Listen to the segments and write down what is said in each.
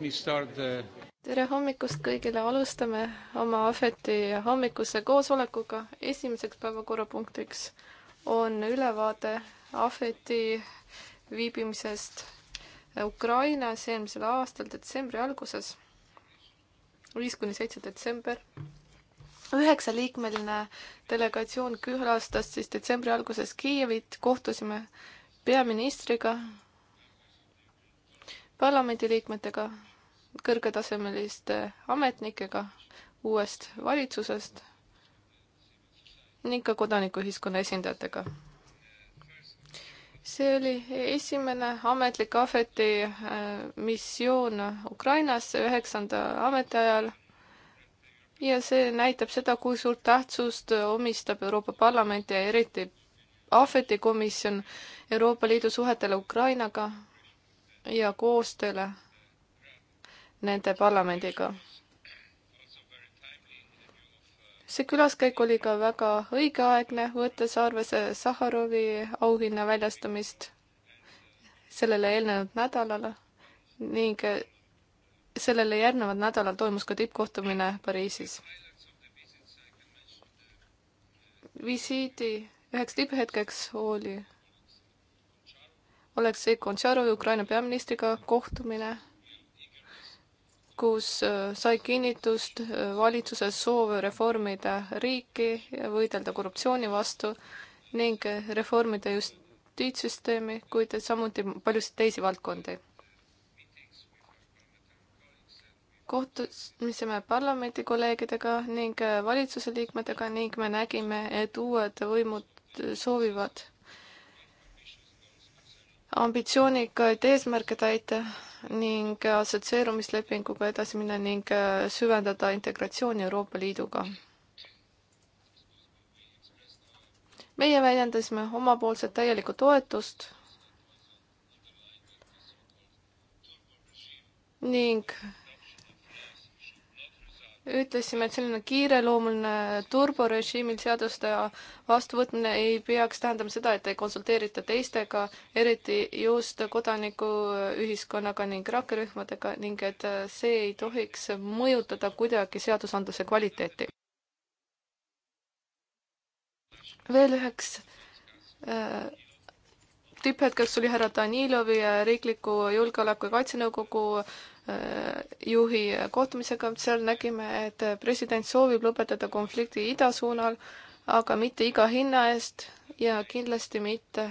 tere hommikust kõigile, alustame oma Ahveti hommikuse koosolekuga. esimeseks päevakorrapunktiks on ülevaade Ahveti viibimisest Ukrainas eelmisel aastal detsembri alguses, viis kuni seitse detsember. üheksaliikmeline delegatsioon külastas siis detsembri alguses Kiievit, kohtusime peaministriga, parlamendiliikmetega kõrgetasemeliste ametnikega uuest valitsusest ning ka kodanikuühiskonna esindajatega. see oli esimene ametlik ahveti äh, missioon Ukrainasse üheksanda ametiajal ja see näitab seda, kui suurt tähtsust omistab Euroopa Parlament ja eriti ahveti komisjon Euroopa Liidu suhetele Ukrainaga ja koostööle nende parlamendiga. see külaskäik oli ka väga õigeaegne, võttes arvesse Saharovi auhinna väljastamist sellele eelnenud nädalale ning sellele järgneval nädalal toimus ka tippkohtumine Pariisis. visiidi üheks tipphetkeks oli Oleksei Kontšarovi Ukraina peaministriga kohtumine kus äh, sai kinnitust äh, valitsuse soov reformida riiki, võidelda korruptsiooni vastu ning äh, reformida justiitssüsteemi, kuid samuti paljusid teisi valdkondi. kohtusime parlamendi kolleegidega ning valitsuse liikmetega ning me nägime, et uued võimud soovivad ambitsioonikaid eesmärke täita ning assotsieerumislepinguga edasi minna ning äh, süvendada integratsiooni Euroopa Liiduga. meie väljendasime omapoolset täielikku toetust ning ütlesime, et selline kiireloomuline turborežiimil seaduste vastuvõtmine ei peaks tähendama seda, et ei konsulteerita teistega, eriti just kodanikuühiskonnaga ning rakkerühmadega ning et see ei tohiks mõjutada kuidagi seadusandluse kvaliteeti. veel üheks äh, tipphetkeks oli härra Danilovi äh, riikliku julgeoleku ja kaitsenõukogu juhi kohtumisega, seal nägime, et president soovib lõpetada konflikti ida suunal, aga mitte iga hinna eest ja kindlasti mitte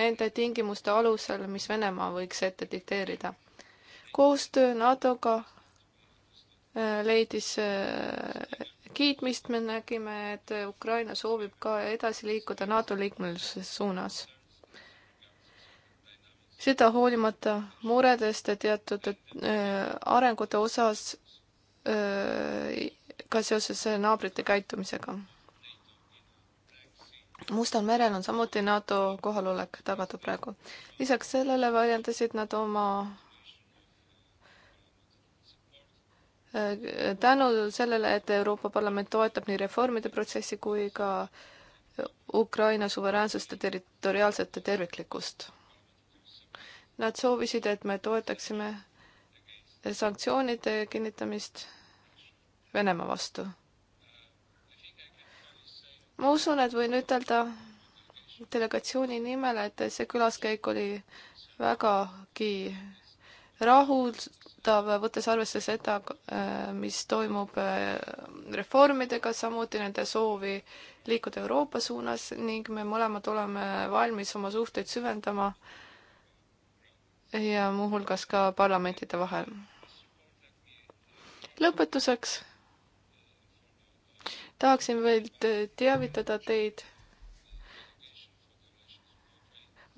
nende tingimuste alusel, mis Venemaa võiks ette dikteerida. koostöö NATO-ga äh, leidis äh, kiitmist, me nägime, et Ukraina soovib ka edasi liikuda NATO liikmelisuse suunas seda hoolimata muredest teatud äh, arengute osas äh, ka seoses äh, naabrite käitumisega. Mustal merel on samuti NATO kohalolek tagatud praegu. lisaks sellele väljendasid nad oma tänu sellele, et Euroopa Parlament toetab nii reformide protsessi kui ka Ukraina suveräänsust ja territoriaalset terviklikkust Nad soovisid, et me toetaksime sanktsioonide kinnitamist Venemaa vastu. ma usun, et võin ütelda delegatsiooni nimel, et see külaskäik oli vägagi rahuldav, võttes arvesse seda, mis toimub äh, reformidega, samuti nende soovi liikuda Euroopa suunas ning me mõlemad oleme valmis oma suhteid süvendama äh, ja muuhulgas ka parlamentide vahel. lõpetuseks tahaksin veel teavitada teid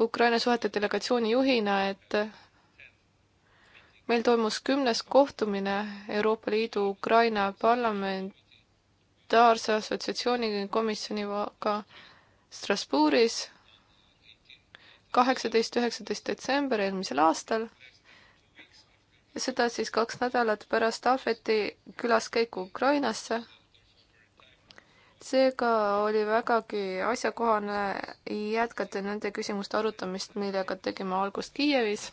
Ukraina suhete delegatsiooni juhina, et meil toimus kümnes kohtumine Euroopa Liidu Ukraina parlamentaarse assotsiatsiooni komisjoniga Strasbourgis kaheksateist, üheksateist detsember eelmisel aastal. seda siis kaks nädalat pärast Ahveti külaskäiku Ukrainasse. seega oli vägagi asjakohane jätkata nende küsimuste arutamist, millega tegime algust Kiievis.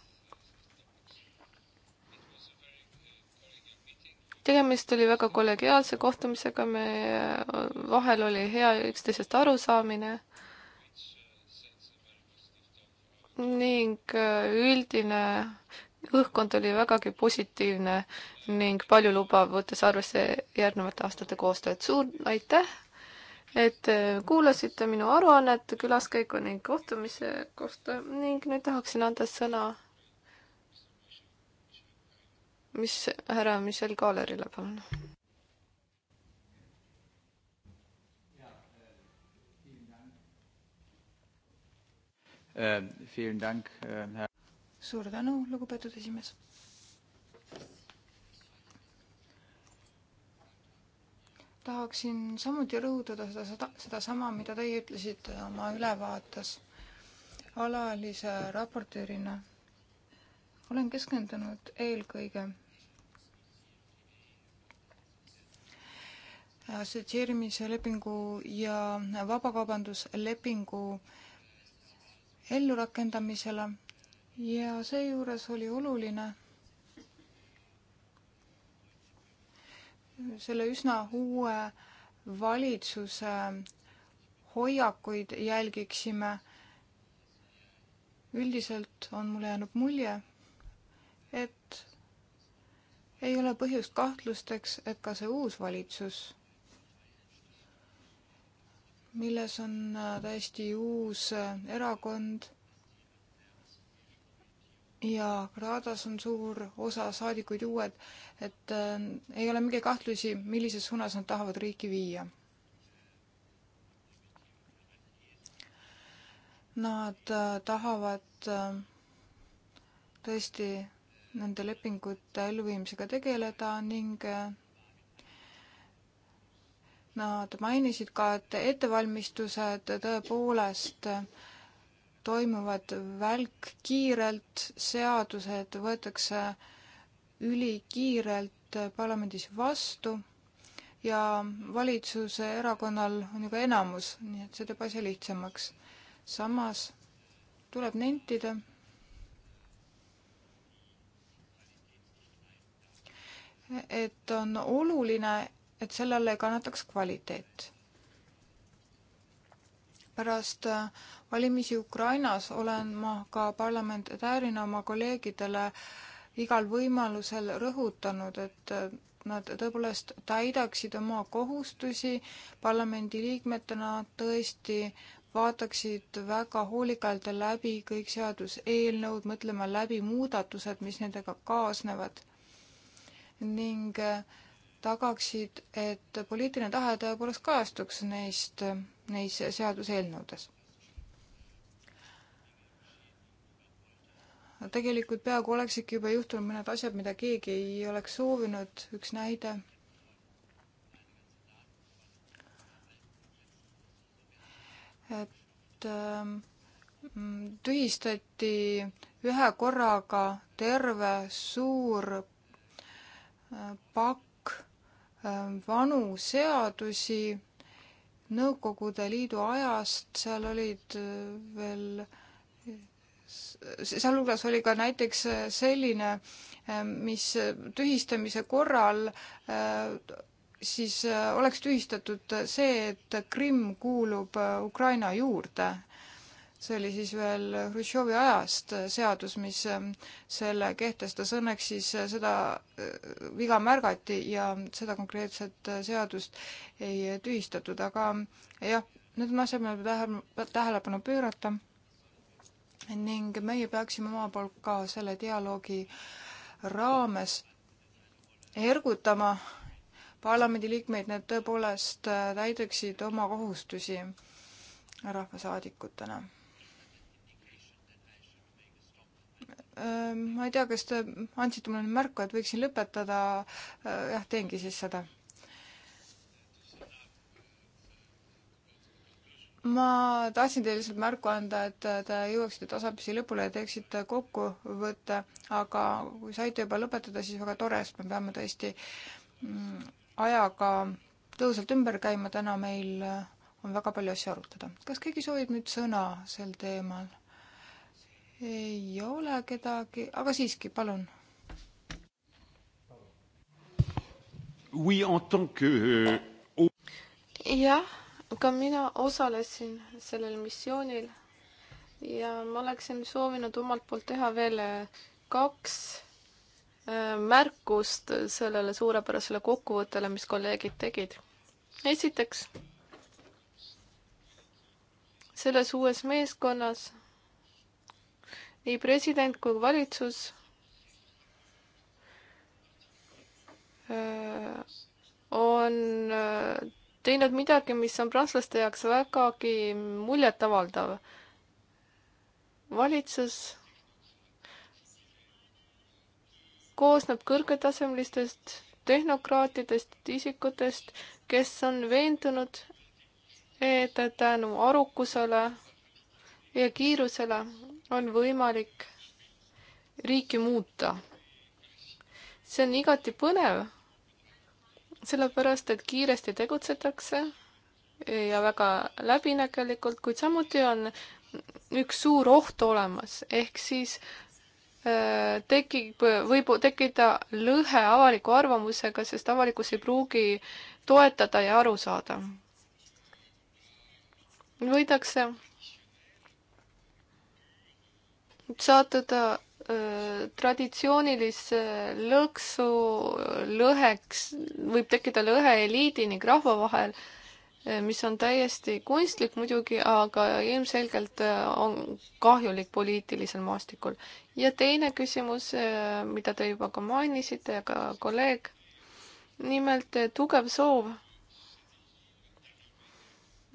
tegemist oli väga kollegiaalse kohtumisega, me vahel oli hea üksteisest arusaamine ning äh, üldine õhkkond oli vägagi positiivne ning paljulubav, võttes arvesse järgnevate aastate koostööd. suur aitäh, et äh, kuulasite minu aruannet külaskäigu ning kohtumise kohta ning nüüd tahaksin anda sõna mis härra Michel Kaalerile, palun. Ähm, äh, suur tänu, lugupeetud esimees. tahaksin samuti rõhutada seda, seda, sedasama, mida teie ütlesite oma ülevaates alalise raportöörina. olen keskendunud eelkõige assotsieerimislepingu ja vabakaubanduslepingu äh, ellurakendamisele ja seejuures oli oluline selle üsna uue valitsuse hoiakuid jälgiksime. üldiselt on mulle jäänud mulje, et ei ole põhjust kahtlusteks, et ka see uus valitsus milles on äh, täiesti uus äh, erakond ja Gradas on suur osa saadikuid uued, et äh, ei ole mingeid kahtlusi, millises suunas nad tahavad riiki viia. Nad äh, tahavad äh, tõesti nende lepingute elluviimisega tegeleda ning äh, Nad mainisid ka, et ettevalmistused tõepoolest toimuvad välkkiirelt, seadused võetakse ülikiirelt parlamendis vastu ja valitsuse erakonnal on ju ka enamus, nii et see teeb asja lihtsamaks. samas tuleb nentida, et on oluline, et sellele ei kannataks kvaliteet. pärast äh, valimisi Ukrainas olen ma ka parlamentäärina oma kolleegidele igal võimalusel rõhutanud, et äh, nad tõepoolest täidaksid oma kohustusi parlamendiliikmetena, tõesti vaataksid väga hoolikalt läbi kõik seaduseelnõud, mõtlema läbi muudatused, mis nendega kaasnevad ning äh, tagaksid, et poliitiline tahe tõepoolest kajastuks neist, neis seaduseelnõudes. tegelikult peaaegu oleksidki juba juhtunud mõned asjad, mida keegi ei oleks soovinud, üks näide et ähm, tühistati ühe korraga terve suur äh, pakk Ähm, vanu seadusi Nõukogude Liidu ajast, seal olid äh, veel, sealhulgas oli ka näiteks äh, selline, äh, mis tühistamise korral siis oleks tühistatud see, et Krimm kuulub Ukraina juurde see oli siis veel Hruštšovi ajast seadus, mis ähm, selle kehtestas. Õnneks siis äh, seda äh, viga märgati ja seda konkreetset äh, seadust ei tühistatud, aga jah, need on asjad, millele peab tähelepanu pöörata ning meie peaksime omalt poolt ka selle dialoogi raames ergutama parlamendiliikmeid, need tõepoolest täidaksid oma kohustusi rahvasaadikutena Äh, ma ei tea, kas te andsite mulle nüüd märku, et võiksin lõpetada, äh, jah, teengi siis seda. ma tahtsin teile lihtsalt märku anda, et te jõuaksite tasapisi lõpule ja teeksite kokkuvõtte, aga kui saite juba lõpetada, siis väga tore, sest me peame tõesti mm, ajaga tõhusalt ümber käima, täna meil äh, on väga palju asju arutada. kas keegi soovib nüüd sõna sel teemal? ei ole kedagi, aga siiski, palun. Euh, jah, ka mina osalesin sellel missioonil ja ma oleksin soovinud omalt poolt teha veel äh, kaks äh, märkust sellele suurepärasele kokkuvõttele, mis kolleegid tegid. esiteks, selles uues meeskonnas nii president kui valitsus äh, on äh, teinud midagi, mis on prantslaste jaoks vägagi muljetavaldav. valitsus koosneb kõrgetasemelistest tehnokraatidest, isikutest, kes on veendunud, et tänu arukusele ja kiirusele on võimalik riiki muuta. see on igati põnev, sellepärast et kiiresti tegutsetakse ja väga läbinägelikult, kuid samuti on üks suur oht olemas, ehk siis äh, tekib, võib tekkida lõhe avaliku arvamusega, sest avalikkus ei pruugi toetada ja aru saada. võidakse sattuda traditsioonilisse lõksu lõheks, võib tekkida lõhe eliidi ning rahva vahel, mis on täiesti kunstlik muidugi, aga ilmselgelt on kahjulik poliitilisel maastikul. ja teine küsimus, mida te juba ka mainisite ja ka kolleeg, nimelt tugev soov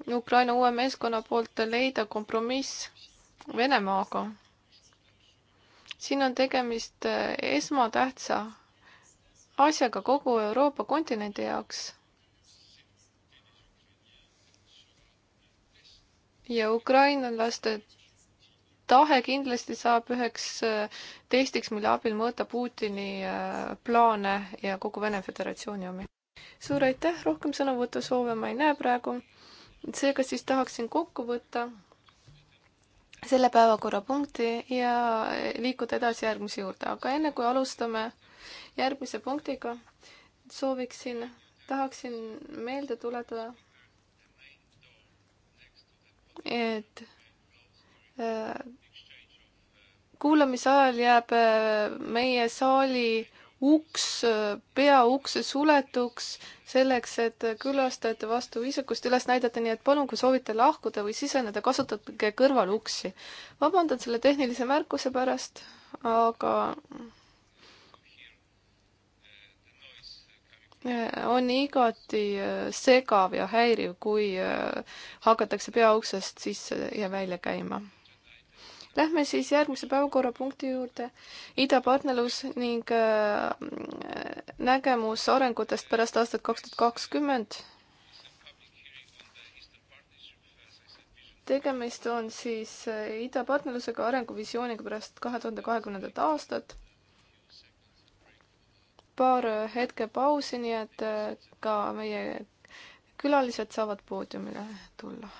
Ukraina uue meeskonna poolt leida kompromiss Venemaaga siin on tegemist eh, esmatähtsa asjaga kogu Euroopa kontinendi jaoks. ja ukrainlaste tahe kindlasti saab üheks eh, testiks, mille abil mõõta Putini eh, plaane ja kogu Vene Föderatsiooni omi. suur aitäh, rohkem sõnavõtusoove ma ei näe praegu. seega siis tahaksin kokku võtta selle päevakorrapunkti ja liikuda edasi järgmise juurde, aga enne kui alustame järgmise punktiga, sooviksin, tahaksin meelde tuletada, et äh, kuulamise ajal jääb äh, meie saali uks, peauks suletuks, selleks, et külastajate vastu viisakust üles näidata, nii et palun, kui soovite lahkuda või siseneda, kasutage kõrvaluksi. vabandan selle tehnilise märkuse pärast, aga on igati äh, segav ja häiriv, kui äh, hakatakse peauksest sisse ja välja käima Lähme siis järgmise päevakorrapunkti juurde, idapartnerlus ning äh, nägemus arengutest pärast aastat kaks tuhat kakskümmend. tegemist on siis äh, idapartnerlusega arenguvisiooniga pärast kahe tuhande kahekümnendat aastat. paar äh, hetke pausi, nii et ka meie külalised saavad poodiumile tulla.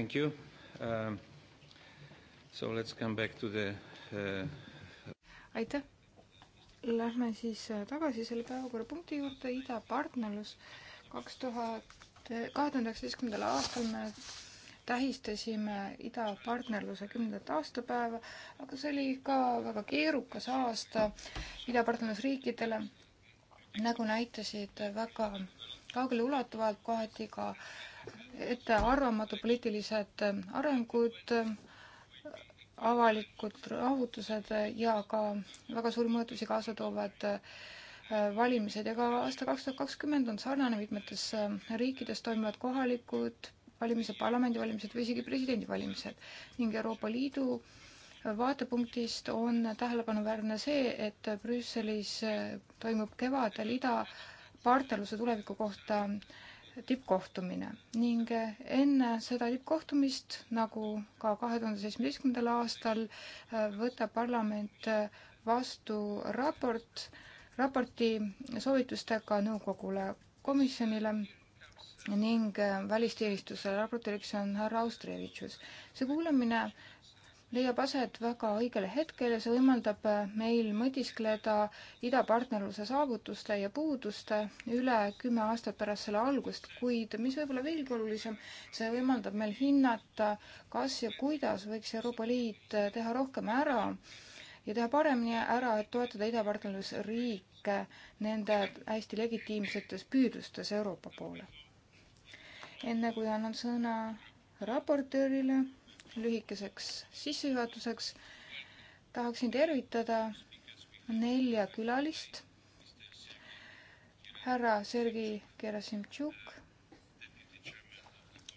Thank you uh,. So let's come back to the uh.... aitäh. Lähme siis äh, tagasi selle päevakorrapunkti juurde, idapartnerlus. kaks tuhat, äh, kahe tuhande üheksateistkümnendal aastal me tähistasime idapartnerluse kümnendat aastapäeva, aga see oli ka väga keerukas aasta idapartnerlusriikidele, nagu näitasid väga kaugeleulatuvalt kohati ka äh, ettearvamatu poliitilised arengud, avalikud rahutused ja ka väga suuri mõjutusi kaasa toovad äh, valimised ja ka aasta kaks tuhat kakskümmend on sarnane, mitmetes äh, riikides toimuvad kohalikud valimised, parlamendivalimised või isegi presidendivalimised ning Euroopa Liidu äh, vaatepunktist on tähelepanuväärne see, et Brüsselis toimub kevadel idapartnerluse tuleviku kohta äh, tippkohtumine ning enne seda tippkohtumist, nagu ka kahe tuhande seitsmeteistkümnendal aastal, äh, võtab parlament äh, vastu raport, raporti soovitustega nõukogule, komisjonile ning äh, välisteenistusele. raportööriks on härra Austrevitšus. see kuulamine leiab aset väga õigel hetkel ja see võimaldab äh, meil mõtiskleda idapartnerluse saavutuste ja puuduste üle kümme aastat pärast selle algust, kuid mis võib-olla veelgi olulisem, see võimaldab meil hinnata, kas ja kuidas võiks Euroopa Liit äh, teha rohkem ära ja teha paremini ära, et toetada idapartnerlusriike nende hästi legitiimsetes püüdlustes Euroopa poole. enne kui annan sõna raportöörile lühikeseks sissejuhatuseks tahaksin tervitada nelja külalist. härra Sergei Gerasimtšuk,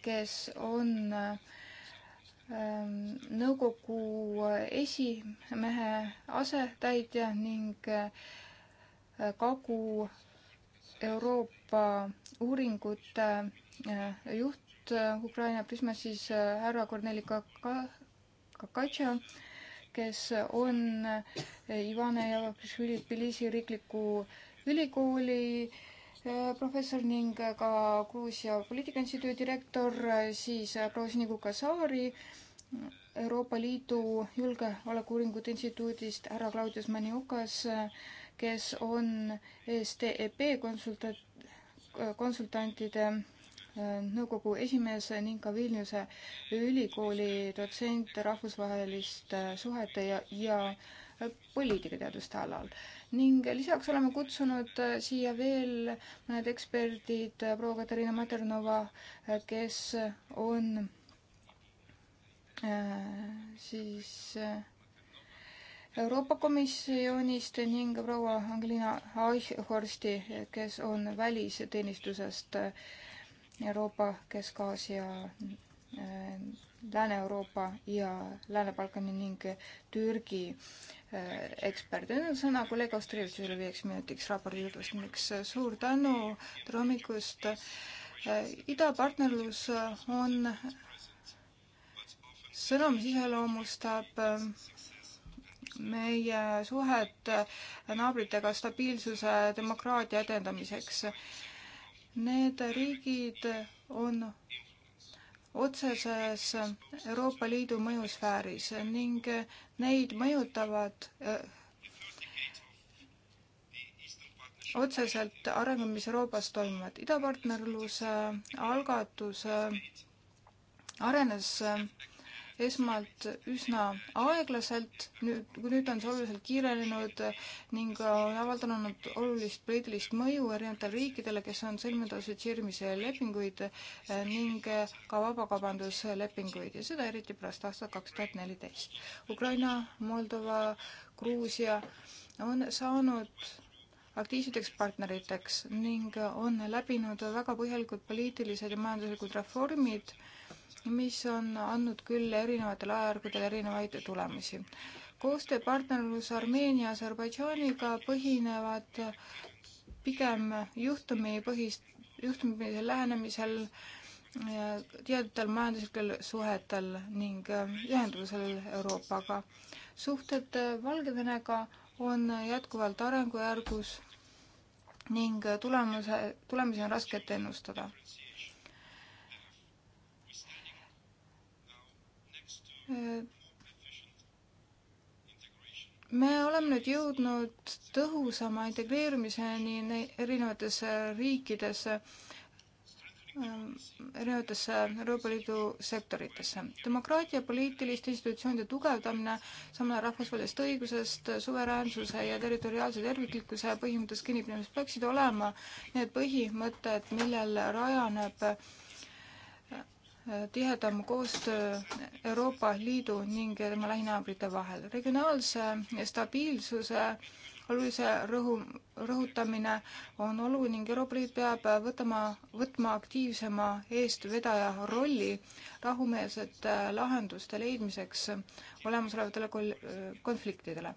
kes on ähm, nõukogu esimehe asetäitja ning äh, Kagu-Euroopa uuringute äh, juht nüüd äh, Ukraina Prisma siis äh, härra Korneli Kaka-, Kakatša, kes on äh, Ivane Javakišvili Tbilisi riikliku ülikooli professor ning ka Gruusia Poliitika Instituudi direktor, siis proua Sinikuka Saari Euroopa Liidu Julgeolekuuuringute Instituudist härra Claudius Maniukas, kes on STEP konsulta-, konsultantide nõukogu esimees ning ka Vilniuse ülikooli dotsent rahvusvaheliste suhete ja, ja poliitikateaduste alal. ning lisaks oleme kutsunud äh, siia veel mõned eksperdid, äh, proua Katariina Maternova, äh, kes on äh, siis äh, Euroopa Komisjonist ning proua Angelina Eichhorsti, kes on välisteenistusest äh, Euroopa, Kesk-Aasia, eh, Lääne-Euroopa ja Lääne-Balkani ning Türgi eh, ekspert. nüüd on sõna kolleeg Austriilisele viieks minutiks raporti tutvustamiseks. suur tänu, tere hommikust. Eh, idapartnerlus on sõna, mis iseloomustab meie suhet naabritega stabiilsuse, demokraatia edendamiseks Need riigid on otseses Euroopa Liidu mõjusfääris ning neid mõjutavad äh, otseselt arengumis Euroopas toimuvad. idapartnerluse algatus äh, arenes äh, esmalt üsna aeglaselt, nüüd, nüüd on see oluliselt kiirenenud ning on avaldanud olulist poliitilist mõju erinevatele riikidele, kes on sõlminud assotsieerimise lepinguid eh, ning ka vabakaubanduslepinguid ja seda eriti pärast aastat kaks tuhat neliteist. Ukraina, Moldova, Gruusia on saanud aktiivseteks partneriteks ning on läbinud väga põhjalikud poliitilised ja majanduslikud reformid mis on andnud küll erinevatel ajajärgudel erinevaid tulemusi. koostööpartnerlus Armeenia Aserbaidžaaniga põhinevad pigem juhtumipõhist, juhtumipõhisel lähenemisel teadutel majanduslikel suhetel ning äh, ühenduvusel Euroopaga. suhted Valgevenega on jätkuvalt arengujärgus ning äh, tulemuse, tulemusi on raske ette ennustada me oleme nüüd jõudnud tõhusama integreerumiseni erinevates riikides, ähm, erinevatesse Euroopa Liidu sektoritesse. demokraatia poliitiliste institutsioonide tugevdamine, samal ajal rahvusvahelisest õigusest, suveräänsuse ja territoriaalse terviklikkuse põhimõttest kinnipidamist peaksid olema need põhimõtted, millel rajaneb äh, tihedam koostöö Euroopa Liidu ning tema lähinaabrite vahel. regionaalse stabiilsuse olulise rõhu, rõhutamine on oluline ning Euroopa Liit peab võtma, võtma aktiivsema eestvedaja rolli rahumeelsete lahenduste leidmiseks olemasolevatele konfliktidele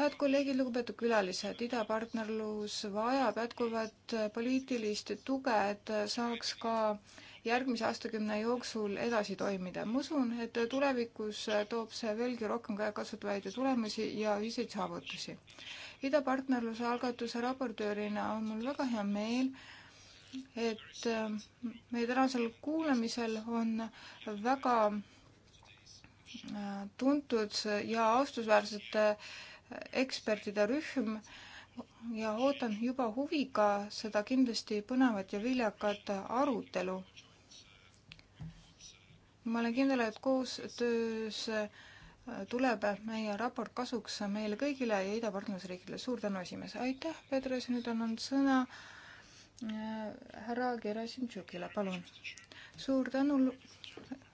head kolleegid, lugupeetud külalised, idapartnerlus vajab jätkuvat poliitilist tuge, et saaks ka äh, järgmise aastakümne jooksul edasi toimida. ma usun, et tulevikus toob see veelgi rohkem käekasutavaid tulemusi ja ühiseid saavutusi. idapartnerluse algatuse raportöörina on mul väga hea meel, et meie tänasel kuulamisel on väga äh, tuntud ja austusväärsete äh, ekspertide rühm ja ootan juba huviga seda kindlasti põnevat ja viljakat arutelu ma olen kindel, et koostöös äh, tuleb meie raport kasuks meile kõigile ja idapartnerlusriikidele. suur tänu, esimees. aitäh, Pedres, nüüd annan sõna äh, härra Gerasimtšukile, palun. suur tänu,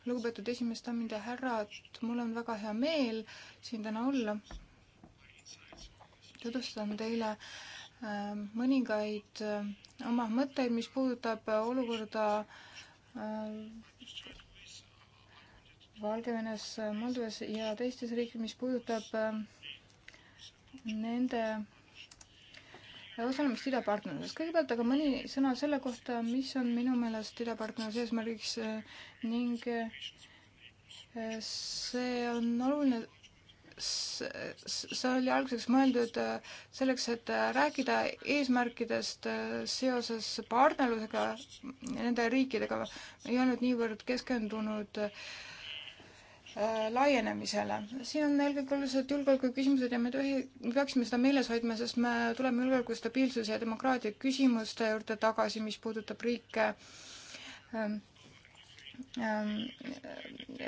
lugupeetud esimees, daamid ja härrad, mul on väga hea meel siin täna olla. tutvustan teile äh, mõningaid oma mõtteid, mis puudutab olukorda Valgevenes, äh, Moldovas ja teistes riikides, mis puudutab äh, nende osalemist idapartnerluses. kõigepealt aga mõni sõna selle kohta, mis on minu meelest idapartnerluse eesmärgiks äh, ning see on oluline, see oli alguseks mõeldud selleks, et rääkida eesmärkidest seoses partnerlusega nende riikidega. ei olnud niivõrd keskendunud äh, Äh, laienemisele. siin on eelkõige olulised julgeolekuküsimused ja me tohi, me peaksime seda meeles hoidma, sest me tuleme julgeoleku stabiilsuse ja demokraatia küsimuste juurde tagasi, mis puudutab riike ähm, ähm,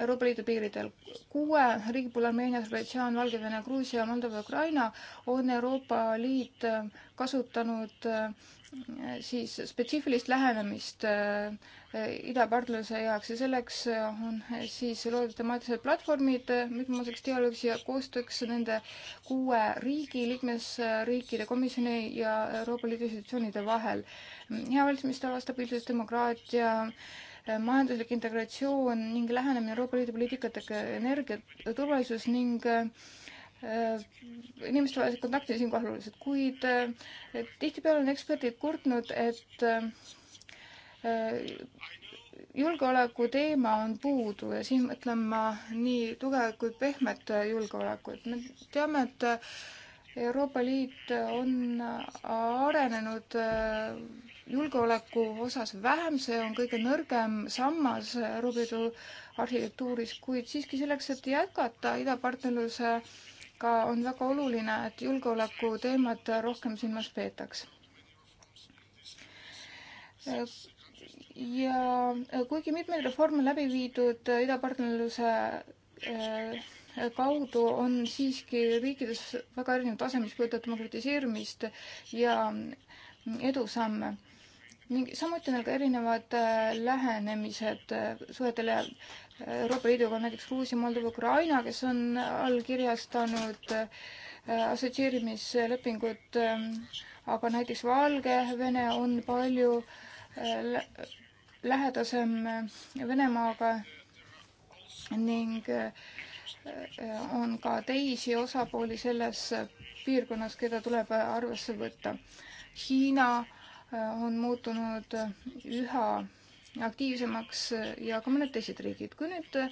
Euroopa Liidu piiridel. kuue riigi puhul Armeenia, Aserbaidžaan, Valgevene, Gruusia, Moldova, Ukraina on Euroopa Liit kasutanud äh, siis spetsiifilist lähenemist äh, äh, idapartnerluse heaks ja selleks äh, on siis loodud temaatilised platvormid mitmemaseks dialoogiks ja koostööks nende kuue riigi, liikmesriikide komisjoni ja Euroopa Liidu institutsioonide vahel. hea valitsemistava stabiilsus, demokraatia, majanduslik integratsioon ning lähenemine Euroopa Liidu poliitikatega energia turvalisus ning äh, Äh, inimestevahelisi kontakte siinkohal olulised, kuid äh, tihtipeale on eksperdid kurtnud, et äh, julgeoleku teema on puudu ja siin mõtlen ma nii tugevat kui pehmet julgeolekut. me teame, et Euroopa Liit on arenenud julgeoleku osas vähem, see on kõige nõrgem sammas Euroopa Liidu arhitektuuris, kuid siiski selleks, et jätkata idapartnerluse äh, ka on väga oluline, et julgeoleku teemat rohkem silmas peetaks. ja kuigi mitmeid reforme läbi viidud idapartnerluse eh, kaudu on siiski riikides väga erinev tase, mis puudutab demokratiseerimist ja edusamme ning samuti on ka erinevad eh, lähenemised eh, suhetele Euroopa Liiduga on näiteks Gruusia, Moldova, Ukraina, kes on allkirjastanud äh, assotsieerimislepingut, ähm, aga näiteks Valgevene on palju äh, lähedasem äh, Venemaaga ning on ka teisi osapooli selles piirkonnas, keda tuleb arvesse võtta. Hiina on muutunud üha aktiivsemaks äh, ja ka mõned teised riigid. kui nüüd äh,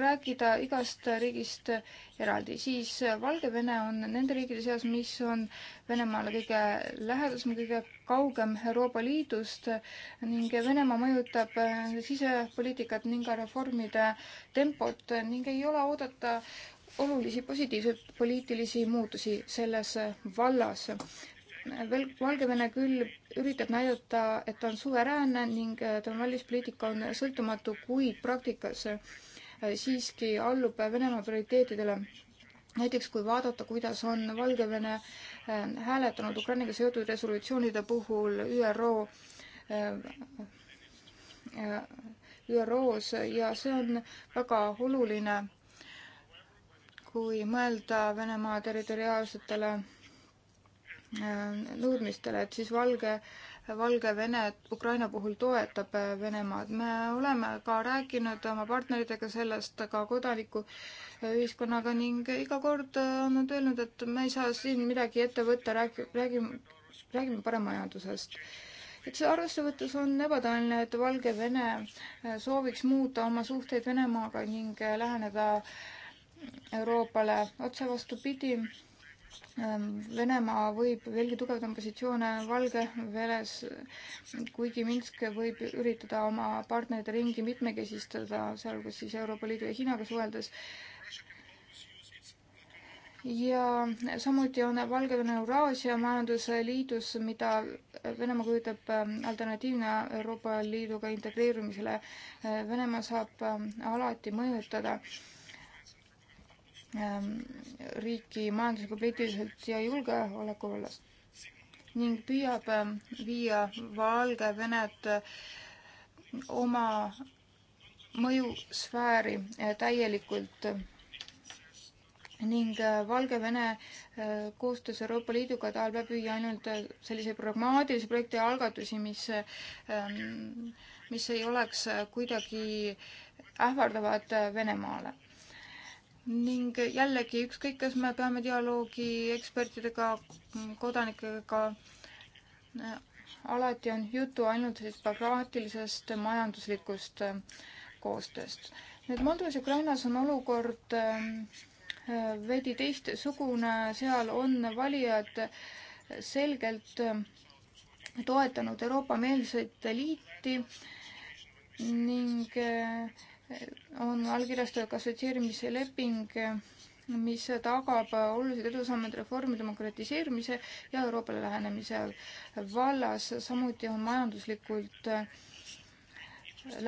rääkida igast riigist eraldi, siis äh, Valgevene on nende riikide seas, mis on Venemaale kõige lähedasem, kõige kaugem Euroopa Liidust ning Venemaa mõjutab sisepoliitikat ning ka reformide tempot ning ei ole oodata olulisi positiivseid poliitilisi muutusi selles vallas. Valgevene küll üritab näidata, et ta on suveräänne ning äh, tema välispoliitika on sõltumatu, kuid praktikas äh, siiski allub Venemaa prioriteetidele. näiteks kui vaadata, kuidas on Valgevene äh, hääletanud Ukrainaga seotud resolutsioonide puhul ÜRO ÜRO-s ja see on väga oluline, kui mõelda Venemaa territoriaalsetele Äh, nõudmistele, et siis Valge, Valgevene Ukraina puhul toetab äh, Venemaad. me oleme ka rääkinud oma partneritega sellest, ka kodanikuühiskonnaga ning iga kord äh, on nad öelnud, et me ei saa siin midagi ette võtta, räägi, räägime, räägime parem majandusest. et see arvesse võttes on ebatõenäoline, et Valgevene sooviks muuta oma suhteid Venemaaga ning läheneda Euroopale otse vastupidi Ehm, Venemaa võib veelgi tugevdama positsioone Valgevenes, kuigi Minsk võib üritada oma partnerite ringi mitmekesistada, sealhulgas siis Euroopa Liidu ja Hiinaga suheldes. ja samuti on Valgevene Euraasia Majandusliidus, mida Venemaa kujutab ehm, alternatiivna Euroopa Liiduga integreerumisele. Ehm, Venemaa saab alati mõjutada äh, Ähm, riiki majanduslikult, poliitiliselt ja julgeoleku vallas ning püüab ähm, viia Valgevenet äh, oma mõjusfääri äh, täielikult ning äh, Valgevene koostöös Euroopa Liiduga tal peab viia ainult selliseid pragmaatilisi projekte ja algatusi, mis, ähm, mis ei oleks kuidagi ähvardavad Venemaale ning jällegi, ükskõik, kas me peame dialoogi ekspertidega, kodanikega, alati on juttu ainult sellist pragmaatilisest majanduslikust äh, koostööst. nüüd Moldovas ja Ukrainas on olukord äh, veidi teistsugune, seal on valijad selgelt äh, toetanud Euroopa-meelseid eliiti ning äh, on allkirjastatud ka assotsieerimisleping, mis tagab olulised edusammed reformi demokratiseerimise ja Euroopale lähenemise vallas. samuti on majanduslikult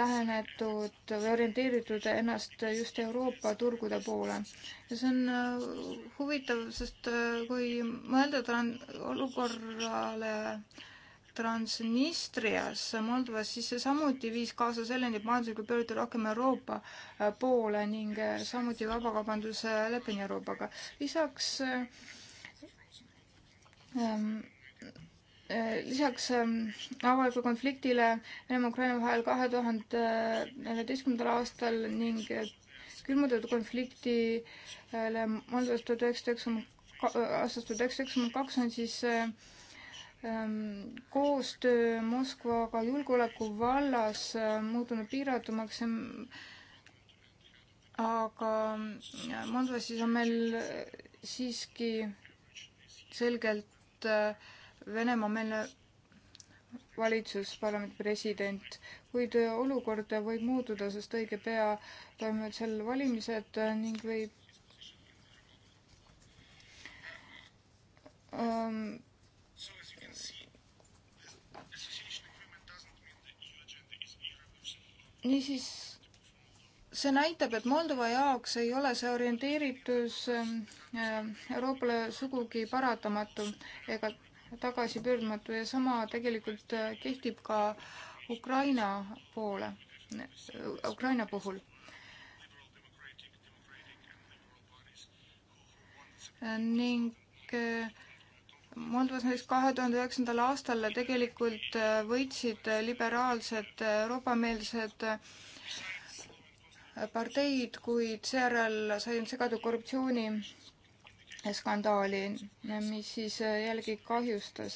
lähenetud või orienteeritud ennast just Euroopa turgude poole. ja see on äh, huvitav, sest äh, kui mõelda olukorrale Transnistrias Moldovas, siis see samuti viis kaasa selleni, et majanduslikult pöörduti rohkem Euroopa äh, poole ning äh, samuti vabakaubanduse leping Euroopaga. lisaks äh, ähm, lisaks ähm, avalikule konfliktile Venemaa-Ukraina vahel kahe tuhande neljateistkümnendal aastal ning külmutatud konfliktile Moldovas tuhat üheksasada üheksakümmend aastast tuhat üheksasada üheksakümmend kaks on siis Ähm, koostöö Moskvaga julgeoleku vallas äh, muutunud piiratumaks, aga äh, Moldvasis on meil äh, siiski selgelt Venemaa-meelne valitsus, parlamendi president, kuid olukord võib muutuda, sest õige pea toimuvad seal valimised ning võib ähm, niisiis, see näitab, et Moldova jaoks ei ole see orienteeritus ähm, äh, Euroopale sugugi paratamatu ega tagasipöördumatu ja sama tegelikult äh, kehtib ka Ukraina poole, äh, Ukraina puhul. ning Moldovas näiteks kahe tuhande üheksandal aastal tegelikult äh, võitsid äh, liberaalsed äh, Euroopa-meelsed parteid, kuid seejärel sai end segada korruptsiooniskandaali, mis siis jällegi kahjustas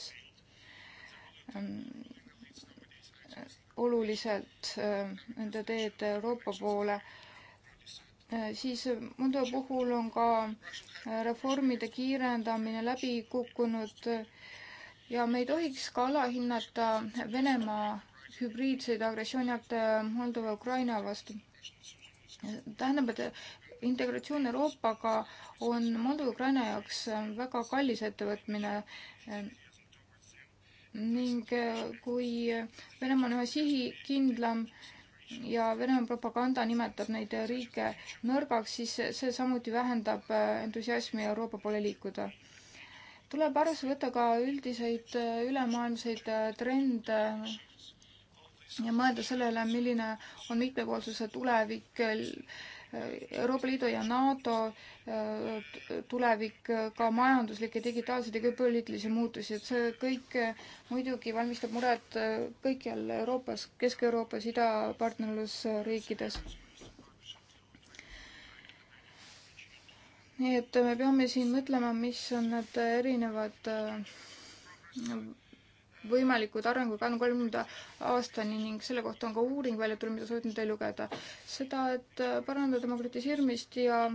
ähm, oluliselt nende teed Euroopa poole Äh, siis äh, Mondo puhul on ka äh, reformide kiirendamine läbi kukkunud ja me ei tohiks ka alahinnata Venemaa hübriidseid agressiooniakte Moldova Ukraina vastu. tähendab, et integratsioon Euroopaga on Moldova Ukraina jaoks väga kallis ettevõtmine ning kui Venemaa on üha sihikindlam, ja Venemaa propaganda nimetab neid riike nõrgaks, siis see samuti vähendab äh, entusiasmi Euroopa poole liikuda. tuleb arvesse võtta ka üldiseid äh, ülemaailmseid äh, trende ja mõelda sellele, milline on mitmepoolsuse tulevik Euroopa Liidu ja NATO äh, tulevik, ka majanduslikke, digitaalseid ja geopoliitilisi muutusi, et see kõik äh, muidugi valmistab muret äh, kõikjal Euroopas, Kesk-Euroopas, idapartnerlusriikides. nii et me peame siin mõtlema, mis on need erinevad võimalikud arengud kahe tuhande kolmanda aastani ning selle kohta on ka uuring välja tulnud, mida soovitan teil lugeda. seda, et äh, parandada demokratiseerimist ja äh,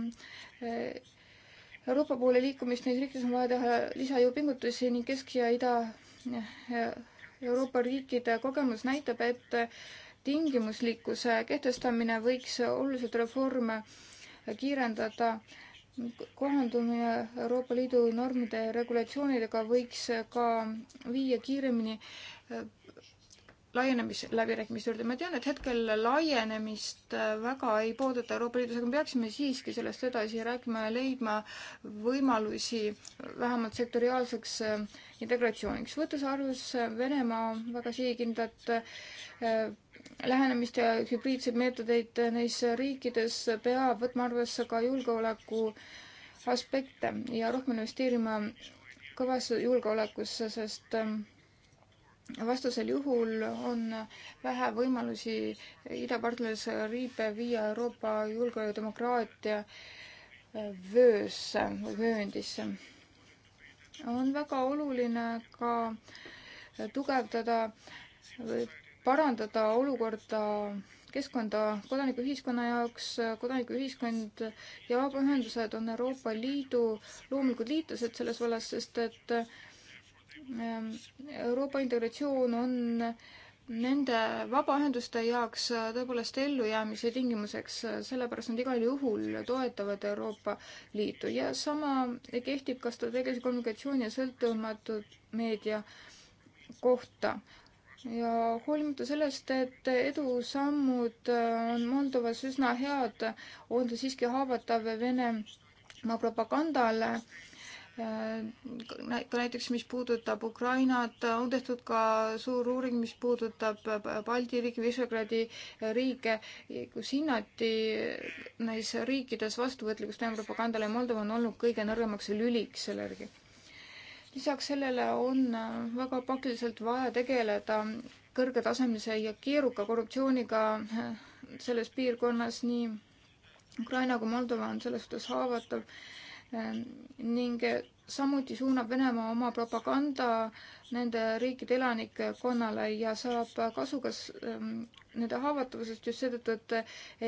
Euroopa poole liikumist neis riikides on vaja teha lisajõupingutusi ning Kesk- ja Ida-Euroopa äh, riikide kogemus näitab, et tingimuslikkuse kehtestamine võiks oluliselt reforme kiirendada kohandumine Euroopa Liidu normide ja regulatsioonidega võiks ka viia kiiremini äh, laienemisläbirääkimiste juurde. ma tean, et hetkel laienemist äh, väga ei poodata Euroopa Liidus, aga me peaksime siiski sellest edasi rääkima ja leidma võimalusi vähemalt sektoriaalseks äh, integratsiooniks. võttes arvesse Venemaa väga sihikindlat lähenemist ja hübriidseid meetodeid neis riikides, peab võtma arvesse ka julgeoleku aspekte ja rohkem investeerima kõvasse julgeolekusse, sest ähm, vastasel juhul on vähe võimalusi idapartnerluse riibe viia Euroopa julgeoleku demokraatia äh, vöösse, vööndisse. on väga oluline ka tugevdada parandada olukorda keskkonda kodanikuühiskonna jaoks, kodanikuühiskond ja vabaühendused on Euroopa Liidu loomulikud liitlased selles vallas, sest et ähm, Euroopa integratsioon on nende vabaühenduste jaoks tõepoolest ellujäämise tingimuseks, sellepärast nad igal juhul toetavad Euroopa Liitu ja sama kehtib ka strateegilise kommunikatsiooni ja sõltumatud meedia kohta ja hoolimata sellest, et edusammud äh, on Moldovas üsna head, on ta siiski haavatav Venemaa propagandale. Äh, ka näiteks, mis puudutab Ukrainat, on tehtud ka suur uuring, mis puudutab Balti riigi, Visegradi riike, kus hinnati neis riikides vastuvõtlikkust Venemaa propagandale ja Moldova on olnud kõige nõrgemaks lüliks selle järgi lisaks sellele on äh, väga pakiliselt vaja tegeleda kõrgetasemelise ja keeruka korruptsiooniga äh, selles piirkonnas, nii Ukraina kui Moldova on selles suhtes haavatav äh, ning samuti suunab Venemaa oma propaganda nende riikide elanikkonnale ja saab kasu kas ähm, nende haavatavusest just seetõttu, et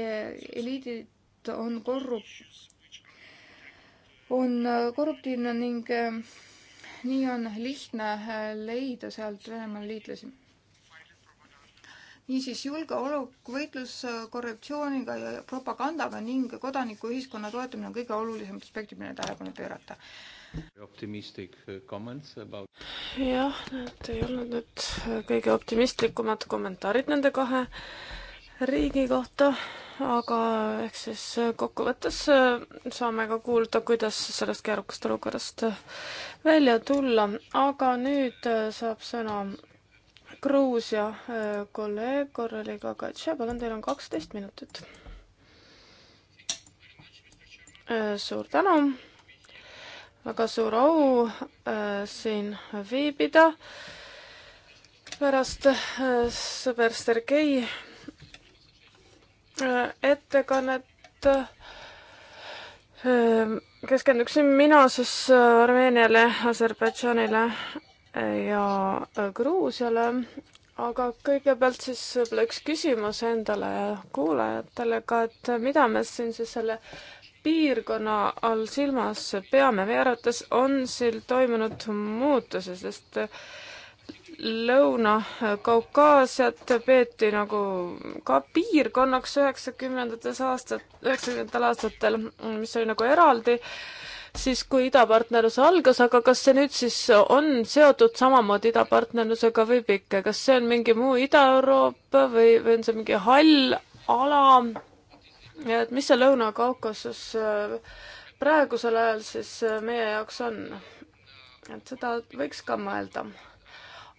eliidid on korrup-, on korruptiivne ning nii on lihtne äh, leida sealt Venemaal liitlasi. niisiis julgeolek, võitlus äh, korruptsiooniga ja propagandaga ning kodanikuühiskonna toetamine on kõige olulisem aspekt, millele tähelepanu pöörata. Äh, jah, need ei olnud nüüd kõige optimistlikumad kommentaarid nende kahe riigi kohta, aga ehk siis kokkuvõttes saame ka kuulda, kuidas sellest keerukast olukorrast välja tulla, aga nüüd äh, saab sõna Gruusia äh, kolleeg Korrali Kagatša, palun, teil on kaksteist minutit. Äh, suur tänu, väga suur au siin viibida pärast sõber Sergei ettekannet keskenduksin mina siis äh, Armeeniale, Aserbaidžaanile äh, ja äh, Gruusiale, aga kõigepealt siis võib-olla üks küsimus endale ja kuulajatele ka, et mida me siin siis selle piirkonna all silmas peame, meie arvates on siin toimunud muutusi, sest Lõuna-Kaukaasiat peeti nagu ka piirkonnaks üheksakümnendates aastat, üheksakümnendatel aastatel, mis oli nagu eraldi, siis kui idapartnerlus algas, aga kas see nüüd siis on seotud samamoodi idapartnerlusega või pikke, kas see on mingi muu Ida-Euroopa või, või on see mingi hall ala? et mis see Lõuna-Kaukasus äh, praegusel ajal siis äh, meie jaoks on? et seda võiks ka mõelda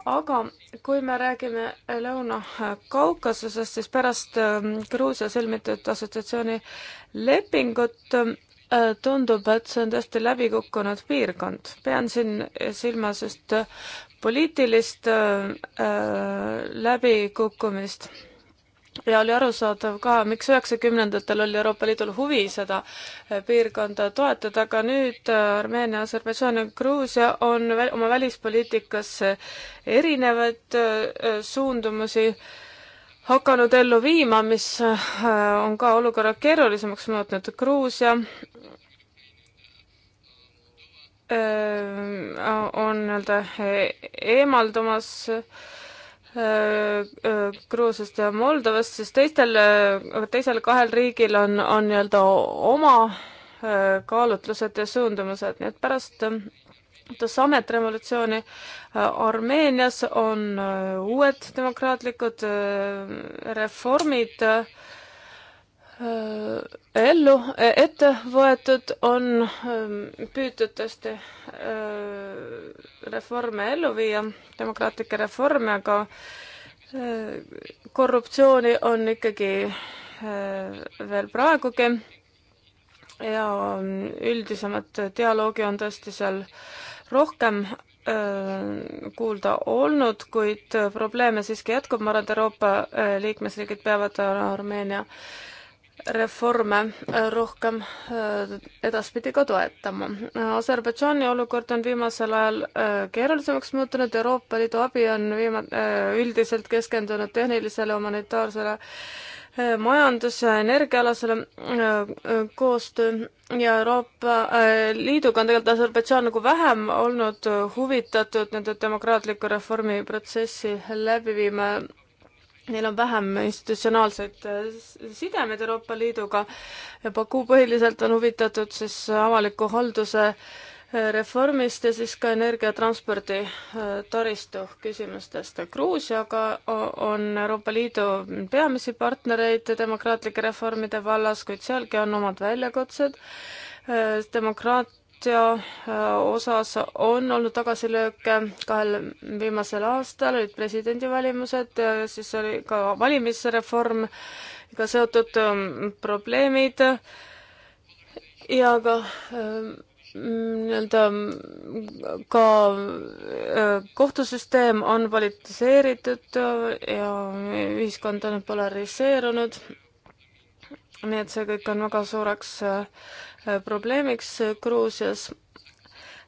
aga kui me räägime Lõuna-Kaukasusest, siis pärast ähm, Gruusia sõlmitud assotsiatsiooni lepingut äh, tundub, et see on tõesti läbikukkunud piirkond. pean siin silmas just poliitilist äh, äh, läbikukkumist ja oli arusaadav ka, miks üheksakümnendatel oli Euroopa Liidul huvi seda eh, piirkonda toetada, aga nüüd eh, Armeenia, Aserbaidžaan ja Gruusia on väl, oma välispoliitikas erinevaid eh, suundumusi hakanud ellu viima, mis on ka olukorra keerulisemaks muutnud. Gruusia on nii-öelda eemaldumas Äh, äh, Gruusiast ja Moldovast, siis teistel, äh, teisel kahel riigil on, on nii-öelda oma kaalutlused ja suundumused, nii et pärast Samet revolutsiooni Armeenias on uued demokraatlikud reformid äh, Äh, ellu äh, ette võetud, on ähm, püütud tõesti äh, reforme ellu viia, demokraatlikke reforme, aga korruptsiooni on ikkagi veel praegugi ja ähm, üldisemat dialoogi on tõesti seal rohkem kuulda olnud, kuid probleeme siiski jätkub, ma arvan, et Euroopa liikmesriigid peavad Armeenia äh, reforme äh, rohkem äh, edaspidi ka toetama. Aserbaidžaani olukord on viimasel ajal äh, keerulisemaks muutunud, Euroopa Liidu abi on viima-, üldiselt keskendunud tehnilisele, humanitaarsele, majandus- ja energiaalasele koostöö ja Euroopa Liiduga on tegelikult Aserbaidžaan nagu vähem olnud huvitatud nende demokraatliku reformiprotsessi läbi viima neil on vähem institutsionaalseid äh, sidemeid Euroopa Liiduga ja Baku põhiliselt on huvitatud siis avaliku halduse äh, reformist ja siis ka energiatranspordi äh, taristu küsimustest. Gruusiaga on Euroopa Liidu peamisi partnereid demokraatlike reformide vallas, kuid sealgi on omad väljakutsed. demokraat, Äh, osas on olnud tagasilööke kahel viimasel aastal, olid presidendivalimised, äh, siis oli ka valimisreformiga seotud ähm, probleemid ja ka ähm, nii-öelda mm, ka äh, kohtusüsteem on politiseeritud ja ühiskond on polariseerunud. nii et see kõik on väga suureks Äh, probleemiks Gruusias.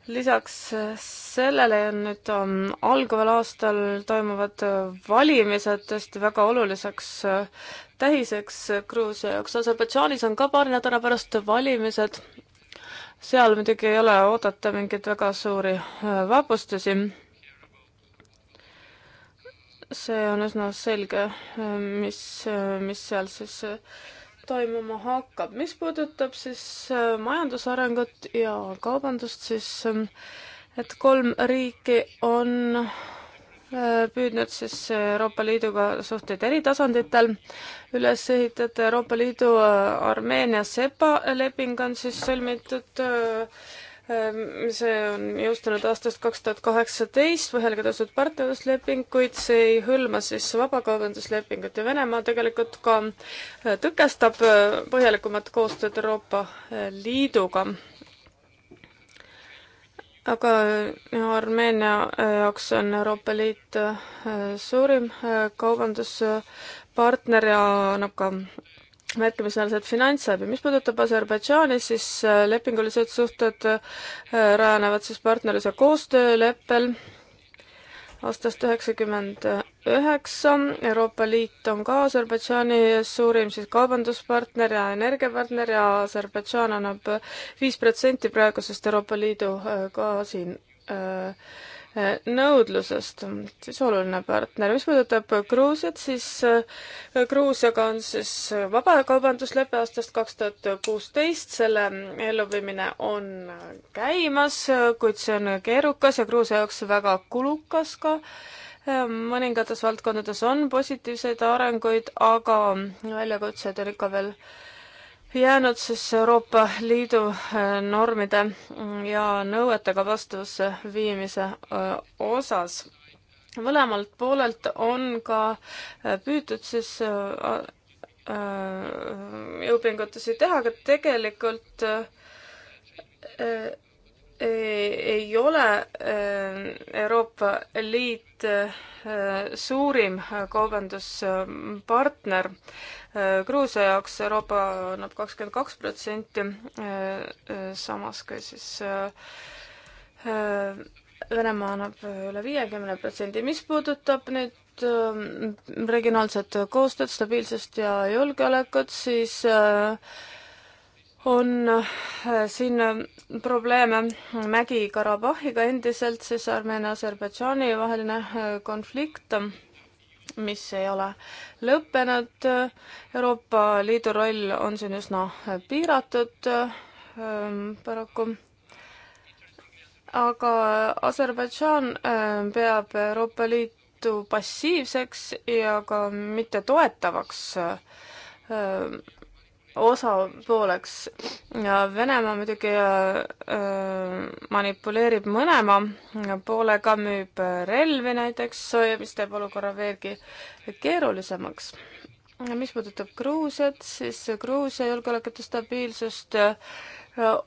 lisaks sellele on nüüd ähm, algaval aastal toimuvad äh, valimised tõesti väga oluliseks äh, tähiseks Gruusia jaoks. Aserbaidžaanis on ka paari nädala pärast valimised. seal muidugi ei ole oodata mingeid väga suuri vabastusi see on üsna selge, mis, mis seal siis toimuma hakkab. mis puudutab siis äh, majandusarengut ja kaubandust, siis ähm, et kolm riiki on äh, püüdnud siis Euroopa Liiduga suhteid eri tasanditel üles ehitada. Euroopa Liidu äh, Armeenia SEPA leping on siis sõlmitud Ehm, see on jõustunud aastast kaks tuhat kaheksateist, Vaheliga tasub partnerluslepinguid, see ei hõlma siis vabakaubanduslepingut ja Venemaa tegelikult ka äh, tõkestab äh, põhjalikumat koostööd Euroopa äh, Liiduga. aga Armeenia jaoks on Euroopa Liit suurim kaubanduspartner ja annab ka märkimisväärset finantsabi. mis puudutab Aserbaidžaani, siis äh, lepingulised suhted äh, rajanevad siis partnerluse koostööleppel aastast üheksakümmend üheksa. Euroopa Liit on ka Aserbaidžaani suurim siis kaubanduspartner ja energiapartner ja Aserbaidžaan annab viis protsenti praegusest Euroopa Liidu äh, gaasi äh, nõudlusest, siis oluline partner. mis puudutab Gruusiat, siis äh, Gruusiaga on siis äh, vabakaubanduslepe aastast kaks tuhat kuusteist, selle elluviimine on käimas, kuid see on keerukas ja Gruusia jaoks väga kulukas ka äh, mõningates valdkondades on positiivseid arenguid, aga väljakutsed on ikka veel jäänud siis Euroopa Liidu äh, normide mm, ja nõuetega vastavusse viimise äh, osas. mõlemalt poolelt on ka äh, püütud siis jõupingutusi teha, aga tegelikult ei ole Euroopa Liit suurim kaubanduspartner Gruusia jaoks Euroopa annab kakskümmend kaks protsenti, äh, äh, samas kui siis äh, Venemaa annab üle viiekümne protsendi. mis puudutab nüüd regionaalset koostööd, stabiilsust ja julgeolekut, siis on siin probleeme Mägi-Karabahhiga endiselt, siis Armeenia-Aserbaidžaani vaheline konflikt mis ei ole lõppenud. Euroopa Liidu roll on siin üsna piiratud ähm, paraku. aga Aserbaidžaan ähm, peab Euroopa Liitu passiivseks ja ka mitte toetavaks ähm, osapooleks. Venemaa muidugi äh, äh, manipuleerib mõlema poolega, müüb relvi näiteks, mis teeb olukorra veelgi keerulisemaks. mis puudutab Gruusiat, siis Gruusia julgeolekut ja stabiilsust äh,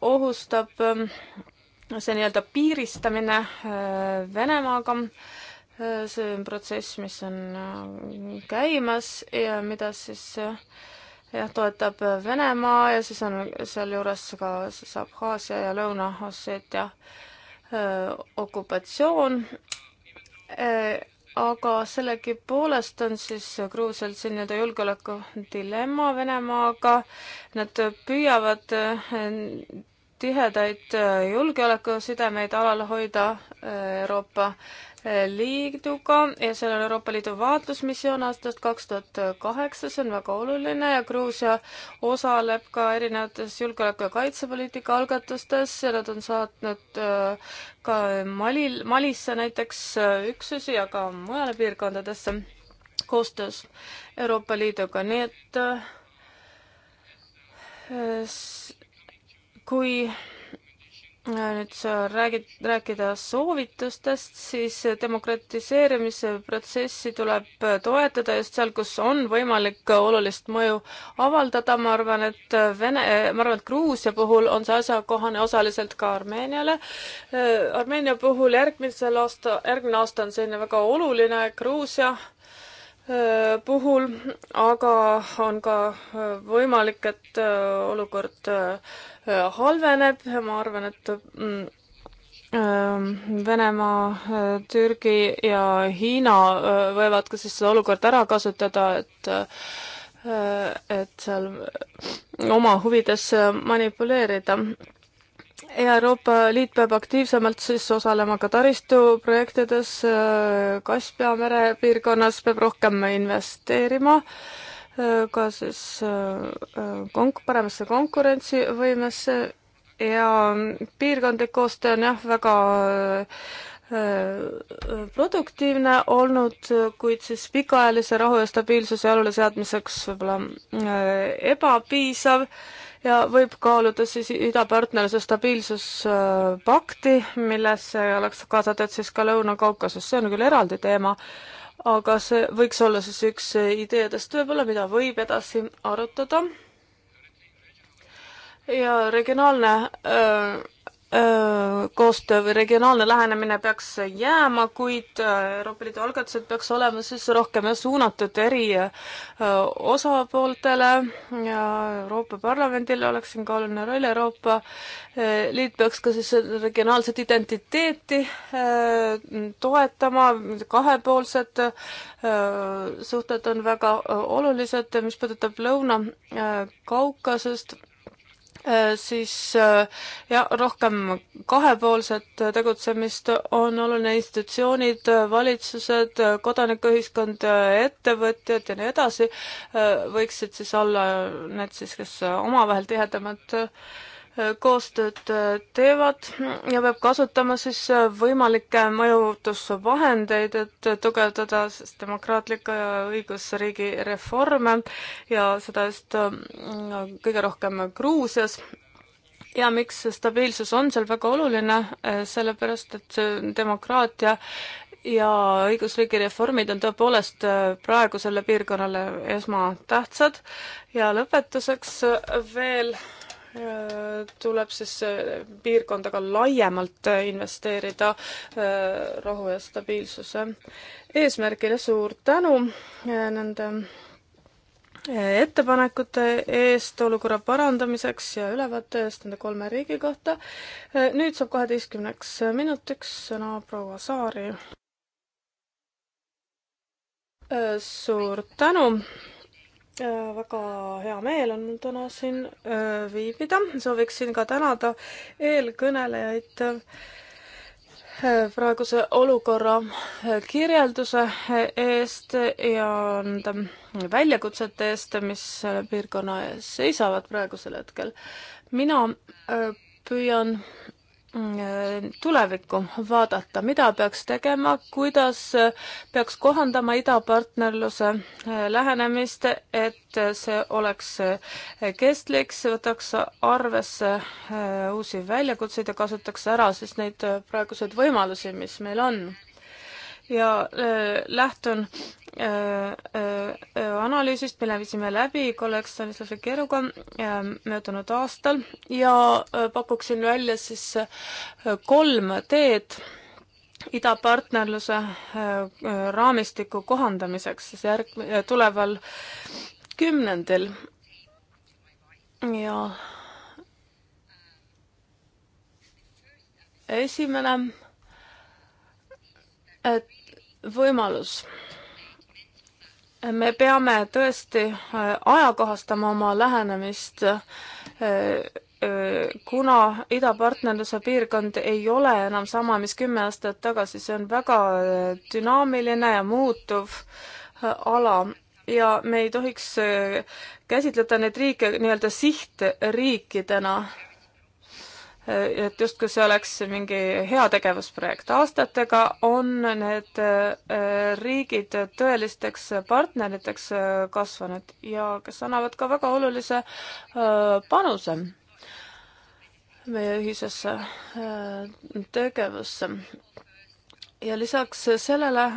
ohustab see nii-öelda piiristamine Venemaaga see protsess, mis on käimas ja mida siis jah, toetab Venemaa ja siis on sealjuures ka siis Abhaasia ja Lõuna-Osseetia äh, okupatsioon äh, aga sellegipoolest on siis Gruusial siin nii-öelda julgeoleku dilemma Venemaaga. Nad püüavad äh, tihedaid julgeolekusidemeid alal hoida Euroopa Liiduga ja seal on Euroopa Liidu vaatlusmissioon aastast kaks tuhat kaheksa, see on väga oluline ja Gruusia osaleb ka erinevates julgeoleku- ja kaitsepoliitika algatustes ja nad on saatnud äh, ka Malil, Malisse näiteks äh, üksusi ja ka mujale piirkondadesse koostöös Euroopa Liiduga, nii et äh, kui nüüd räägid, rääkida soovitustest, siis demokratiseerimise protsessi tuleb toetada just seal, kus on võimalik olulist mõju avaldada, ma arvan, et Vene, ma arvan, et Gruusia puhul on see asjakohane osaliselt ka Armeeniale. Armeenia puhul järgmisel aasta, järgmine aasta on selline väga oluline, Gruusia puhul, aga on ka võimalik, et olukord halveneb, ma arvan, et mm, ähm, Venemaa, äh, Türgi ja Hiina äh, võivad ka siis seda olukorda ära kasutada, et äh, et seal oma huvides manipuleerida. ja Euroopa Liit peab aktiivsemalt siis osalema ka taristuprojektides, Kaspia mere piirkonnas peab rohkem investeerima äh, ka siis äh, äh, konk-, paremasse konkurentsivõimesse ja piirkondlik koostöö on jah, väga äh, produktiivne olnud, kuid siis pikaajalise rahu ja stabiilsuse jaluleseadmiseks võib-olla ebapiisav ja võib kaaluda siis idapartnerluse stabiilsuspakti, millesse oleks kaasatud siis ka Lõuna-Kaukasus, see on küll eraldi teema aga see võiks olla siis üks ideedest võib-olla, mida võib edasi arutada. ja regionaalne öö, äh, koostöö või regionaalne lähenemine peaks jääma, kuid äh, Euroopa Liidu algatused peaks olema siis rohkem jah, suunatud eri äh, osapooltele ja Euroopa Parlamendil oleks siin ka oluline roll, Euroopa äh, Liit peaks ka siis regionaalset identiteeti toetama, kahepoolsed suhted on väga olulised, mis puudutab Lõuna-Kaukasust Äh, siis äh, jah, rohkem kahepoolset tegutsemist on oluline, institutsioonid, valitsused, kodanikuühiskond, ettevõtjad ja nii edasi äh, võiksid siis olla need siis, kes omavahel tihedamat koostööd äh, teevad ja peab kasutama siis äh, võimalikke mõjutusvahendeid, et tugevdada siis demokraatlikke ja õigusriigi reforme ja seda just äh, kõige rohkem Gruusias. ja miks stabiilsus on seal väga oluline, sellepärast et demokraatia ja õigusriigi reformid on tõepoolest praegu selle piirkonnale esmatähtsad ja lõpetuseks veel tuleb siis äh, piirkonda ka laiemalt investeerida äh, rahu ja stabiilsuse eesmärgile. suur tänu äh, nende ettepanekute eest olukorra parandamiseks ja ülevaate eest nende kolme riigi kohta. nüüd saab kaheteistkümneks minutiks sõna proua Saari. suur tänu Äh, väga hea meel on mul täna siin äh, viibida, sooviksin ka tänada eelkõnelejaid äh, praeguse olukorra kirjelduse eest ja nende väljakutsete eest, mis piirkonna ees seisavad praegusel hetkel. mina püüan Mm, äh, tulevikku vaadata, mida peaks tegema, kuidas äh, peaks kohandama idapartnerluse äh, lähenemist, et see oleks kestlik, see võtaks arvesse uusi väljakutseid ja kasutaks ära siis neid praeguseid võimalusi, mis meil on ja lähtun analüüsist, mille viisime läbi kolleeg Stanislav Keruga möödunud aastal ja pakuksin välja siis kolm teed idapartnerluse raamistiku kohandamiseks siis järg-, tuleval kümnendil. ja esimene võimalus. me peame tõesti äh, ajakohastama oma lähenemist, äh, äh, kuna idapartnerluse piirkond ei ole enam sama, mis kümme aastat tagasi, see on väga dünaamiline ja muutuv ala ja me ei tohiks käsitleda neid riike nii-öelda sihtriikidena Eh, et justkui see oleks mingi heategevusprojekt. aastatega on need eh, riigid tõelisteks partneriteks eh, kasvanud ja kes annavad ka väga olulise panuse meie ühisesse tegevusse. ja lisaks sellele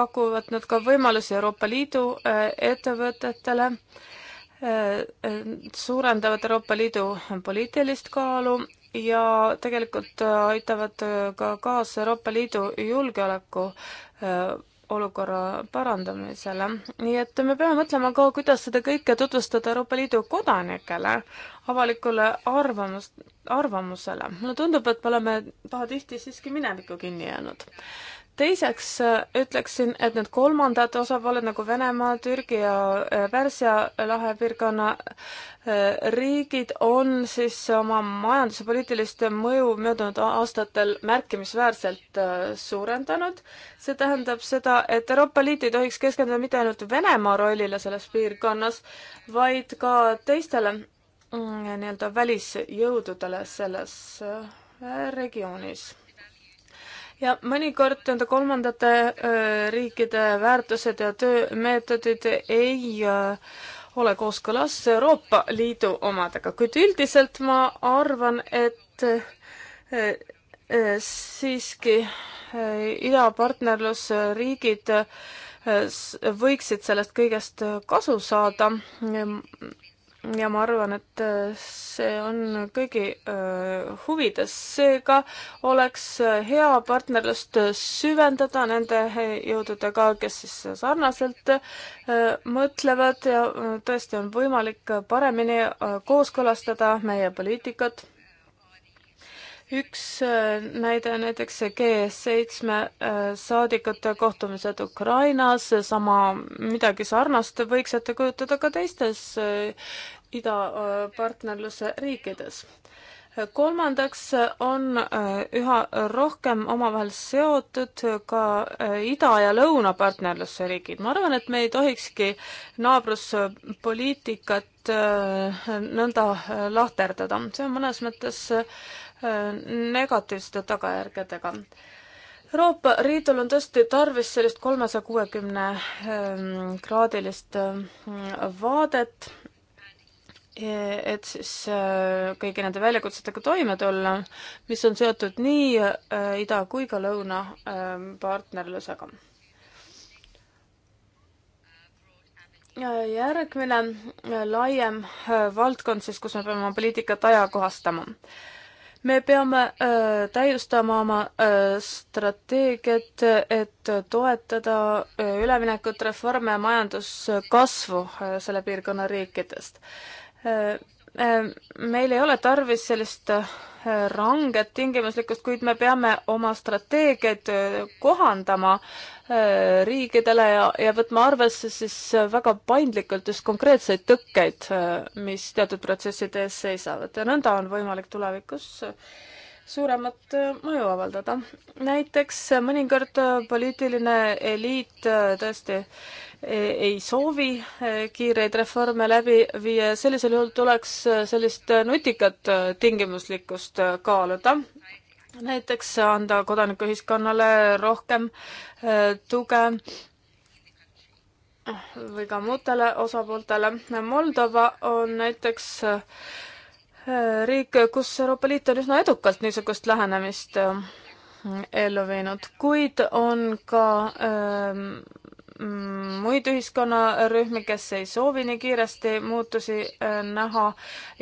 pakuvad nad ka võimalusi Euroopa Liidu ettevõtetele suurendavad Euroopa Liidu poliitilist kaalu ja tegelikult äh, aitavad äh, ka kaasa Euroopa Liidu julgeoleku äh, olukorra parandamisele. nii et me peame mõtlema ka, kuidas seda kõike tutvustada Euroopa Liidu kodanikele, avalikule arvamus, arvamusele. mulle tundub, et me oleme pahatihti siiski minevikku kinni jäänud teiseks äh, ütleksin, et need kolmandad osapooled nagu Venemaa, Türgi ja äh, Pärsia lahe piirkonna äh, riigid on siis oma majanduspoliitilist mõju möödunud aastatel märkimisväärselt suurendanud. see tähendab seda, et Euroopa Liit ei tohiks keskenduda mitte ainult Venemaa rollile selles piirkonnas, vaid ka teistele mm, nii-öelda välisjõududele selles regioonis ja mõnikord nende kolmandate riikide väärtused ja töömeetodid ei ole kooskõlas Euroopa Liidu omadega, kuid üldiselt ma arvan, et siiski idapartnerlusriigid võiksid sellest kõigest kasu saada ja ma arvan, et äh, see on kõigi äh, huvides, seega oleks äh, hea partnerlust süvendada nende jõududega, kes siis sarnaselt mõtlevad ja tõesti on võimalik paremini kooskõlastada meie poliitikat üks äh, näide näiteks G7 äh, saadikute kohtumised Ukrainas, sama midagi sarnast võiks ette kujutada ka teistes äh, idapartnerluse riikides. kolmandaks on üha rohkem omavahel seotud ka ida- ja lõunapartnerluse riigid. ma arvan, et me ei tohikski naabruspoliitikat nõnda lahterdada, see on mõnes mõttes negatiivsete tagajärgedega. Euroopa Liidul on tõesti tarvis sellist kolmesaja kuuekümne ehm, kraadilist ehm, vaadet, e-, et siis ehm, kõigi nende väljakutsetega toime tulla, mis on seotud nii ida kui ka lõuna partnerlusega järgmine laiem valdkond siis, kus me peame oma poliitikat ajakohastama me peame äh, täiustama oma äh, strateegiat, et toetada äh, üleminekut reforme ja majanduskasvu äh, selle piirkonna riikidest äh, Äh, meil ei ole tarvis sellist äh, ranget tingimuslikkust, kuid me peame oma strateegiaid äh, kohandama riikidele ja, ja võtma arvesse siis väga paindlikult just konkreetseid tõkkeid, mis teatud protsesside ees seisavad ja nõnda on võimalik tulevikus suuremat mõju avaldada. näiteks mõnikord poliitiline eliit tõesti äh, ei soovi eh, kiireid reforme läbi viia, sellisel juhul tuleks eh, sellist eh, nutikat tingimuslikkust kaaluda. näiteks anda kodanikuühiskonnale rohkem tuge või ka muudele osapooltele. Moldova on näiteks riik, kus Euroopa Liit on üsna edukalt niisugust lähenemist ellu viinud, kuid on ka öö, Mm, muid ühiskonnarühmi, kes ei soovi nii kiiresti muutusi äh, näha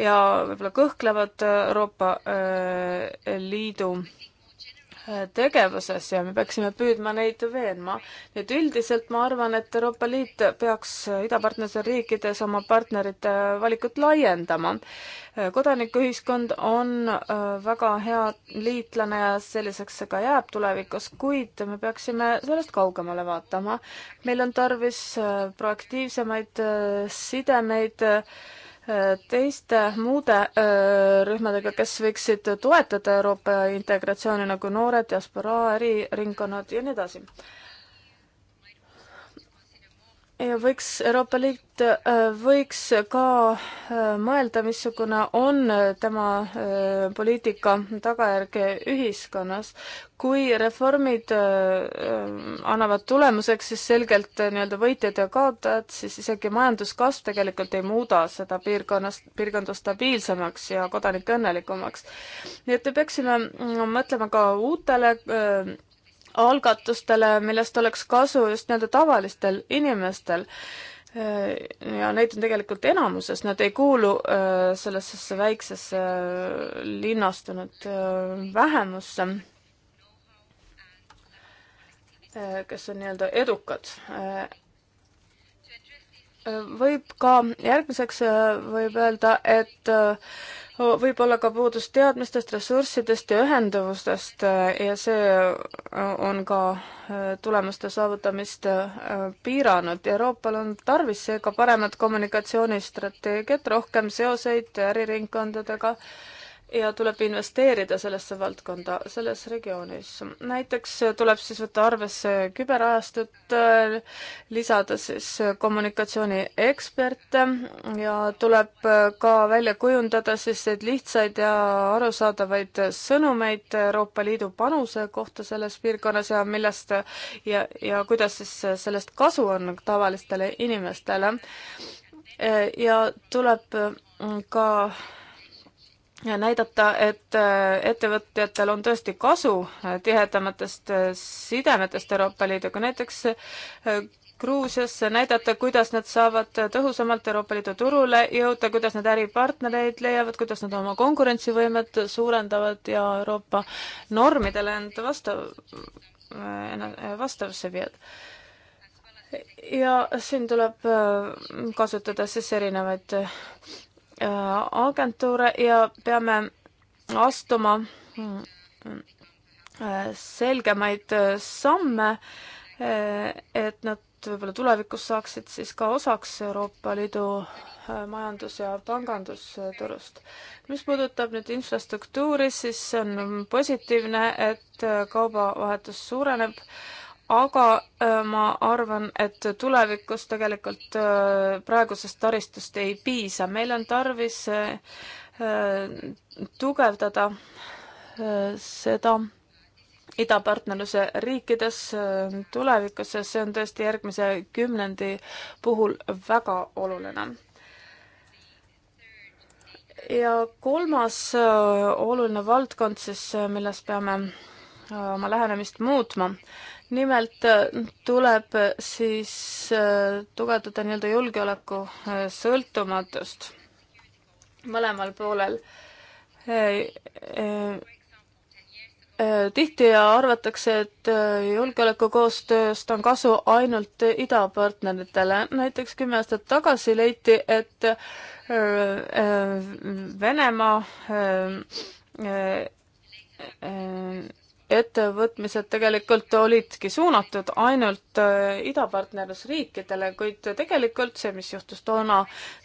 ja võib-olla kõhklevad äh, Euroopa äh, Liidu tegevuses ja me peaksime püüdma neid veenma. nii et üldiselt ma arvan, et Euroopa Liit peaks idapartnerluse riikides oma partnerite valikut laiendama. kodanikuühiskond on äh, väga hea liitlane ja selliseks see ka jääb tulevikus, kuid me peaksime sellest kaugemale vaatama. meil on tarvis äh, proaktiivsemaid äh, sidemeid teiste muude äh, rühmadega, kes võiksid toetada Euroopa integratsiooni, nagu noored, diasporaa, äriringkonnad ja nii edasi ja võiks, Euroopa Liit äh, võiks ka äh, mõelda, missugune on äh, tema poliitika tagajärg ühiskonnas. kui reformid annavad tulemuseks siis selgelt nii-öelda võitjad ja kaotajad, siis isegi majanduskasv tegelikult ei muuda seda piirkonnast, piirkonda stabiilsemaks ja kodanikke õnnelikumaks. nii et me peaksime mm, mõtlema ka uutele algatustele, millest oleks kasu just nii-öelda tavalistel inimestel. Äh, ja neid on tegelikult enamuses, nad ei kuulu äh, sellesse väiksesse äh, linnastunud vähemusse, kes on nii-öelda edukad võib ka, järgmiseks võib öelda, et võib-olla ka puudus teadmistest, ressurssidest ja ühenduvustest äh, ja see äh, on ka äh, tulemuste saavutamist piiranud. Euroopal on tarvis seega paremat kommunikatsioonistrateegiat, rohkem seoseid äriringkondadega ja tuleb investeerida sellesse valdkonda selles regioonis. näiteks tuleb siis võtta arvesse küberajastut, lisada siis kommunikatsioonieksperte ja tuleb ka välja kujundada siis neid lihtsaid ja arusaadavaid sõnumeid Euroopa Liidu panuse kohta selles piirkonnas ja millest ja, ja kuidas siis sellest kasu on tavalistele inimestele. ja tuleb ka näidata, et äh, ettevõtjatel on tõesti kasu äh, tihedamatest äh, sidemetest Euroopa Liiduga, näiteks Gruusiasse, näidata, kuidas nad saavad tõhusamalt Euroopa Liidu turule jõuda, kuidas nad äripartnereid leiavad, kuidas nad oma konkurentsivõimet suurendavad ja Euroopa normidele end vastav, vastavusse viivad ja siin tuleb kasutada siis erinevaid Äh, agentuure ja peame astuma mm, äh, selgemaid äh, samme, et nad võib-olla tulevikus saaksid siis ka osaks Euroopa Liidu majandus- ja pangandusturust. mis puudutab nüüd infrastruktuuri, siis see on positiivne, et kaubavahetus suureneb, aga äh, ma arvan, et tulevikus tegelikult äh, praegusest taristust ei piisa, meil on tarvis äh, tugevdada seda idapartnerluse riikides tulevikus, see on tõesti järgmise kümnendi puhul väga oluline. ja kolmas oluline valdkond siis, milles peame oma lähenemist muutma, nimelt äh, tuleb äh, siis äh, tugevdada nii-öelda julgeoleku sõltumatust mõlemal poolel. tihti arvatakse, et julgeolekukoostööst on kasu ainult idapartneritele. näiteks kümme aastat tagasi leiti, et Venemaa ettevõtmised tegelikult olidki suunatud ainult äh, idapartnerlusriikidele, kuid tegelikult see, mis juhtus toona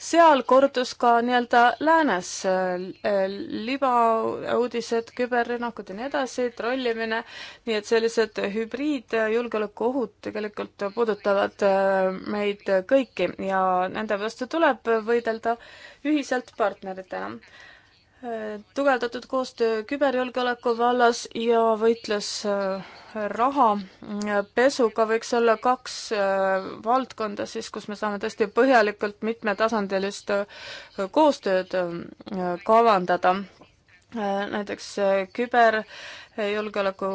seal, kordus ka nii-öelda läänes. Äh, libauudised, küberrünnakud ja nii edasi, trollimine, nii et sellised hübriidjulgeolekuohud tegelikult puudutavad äh, meid kõiki ja nende vastu tuleb võidelda ühiselt partneritena tugevdatud koostöö küberjulgeoleku vallas ja võitles äh, rahapesuga võiks olla kaks äh, valdkonda siis, kus me saame tõesti põhjalikult mitmetasandilist äh, koostööd kavandada. näiteks küberjulgeoleku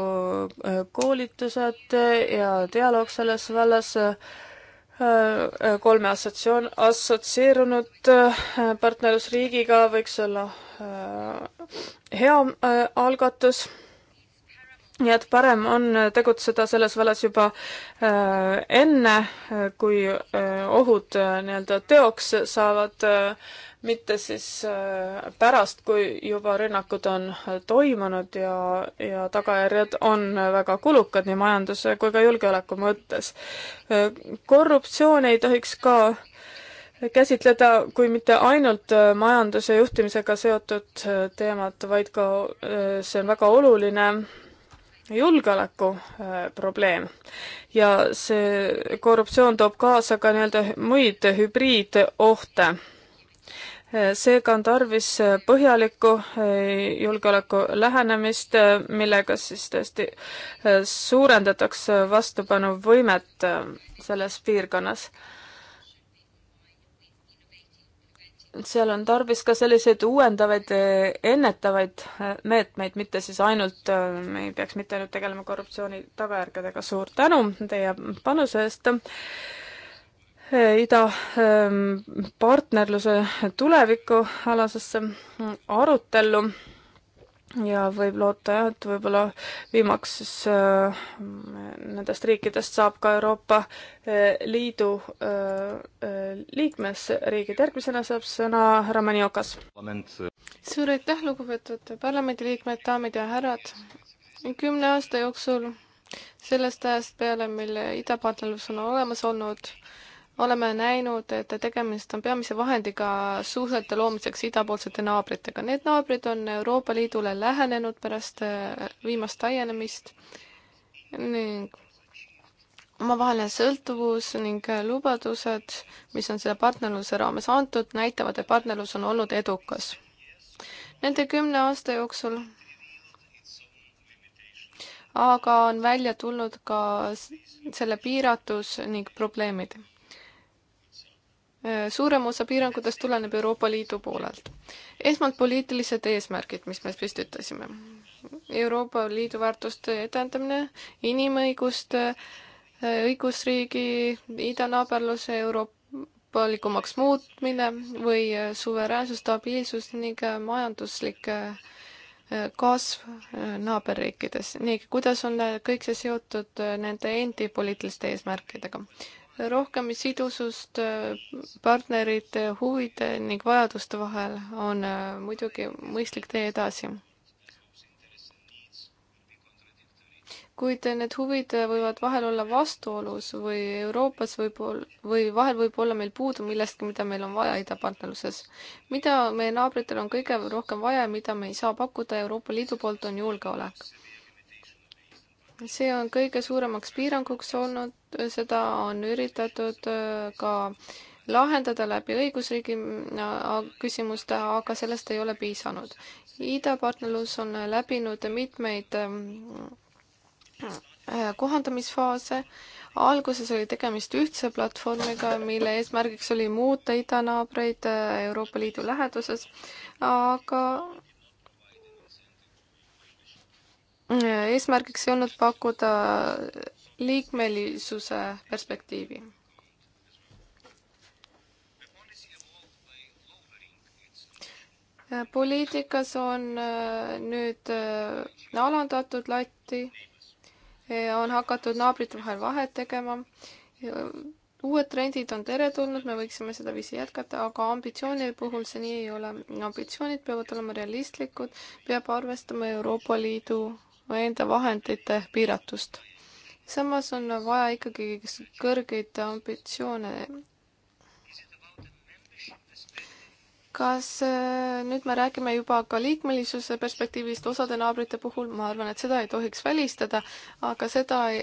koolitused ja dialoog selles vallas kolme assotsioon, assotsieerunud partnerlusriigiga võiks olla Äh, hea äh, algatus nii et parem on tegutseda selles vallas juba äh, enne, kui ohud nii-öelda teoks saavad, mitte siis pärast, kui juba rünnakud on toimunud ja, ja tagajärjed on väga kulukad nii majanduse kui ka julgeoleku mõttes. korruptsioon ei tohiks ka äh, käsitleda kui mitte ainult äh, majanduse juhtimisega seotud äh, teemat, vaid ka äh, see on väga oluline julgeoleku probleem. ja see korruptsioon toob kaasa ka nii-öelda muid hübriidohte. seega on tarvis põhjalikku julgeoleku lähenemist, millega siis tõesti suurendatakse vastupanuvõimet selles piirkonnas seal on tarvis ka selliseid uuendavaid, eh, ennetavaid eh, meetmeid, mitte siis ainult, eh, me ei peaks mitte ainult tegelema korruptsiooni tagajärgedega. suur tänu teie panuse eest. Ida partnerluse tulevikualasesse arutellu ja võib loota jah, et võib-olla viimaks siis äh, nendest riikidest saab ka Euroopa äh, Liidu äh, äh liikmesriigid. järgmisena saab sõna härra Maniokas. Äh, suur aitäh, lugupeetud parlamendiliikmed, daamid ja härrad. kümne aasta jooksul sellest ajast peale, mil idapartnerlus on olemas olnud äh,, oleme näinud, et tegemist on peamise vahendiga suhete loomiseks idapoolsete naabritega. Need naabrid on Euroopa Liidule lähenenud pärast äh, viimast laienemist ning omavaheline sõltuvus ning äh, lubadused, mis on selle partnerluse raames antud, näitavad, et partnerlus on olnud edukas. Nende kümne aasta jooksul aga on välja tulnud ka selle piiratus ning probleemid Äh, suurem osa piirangutest tuleneb Euroopa Liidu poolelt. esmalt poliitilised eesmärgid, mis me püstitasime. Euroopa Liidu väärtuste edendamine, inimõiguste, äh, õigusriigi, idanaaberluse euroopalikumaks muutmine või äh, suveräänsus, stabiilsus ning majanduslik kasv naaberriikides ning kuidas on kõik see seotud nende endi poliitiliste eesmärkidega rohkem sidusust äh, partnerite huvide ning vajaduste vahel on äh, muidugi mõistlik tee edasi. kuid need huvid võivad vahel olla vastuolus või Euroopas võib ol-, või vahel võib olla meil puudu millestki, mida meil on vaja idapartnerluses. mida meie naabritel on kõige rohkem vaja ja mida me ei saa pakkuda Euroopa Liidu poolt, on julgeolek see on kõige suuremaks piiranguks olnud, seda on üritatud äh, ka lahendada läbi õigusriigi äh, küsimuste, aga sellest ei ole piisanud. idapartnerlus on läbinud mitmeid ähm, äh, kohandamisfaase. alguses oli tegemist ühtse platvormiga, mille eesmärgiks oli muuta idanaabreid Euroopa Liidu läheduses, aga Mm, eesmärgiks ei olnud pakkuda liikmelisuse perspektiivi. poliitikas on äh, nüüd äh, alandatud latti, on hakatud naabrite vahel vahet tegema. uued trendid on teretulnud, me võiksime sedaviisi jätkata, aga ambitsiooni puhul see nii ei ole. ambitsioonid peavad olema realistlikud, peab arvestama Euroopa Liidu enda vahendite piiratust. samas on vaja ikkagi kõrgeid ambitsioone. kas äh, nüüd me räägime juba ka liikmelisuse perspektiivist osade naabrite puhul, ma arvan, et seda ei tohiks välistada, aga seda ei,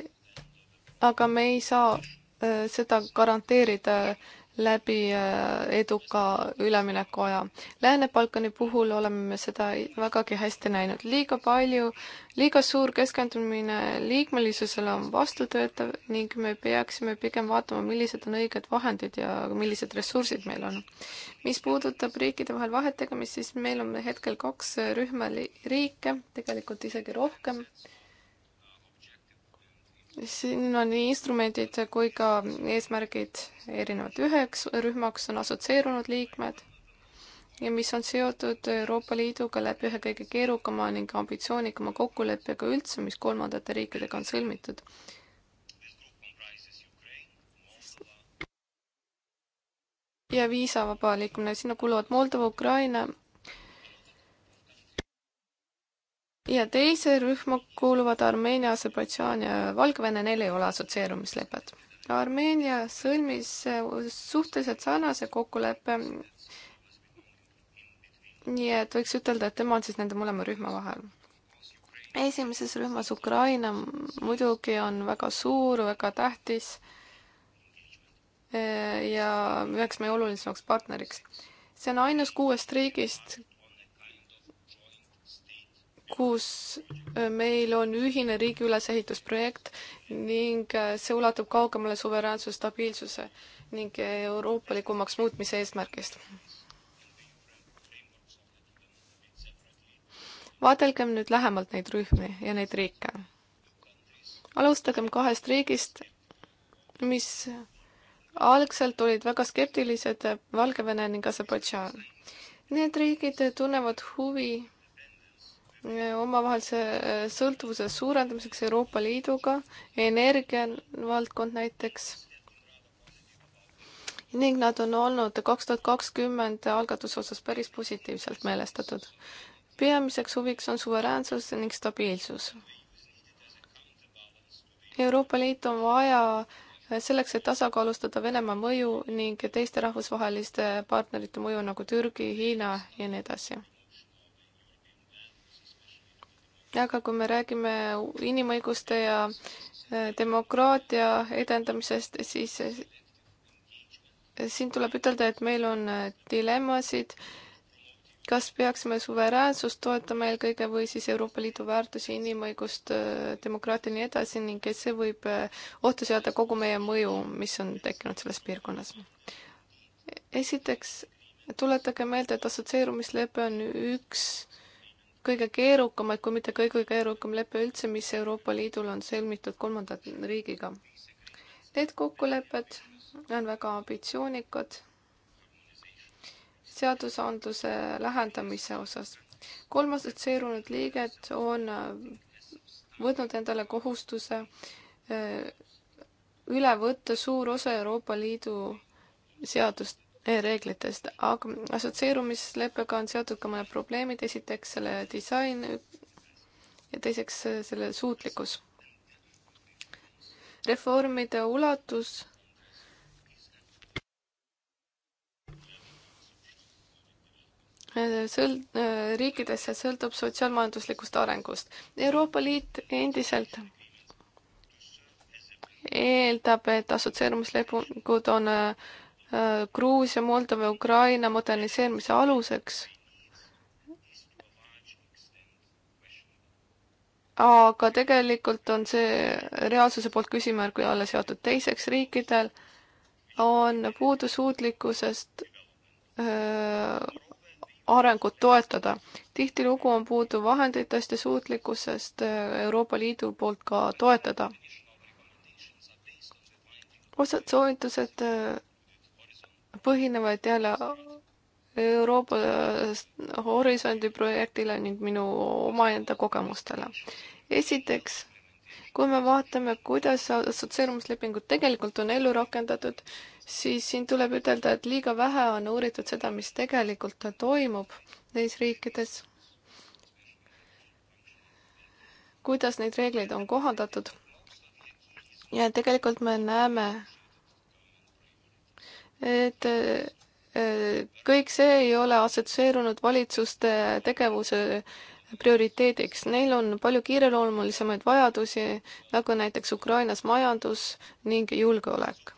aga me ei saa äh, seda garanteerida läbi äh, eduka üleminekuaja. Lääne-Balkani puhul oleme me seda vägagi hästi näinud. liiga palju, liiga suur keskendumine liikmelisusele on vastutöötav ning me peaksime pigem vaatama, millised on õiged vahendid ja millised ressursid meil on. mis puudutab riikide vahel vahet tegemist, siis meil on hetkel kaks rühma riike, tegelikult isegi rohkem siin on nii instrumendid kui ka eesmärgid erinevad. üheks rühmaks on assotsieerunud liikmed ja mis on seotud Euroopa Liiduga läbi ühe kõige keerukama ning ambitsioonikama kokkuleppega üldse, mis kolmandate riikidega on sõlmitud. ja viisavaba liikumine, sinna kuuluvad Moldova, Ukraina ja teise rühma kuuluvad Armeenia, Aserbaidžaan ja Valgevene, neil ei ole assotsieerumislepet. Armeenia sõlmis suhteliselt sarnase kokkuleppe. nii et võiks ütelda, et tema on siis nende mõlema rühma vahel. esimeses rühmas Ukraina muidugi on väga suur, väga tähtis eh, ja üheks meie olulisemaks partneriks. see on ainus kuuest riigist, kus äh, meil on ühine riigi ülesehitusprojekt ning äh, see ulatub kaugemale suveräänsuse stabiilsuse ning euroopalikumaks muutmise eesmärgist. vaadelgem nüüd lähemalt neid rühmi ja neid riike. alustagem kahest riigist, mis algselt olid väga skeptilised, Valgevene ning Aserbaidžaan. Need riigid tunnevad huvi omavahelise äh, sõltuvuse suurendamiseks Euroopa Liiduga, energiavaldkond näiteks. ning nad on olnud kaks tuhat kakskümmend algatuse osas päris positiivselt meelestatud. peamiseks huviks on suveräänsus ning stabiilsus. Euroopa Liit on vaja äh, selleks, et tasakaalustada Venemaa mõju ning teiste rahvusvaheliste partnerite mõju nagu Türgi, Hiina ja nii edasi aga kui me räägime inimõiguste ja äh, demokraatia edendamisest, siis äh, siin tuleb ütelda, et meil on äh, dilemmasid, kas peaksime suveräänsust toetama eelkõige või siis Euroopa Liidu väärtusi, inimõigust, demokraatia ja nii edasi ning see võib ohtu seada kogu meie mõju, mis on tekkinud selles piirkonnas. esiteks tuletage meelde, et assotsieerumislepe on üks kõige keerukamaid, kui mitte kõige keerukam lepe üldse, mis Euroopa Liidul on sõlmitud kolmanda riigiga. Need kokkulepped on väga ambitsioonikad seadusandluse lähendamise osas. kolm assotsieerunud liiget on võtnud endale kohustuse äh, üle võtta suur osa Euroopa Liidu seadust, e reeglitest, aga assotsieerumisleppega on seotud ka mõned probleemid, esiteks selle disain ja teiseks äh, selle suutlikkus. reformide ulatus sõlt-, äh, riikidesse sõltub sotsiaalmajanduslikust arengust. Euroopa Liit endiselt eeldab, et assotsieerumislepingud on äh, Äh, Gruusia, Moldova, Ukraina moderniseerimise aluseks. aga tegelikult on see reaalsuse poolt küsimärgi alla seatud. teiseks riikidel on puudusuutlikkusest äh, arengut toetada. tihtilugu on puudu vahenditest ja suutlikkusest äh, Euroopa Liidu poolt ka toetada. osad soovitused põhinevad jälle Euroopa Horisondi projektile ning minu omaenda kogemustele. esiteks, kui me vaatame, kuidas assotsieerumislepingut tegelikult on ellu rakendatud, siis siin tuleb ütelda, et liiga vähe on uuritud seda, mis tegelikult toimub neis riikides. kuidas neid reegleid on kohandatud. ja tegelikult me näeme et kõik see ei ole assotsieerunud valitsuste tegevuse prioriteediks. Neil on palju kiireloomulisemaid vajadusi, nagu näiteks Ukrainas majandus ning julgeolek.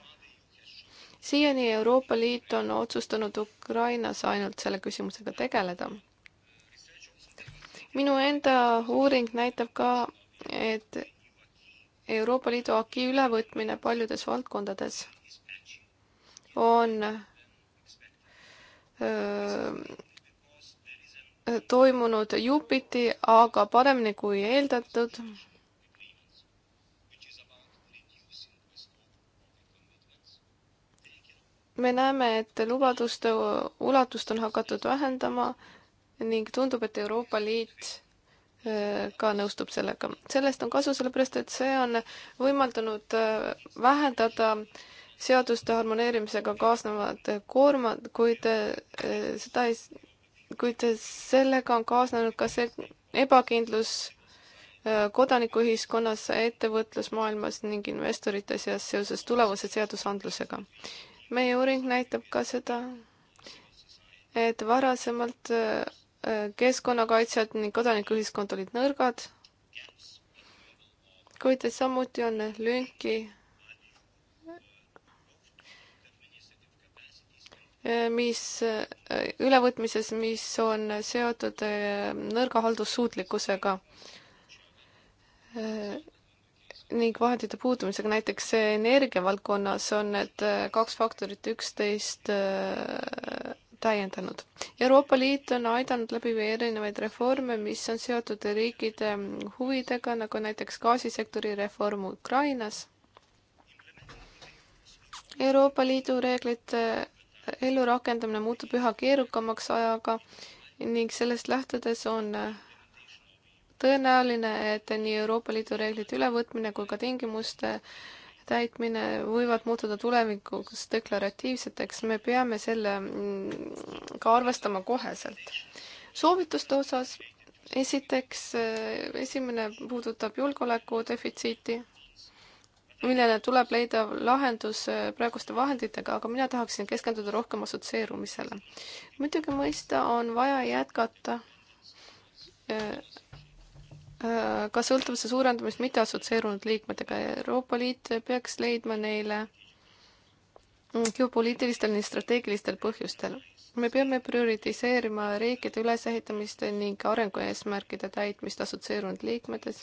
siiani Euroopa Liit on otsustanud Ukrainas ainult selle küsimusega tegeleda. minu enda uuring näitab ka, et Euroopa Liidu aki ülevõtmine paljudes valdkondades on öö, toimunud jupiti, aga paremini kui eeldatud. me näeme, et lubaduste ulatust on hakatud vähendama ning tundub, et Euroopa Liit ka nõustub sellega. sellest on kasu, sellepärast et see on võimaldanud vähendada äh, seaduste harmoneerimisega kaasnevad koormad, kuid äh, seda ei, kuid sellega on kaasnenud ka see ebakindlus äh, kodanikuühiskonnas, ettevõtlusmaailmas ning investorite seas seoses tulevase seadusandlusega. meie uuring näitab ka seda, et varasemalt äh, keskkonnakaitsjad ning kodanikuühiskond olid nõrgad, kuid samuti on lünki Äh, mis, äh, ülevõtmises, mis on seotud äh, nõrga haldussuutlikkusega ning vahendite puudumisega, näiteks energiavaldkonnas on need kaks faktorit üksteist täiendanud. Euroopa Liit on aidanud läbi viia erinevaid reforme, mis on seotud riikide mm, huvidega, nagu näiteks gaasisektori reform Ukrainas. Euroopa Liidu reeglite ellurakendamine muutub üha keerukamaks ajaga ning sellest lähtudes on tõenäoline, et nii Euroopa Liidu reeglite ülevõtmine kui ka tingimuste täitmine võivad muutuda tulevikus deklaratiivseteks, me peame selle mm, ka arvestama koheselt. soovituste osas esiteks, eh, esimene puudutab julgeoleku defitsiiti millele tuleb leida lahendus äh, praeguste vahenditega, aga mina tahaksin keskenduda rohkem assotsieerumisele. muidugi mõista on vaja jätkata äh, äh, ka sõltuvuse suurendamist mitte assotsieerunud liikmetega. Euroopa Liit peaks leidma neile mm, geopoliitilistel ning strateegilistel põhjustel. me peame prioritiseerima riikide ülesehitamist ning arengueesmärkide täitmist assotsieerunud liikmetes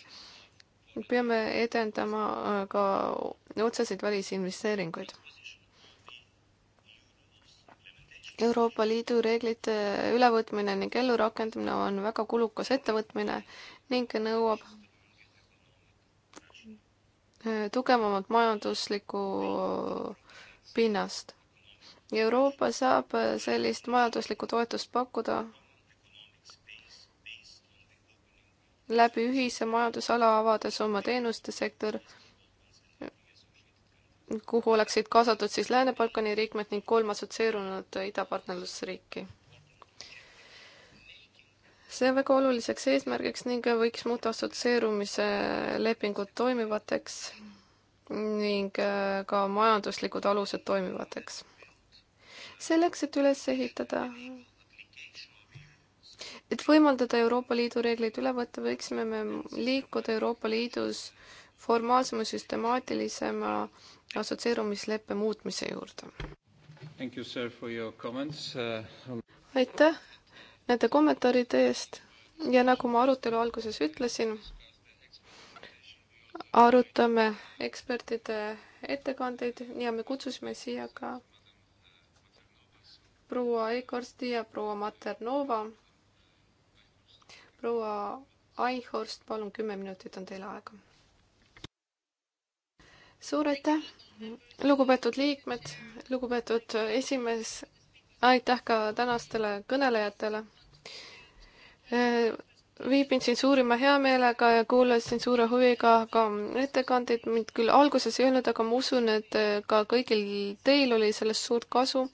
peame edendama äh, ka otseseid välisinvesteeringuid. Euroopa Liidu reeglite ülevõtmine ning ellurakendamine on väga kulukas ettevõtmine ning nõuab äh, tugevamat majanduslikku äh, pinnast. Euroopa saab sellist majanduslikku toetust pakkuda läbi ühise majandusala avades oma teenuste sektor, kuhu oleksid kaasatud siis Lääne-Balkani liikmed ning kolm assotsieerunud idapartnerlusriiki. see on väga oluliseks eesmärgiks ning võiks muuta assotsieerumise lepingud toimivateks ning äh, ka majanduslikud alused toimivateks. selleks, et üles ehitada et võimaldada Euroopa Liidu reegleid üle võtta, võiksime me liikuda Euroopa Liidus formaalsema, süstemaatilisema assotsieerumisleppe muutmise juurde. Uh, aitäh nende kommentaaride eest ja nagu ma arutelu alguses ütlesin, arutame ekspertide ettekandeid ja me kutsusime siia ka proua Eikorsti ja proua Maternova proua Aihorst, palun, kümme minutit on teil aega. suur aitäh, lugupeetud liikmed, lugupeetud esimees, aitäh ka tänastele kõnelejatele viibin siin suurima heameelega ja kuulasin suure huviga ka ettekandeid, mind küll alguses ei olnud, aga ma usun, et ka kõigil teil oli sellest suurt kasu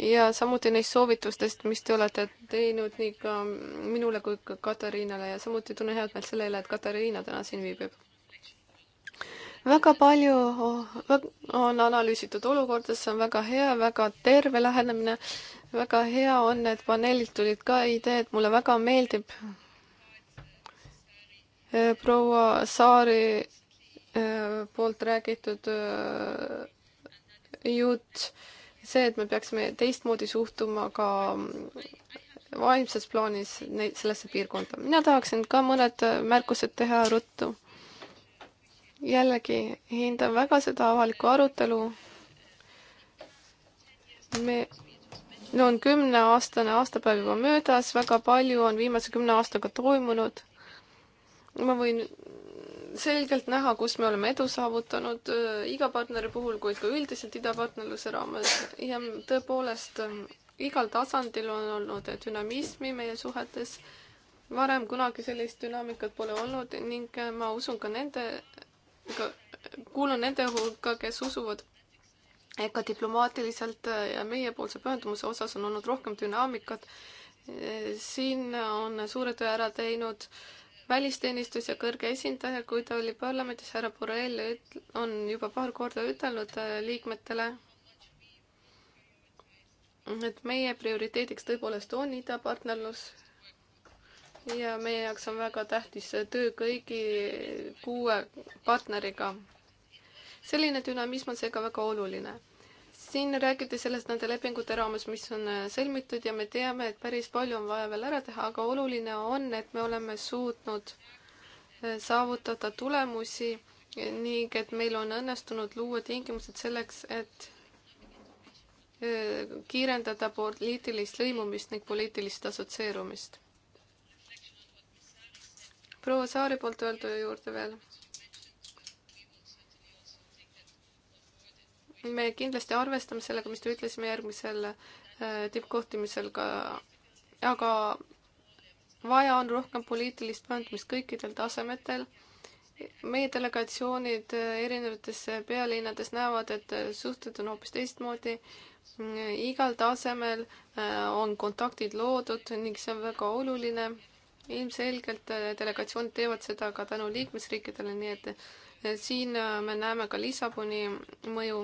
ja samuti neist soovitustest, mis te olete teinud nii ka minule kui ka Katariinale ja samuti tunnen head meelt selle üle, et Katariina täna siin viibib. väga palju on analüüsitud olukorda, see on väga hea, väga terve lähenemine. väga hea on, et paneelilt tulid ka ideed, mulle väga meeldib äh, proua Saari äh, poolt räägitud äh, jutt see, et me peaksime teistmoodi suhtuma ka vaimses plaanis neid, sellesse piirkonda. mina tahaksin ka mõned märkused teha ruttu. jällegi, hindan väga seda avalikku arutelu. me, no on kümneaastane aastapäev juba möödas, väga palju on viimase kümne aastaga toimunud. ma võin selgelt näha, kus me oleme edu saavutanud äh, iga partneri puhul, kuid ka üldiselt idapartnerluse raames ja tõepoolest äh, igal tasandil on olnud dünamismi meie suhetes. varem kunagi sellist dünaamikat pole olnud ning äh, ma usun ka nende, kuulun nende hulka, kes usuvad, et ka diplomaatiliselt ja meiepoolse pühendumuse osas on olnud rohkem dünaamikat. siin on suure töö ära teinud äh, välisteenistus ja kõrge esindaja, kui ta oli parlamendis, härra Borrell on juba paar korda ütelnud äh, liikmetele, et meie prioriteediks tõepoolest on idapartnerlus ja meie jaoks on väga tähtis töö kõigi kuue partneriga. selline dünamism on seega väga oluline siin räägiti sellest nende lepingute raames, mis on äh, sõlmitud ja me teame, et päris palju on vaja veel ära teha, aga oluline on, et me oleme suutnud äh, saavutada tulemusi äh, ning et meil on õnnestunud luua tingimused selleks, et kiirendada poliitilist lõimumist ning poliitilist assotsieerumist. proua Saari poolt öeldu juurde veel me kindlasti arvestame sellega, mis te ütlesime järgmisel äh, tippkohtumisel ka, aga vaja on rohkem poliitilist pöördumist kõikidel tasemetel. meie delegatsioonid äh, erinevates äh, pealinnades näevad, et suhted on hoopis teistmoodi. Mm, igal tasemel on kontaktid loodud ning see on väga oluline. ilmselgelt delegatsioonid teevad seda ka tänu liikmesriikidele, nii et siin me näeme ka Lissaboni mõju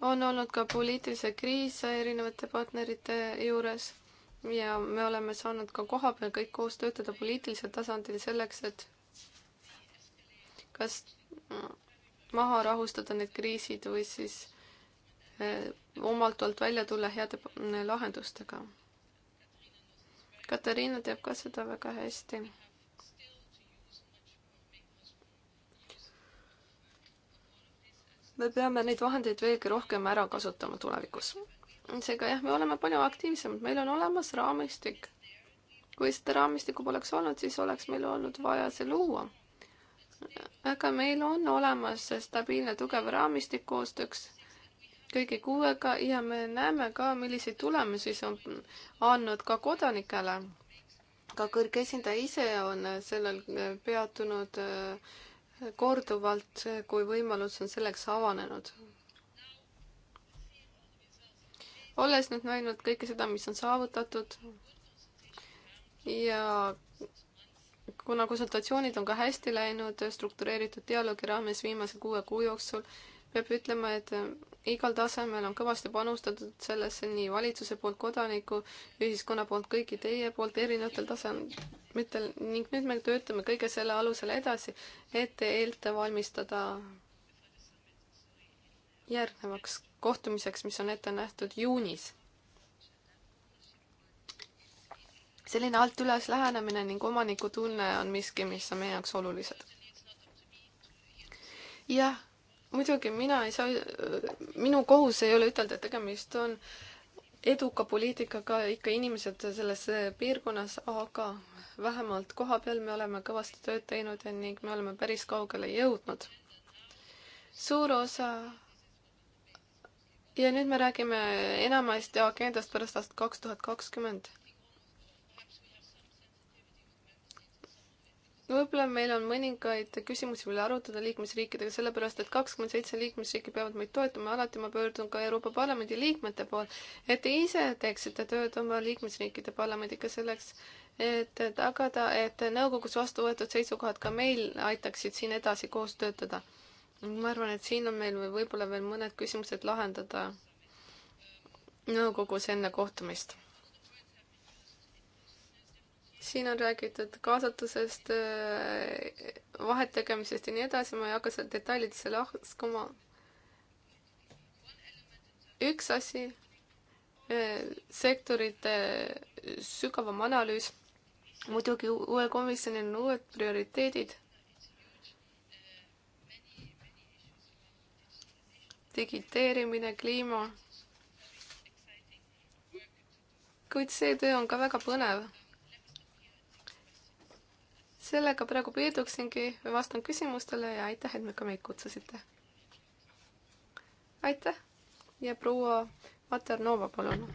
on olnud ka poliitilise kriise erinevate partnerite juures ja me oleme saanud ka kohapeal kõik koos töötada poliitilisel tasandil selleks, et kas maha rahustada need kriisid või siis eh, omalt poolt välja tulla heade eh, lahendustega. Katariina teab ka seda väga hästi me peame neid vahendeid veelgi rohkem ära kasutama tulevikus. seega jah, me oleme palju aktiivsemad, meil on olemas raamistik. kui seda raamistikku poleks olnud, siis oleks meil olnud vaja see luua. aga meil on olemas stabiilne tugev raamistik koostööks kõigi kuuega ja me näeme ka, milliseid tulemusi see on andnud ka kodanikele. ka kõrge esindaja ise on sellel peatunud korduvalt, kui võimalus on selleks avanenud. olles nüüd näinud kõike seda, mis on saavutatud ja kuna konsultatsioonid on ka hästi läinud struktureeritud dialoogi raames viimase kuue kuu jooksul, peab ütlema, et äh, igal tasemel on kõvasti panustatud sellesse nii valitsuse poolt, kodaniku, ühiskonna poolt, kõigi teie poolt erinevatel tasemetel ning nüüd me töötame kõige selle alusel edasi, et eelte valmistada järgnevaks kohtumiseks, mis on ette nähtud juunis selline alt üles lähenemine ning omanikutunne on miski, mis on meie jaoks olulised. jah, muidugi mina ei saa, minu kohus ei ole ütelda, et tegemist on eduka poliitikaga ikka inimesed selles piirkonnas, aga vähemalt koha peal me oleme kõvasti tööd teinud ning me oleme päris kaugele jõudnud. suur osa ja nüüd me räägime enamasti agendast pärast aastat kaks tuhat kakskümmend võib-olla meil on mõningaid küsimusi, mille arutada liikmesriikidega, sellepärast et kakskümmend seitse liikmesriiki peavad meid toetama, alati ma pöördun ka Euroopa Parlamendi liikmete poole, et te ise teeksite tööd oma liikmesriikide parlamendiga selleks, et tagada, et nõukogus vastu võetud seisukohad ka meil aitaksid siin edasi koos töötada. ma arvan, et siin on meil võib-olla veel mõned küsimused lahendada nõukogus enne kohtumist siin on räägitud kaasatusest, äh, vahet tegemisest ja nii edasi, ma ei hakka seal detailidesse laskuma. üks asi, äh, sektorite äh, sügavam analüüs, muidugi uuel komisjonil on uued prioriteedid. digiteerimine, kliima. kuid see töö on ka väga põnev sellega praegu piirduksingi, vastan küsimustele ja aitäh, et me ka meid kutsusite. aitäh ja proua Maternova, palun.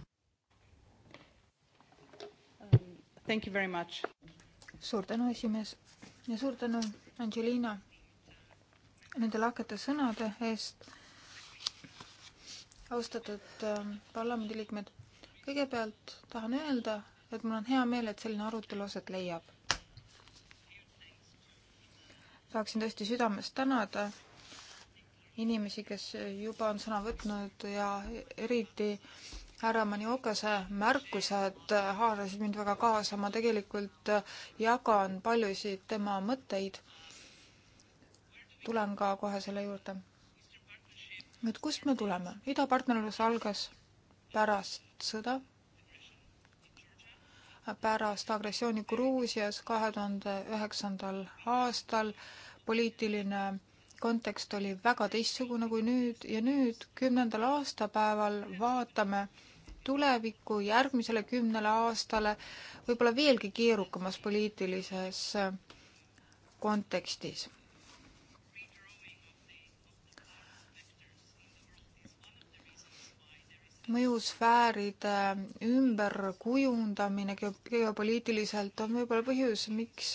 Thank you very much. suur tänu, esimees ja suur tänu, Angelina, nende lahkete sõnade eest. austatud äh, parlamendiliikmed, kõigepealt tahan öelda, et mul on hea meel, et selline arutelu aset leiab tahaksin tõesti südamest tänada inimesi, kes juba on sõna võtnud ja eriti härra Maniokase märkused haarasid mind väga kaasa, ma tegelikult jagan paljusid tema mõtteid. tulen ka kohe selle juurde. nüüd kust me tuleme? idapartnerlus algas pärast sõda pärast agressiooni Gruusias kahe tuhande üheksandal aastal. poliitiline kontekst oli väga teistsugune kui nüüd ja nüüd, kümnendal aastapäeval vaatame tulevikku järgmisele kümnele aastale võib-olla veelgi keerukamas poliitilises kontekstis mõjusfääride ümberkujundamine geopoliitiliselt on võib-olla põhjus, miks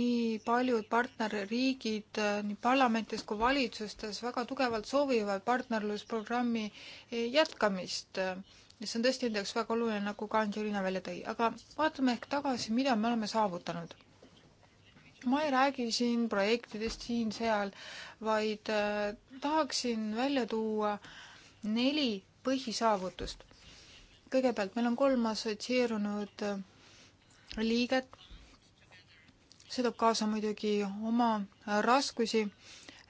nii paljud partnerriigid nii parlamentides kui valitsustes väga tugevalt soovivad partnerlusprogrammi jätkamist. see on tõesti nende jaoks väga oluline, nagu ka Angelina välja tõi, aga vaatame ehk tagasi, mida me oleme saavutanud. ma ei räägi siin projektidest siin-seal, vaid eh, tahaksin välja tuua äh, neli põhisaavutust. kõigepealt meil on kolm assotsieerunud äh, liiget. see toob kaasa muidugi oma äh, raskusi,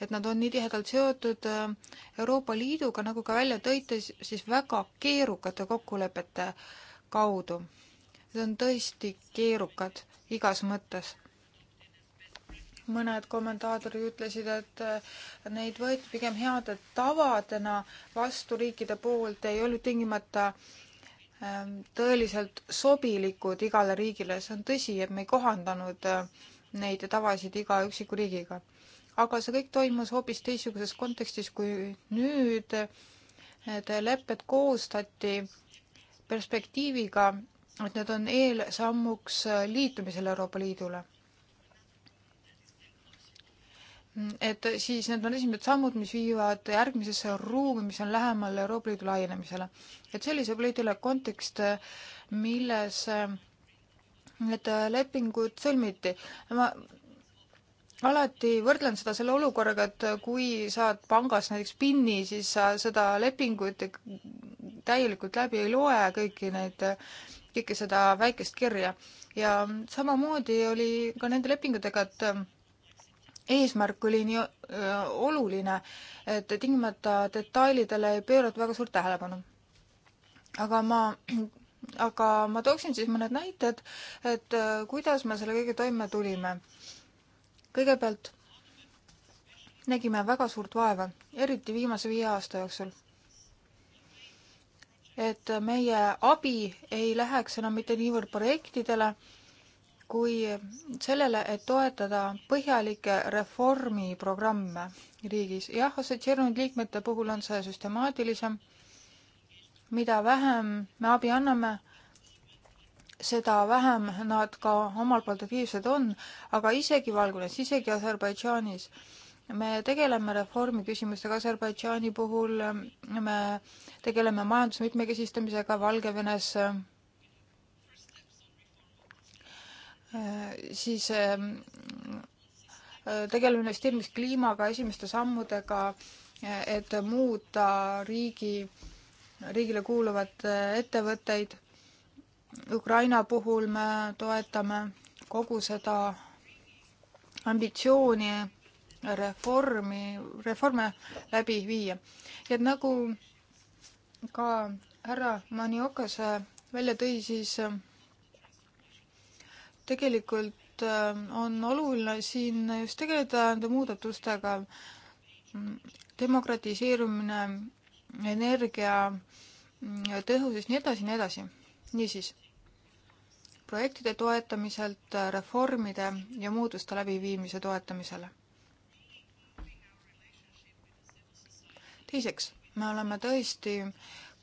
et nad on nii tihedalt seotud äh, Euroopa Liiduga, nagu ka välja tõite, siis väga keerukate kokkulepete kaudu. Need on tõesti keerukad igas mõttes mõned kommentaatorid ütlesid, et äh, neid võeti pigem heade tavadena vastu riikide poolt, ei olnud tingimata ähm, tõeliselt sobilikud igale riigile, see on tõsi, et me ei kohandanud äh, neid tavasid iga üksiku riigiga. aga see kõik toimus hoopis teistsuguses kontekstis, kui nüüd need lepped koostati perspektiiviga, et need on eelsammuks liitumisele Euroopa Liidule et siis need on esimesed sammud, mis viivad järgmisesse ruumi, mis on lähemal Euroopa Liidu laienemisele. et sellise poliitiline kontekst, milles äh, need äh, lepingud sõlmiti. ma alati võrdlen seda selle olukorraga, et kui saad pangas näiteks PIN-i, siis sa seda lepingut täielikult läbi ei loe, kõiki neid, kõike seda väikest kirja. ja samamoodi oli ka nende lepingutega, et äh, eesmärk oli nii oluline, et tingimata detailidele ei pööratud väga suurt tähelepanu. aga ma, aga ma tooksin siis mõned näited, et kuidas me selle kõige toime tulime. kõigepealt nägime väga suurt vaeva, eriti viimase viie aasta jooksul et meie abi ei läheks enam mitte niivõrd projektidele, kui sellele, et toetada põhjalikke reformiprogramme riigis. jah, assotsieerunud liikmete puhul on see süstemaatilisem. mida vähem me abi anname, seda vähem nad ka omalt poolt aktiivsed on, aga isegi Valgevenes, isegi Aserbaidžaanis me tegeleme reformi küsimustega Aserbaidžaani puhul, me tegeleme majanduse mitmekesistamisega Valgevenes Äh, siis ähm, äh, tegeleme investeerimiskliimaga, esimeste sammudega, äh, et muuta riigi, riigile kuuluvad ettevõtteid. Ukraina puhul me toetame kogu seda ambitsiooni reformi, reforme läbi viia. ja nagu ka härra Maniokas välja tõi, siis tegelikult ähm, on oluline siin just tegeleda nende muudatustega. demokratiseerumine, energia mm, tõhusus, nii edasi, nii edasi. niisiis, projektide toetamiselt reformide ja muutuste läbiviimise toetamisele. teiseks, me oleme tõesti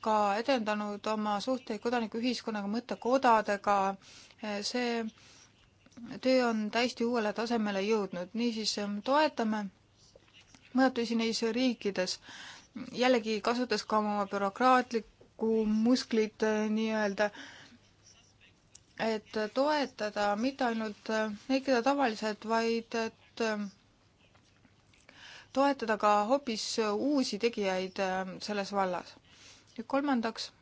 ka edendanud oma suhteid kodanikuühiskonnaga, mõttekodadega, see töö on täiesti uuele tasemele jõudnud, niisiis ähm, toetame mõjutusi neis riikides. jällegi kasutas ka oma bürokraatlikku musklit äh, nii-öelda, et toetada mitte ainult äh, neid, keda tavaliselt, vaid et ähm, toetada ka hoopis äh, uusi tegijaid selles vallas. ja kolmandaks,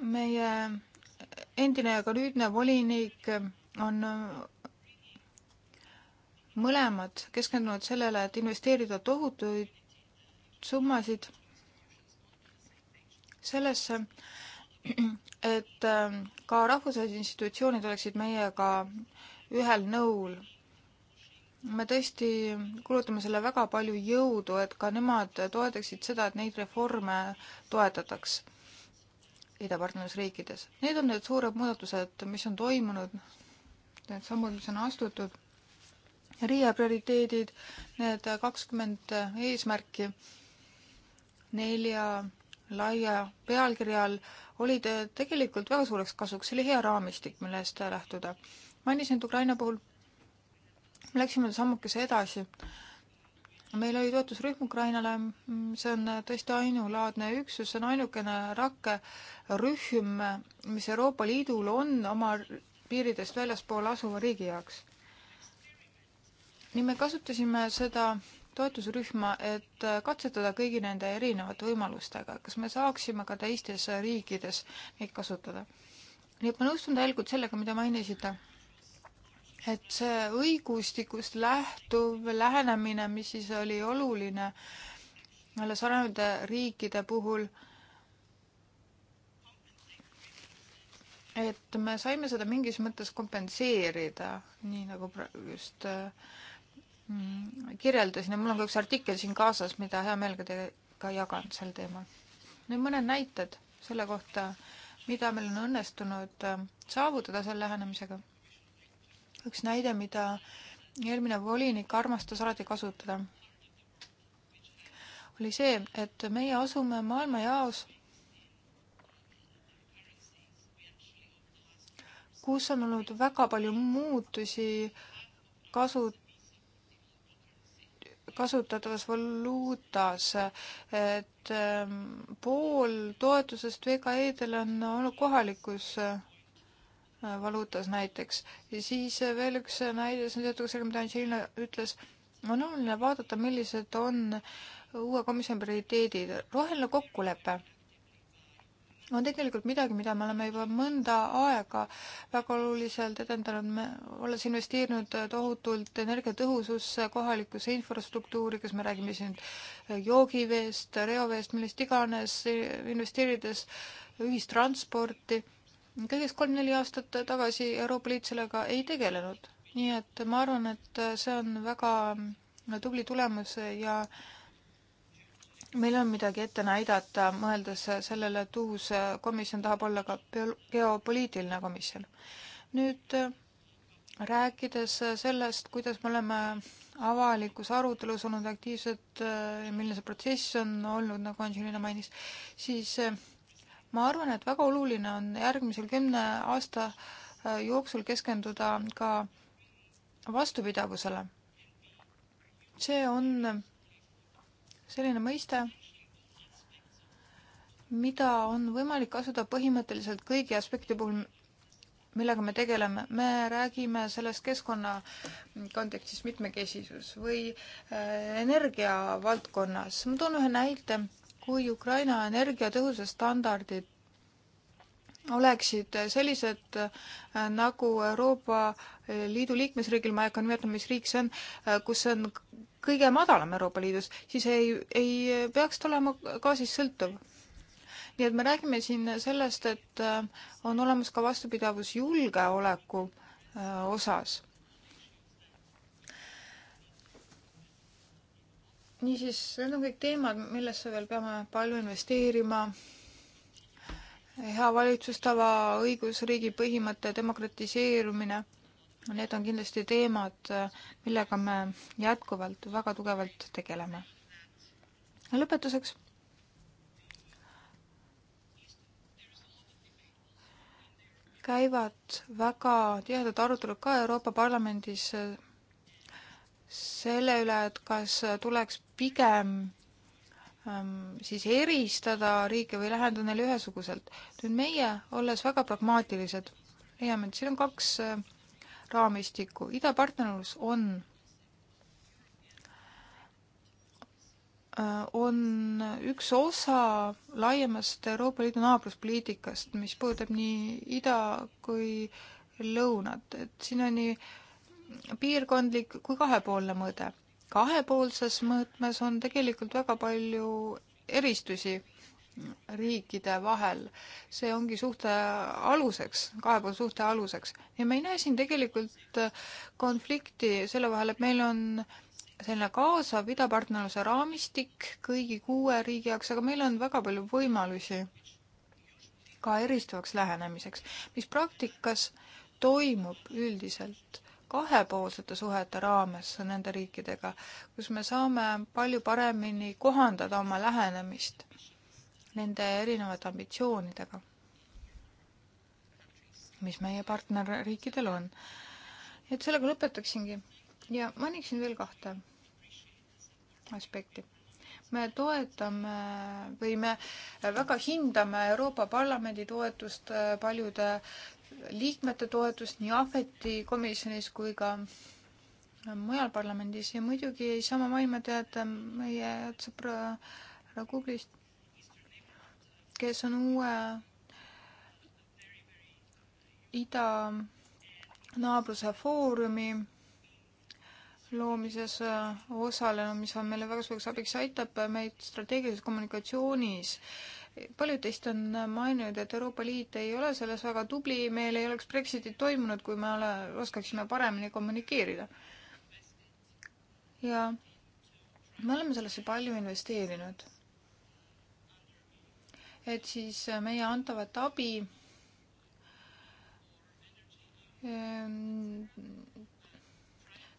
meie endine ja ka nüüdne volinik on mõlemad keskendunud sellele, et investeerida tohutuid summasid sellesse, et ka rahvusvahelised institutsioonid oleksid meiega ühel nõul. me tõesti kulutame selle väga palju jõudu, et ka nemad toetaksid seda, et neid reforme toetataks idapartnerlusriikides. Need on need suured muudatused, mis on toimunud, need sammud, mis on astutud, Riia prioriteedid, need kakskümmend eesmärki nelja laia pealkirja all olid tegelikult väga suureks kasuks, see oli hea raamistik, millest lähtuda. mainisin, et Ukraina puhul läksime sammukese edasi äh, meil oli toetusrühm Ukrainale, mm, see on äh, tõesti ainulaadne üksus, see on ainukene rakkerühm, mis Euroopa Liidul on oma piiridest väljaspool asuva riigi jaoks. nii me kasutasime seda toetusrühma, et äh, katsetada kõigi nende erinevate võimalustega, kas me saaksime ka teistes riikides neid kasutada. nii et ma nõustun täielikult sellega, mida mainisite ma et see õigustikust lähtuv lähenemine, mis siis oli oluline alles arenenud riikide puhul, et me saime seda mingis mõttes kompenseerida, nii nagu just mm, kirjeldasin ja mul on ka üks artikkel siin kaasas, mida hea meelega teiega jagan sel teemal. nüüd mõned näited selle kohta, mida meil on õnnestunud äh, saavutada selle lähenemisega üks näide, mida eelmine volinik armastas alati kasutada, oli see, et meie asume maailmajaos, kus on olnud väga palju muutusi kasu, kasutatavas valuutas, et ähm, pool toetusest VKE-del on olnud kohalikus Äh, valuutas näiteks. ja siis äh, veel üks äh, näide, see on seotud sellega, mida Angelina ütles, on oluline vaadata, millised on uue komisjoni prioriteedid. roheline kokkulepe on tegelikult midagi, mida me oleme juba mõnda aega väga oluliselt edendanud, me olles investeerinud tohutult energiatõhususse, kohalikusse infrastruktuuri, kas me räägime siin joogiveest, reoveest, millest iganes, investeerides ühistransporti kõigest kolm-neli aastat tagasi Euroopa Liit sellega ei tegelenud. nii et ma arvan, et see on väga tubli tulemus ja meil on midagi ette näidata, mõeldes sellele, et uus komisjon tahab olla ka geopoliitiline komisjon. nüüd rääkides sellest, kuidas me oleme avalikus arutelus olnud aktiivsed, milline see protsess on olnud, nagu Angelina mainis, siis ma arvan, et väga oluline on järgmisel kümne aasta äh, jooksul keskenduda ka vastupidavusele. see on selline mõiste, mida on võimalik kasutada põhimõtteliselt kõigi aspekti puhul, millega me tegeleme, me räägime selles keskkonna kontekstis mitmekesisus või äh, energia valdkonnas. ma toon ühe näite kui Ukraina energiatõhususe standardid oleksid sellised äh, nagu Euroopa Liidu liikmesriigil, ma ei hakka nimetama, mis riik see on, äh, kus see on kõige madalam Euroopa Liidus, siis ei, ei peaks ta olema gaasist sõltuv. nii et me räägime siin sellest, et äh, on olemas ka vastupidavus julgeoleku osas niisiis, need on kõik teemad, millesse veel peame palju investeerima. hea valitsustava, õigusriigi põhimõte, demokratiseerumine, need on kindlasti teemad, millega me jätkuvalt väga tugevalt tegeleme. ja lõpetuseks. käivad väga tihedad arutelud ka Euroopa Parlamendis selle üle, et kas tuleks pigem ähm, siis eristada riike või läheneda neile ühesuguselt. nüüd meie, olles väga pragmaatilised, leiame, et siin on kaks äh, raamistikku. idapartnerlus on, äh, on üks osa laiemast Euroopa Liidu naabruspoliitikast, mis puudutab nii ida kui lõunat, et siin on nii äh, piirkondlik kui kahepoolne mõõde. kahepoolses mõõtmes on tegelikult väga palju eristusi riikide vahel. see ongi suhte aluseks, kahepoolse suhte aluseks. ja me ei näe siin tegelikult konflikti selle vahel, et meil on selline kaasav idapartnerluse raamistik kõigi kuue riigi jaoks, aga meil on väga palju võimalusi ka eristuvaks lähenemiseks. mis praktikas toimub üldiselt, kahepoolsete suhete raames nende riikidega, kus me saame palju paremini kohandada oma lähenemist nende erinevate ambitsioonidega, mis meie partnerriikidel on. et sellega lõpetaksingi ja mainiksin veel kahte aspekti me toetame või me väga hindame Euroopa Parlamendi toetust paljude liikmete toetust nii Ahveti komisjonis kui ka mujal parlamendis ja muidugi ei saa ma mainida jätta meie head sõpra härra Kublist, kes on uue idanaabruse foorumi loomises osalenud, mis on meile väga suureks abiks, aitab meid strateegilises kommunikatsioonis äh, paljud teist on maininud, et Euroopa Liit ei ole selles väga tubli, meil ei oleks Brexitit toimunud, kui me ole, oskaksime paremini kommunikeerida. ja me oleme sellesse palju investeerinud. et siis meie antavat abi ehm,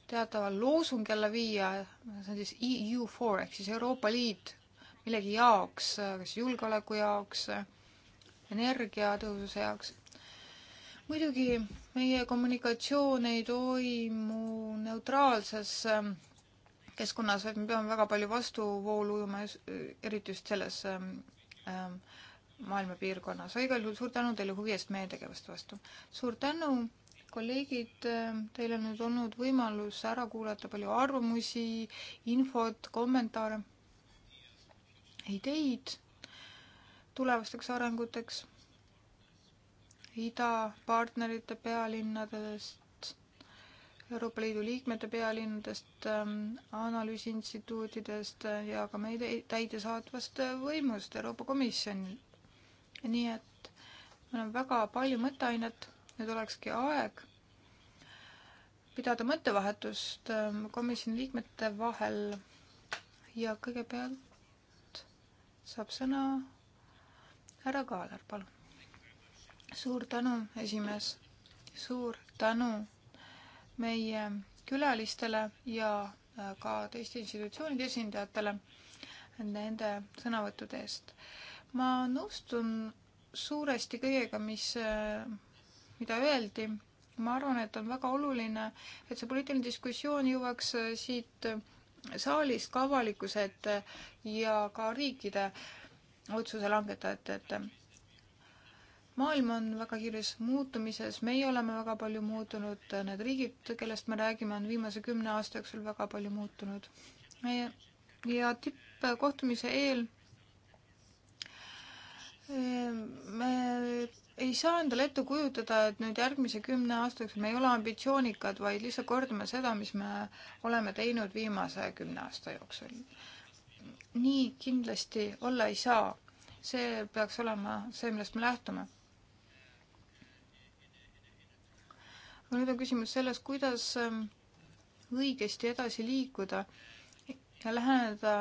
teataval loosung jälle viia, see on siis EU4 ehk siis Euroopa Liit millegi jaoks, kas julgeoleku jaoks, energiatõhususe jaoks. muidugi meie kommunikatsioon ei toimu neutraalses ähm, keskkonnas, vaid me peame väga palju vastuvoolu ujuma, eriti just selles ähm, ähm, maailmapiirkonnas. aga igal juhul suur tänu teile huvi eest meie tegevuste vastu. suur tänu, kolleegid, teil on nüüd olnud võimalus ära kuulata palju arvamusi, infot, kommentaare ideid tulevasteks arenguteks idapartnerite pealinnadest, Euroopa Liidu liikmete pealinnadest, ähm, analüüsiinstituutidest ja ka meie täidesaatvast võimust, Euroopa Komisjonil. nii et meil on väga palju mõtteainet, nüüd olekski aeg pidada mõttevahetust ähm, komisjoni liikmete vahel ja kõigepealt saab sõna härra Kaaler, palun. suur tänu, esimees. suur tänu meie külalistele ja äh, ka teiste institutsioonide esindajatele nende sõnavõttude eest. ma nõustun suuresti kõigega, mis, äh, mida öeldi. ma arvan, et on väga oluline, et see poliitiline diskussioon jõuaks äh, siit saalist, ka avalikkuse ette ja ka riikide otsuse langetajate ette. maailm on väga kiires muutumises, meie oleme väga palju muutunud, need riigid, kellest me räägime, on viimase kümne aasta jooksul väga palju muutunud. ja tippkohtumise eel me ei saa endale ette kujutada, et nüüd järgmise kümne aasta jooksul me ei ole ambitsioonikad, vaid lihtsalt kordame seda, mis me oleme teinud viimase kümne aasta jooksul. nii kindlasti olla ei saa. see peaks olema see, millest me lähtume. aga nüüd on küsimus selles, kuidas ähm, õigesti edasi liikuda ja läheneda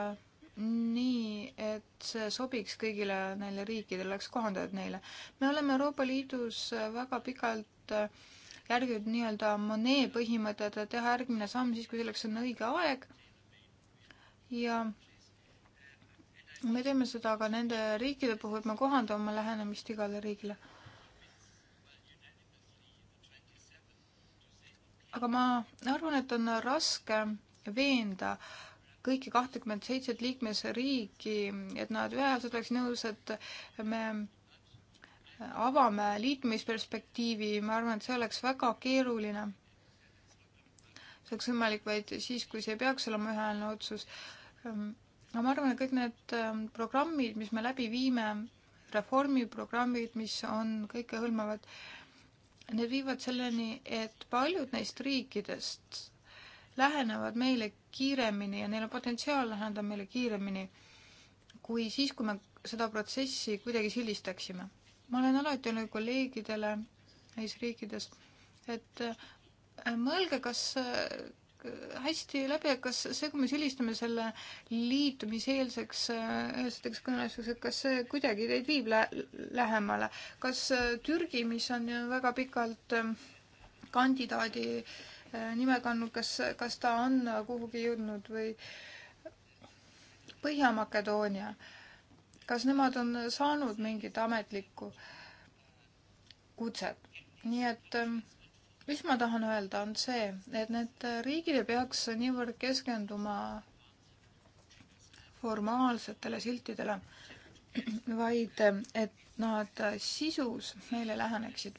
nii, et see sobiks kõigile neile riikidele, oleks kohandatud neile. me oleme Euroopa Liidus väga pikalt äh, järginud nii-öelda Monet põhimõtet, et teha järgmine samm siis, kui selleks on õige aeg. ja me teeme seda ka nende riikide puhul, et me kohandame oma lähenemist igale riigile. aga ma arvan, et on raske veenda äh, kõiki kahtekümmet seitset liikmesriiki, et nad üheselt oleks nõus, et me avame liitumisperspektiivi, ma arvan, et see oleks väga keeruline. see oleks võimalik vaid siis, kui see peaks olema ühehäälne otsus. aga ma arvan, et kõik need ähm, programmid, mis me läbi viime, reformiprogrammid, mis on kõikehõlmavad, need viivad selleni, et paljud neist riikidest lähenevad meile kiiremini ja neil on potentsiaal läheneda meile kiiremini kui siis, kui me seda protsessi kuidagi sildistaksime. ma olen alati öelnud kolleegidele neis riikides, et äh, mõelge, kas äh, hästi läbi, kas see, kui me silistame selle liitumiseelseks, äh, eelseks kõneluseks, et kas see kuidagi teid viib lä lähemale, kas Türgi, mis on ju väga pikalt kandidaadi äh, nime kandnud, kas, kas ta on kuhugi jõudnud või Põhja-Makedoonia, kas nemad on saanud mingit ametlikku kutset? nii et ähm, mis ma tahan öelda, on see, et need riigid ei peaks niivõrd keskenduma formaalsetele siltidele, vaid et nad sisus meile läheneksid.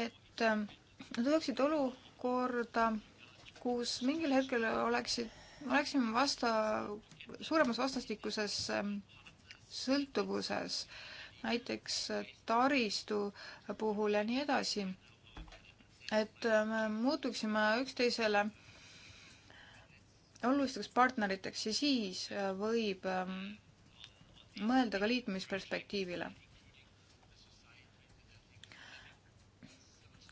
et ähm, nad oleksid olukorda, kus mingil hetkel oleksid, oleksime vasta, suuremas vastastikuses ähm, sõltuvuses, näiteks äh, taristu puhul ja nii edasi. et ähm, me muutuksime üksteisele olulisteks partneriteks ja siis äh, võib mõelda ka liitumisperspektiivile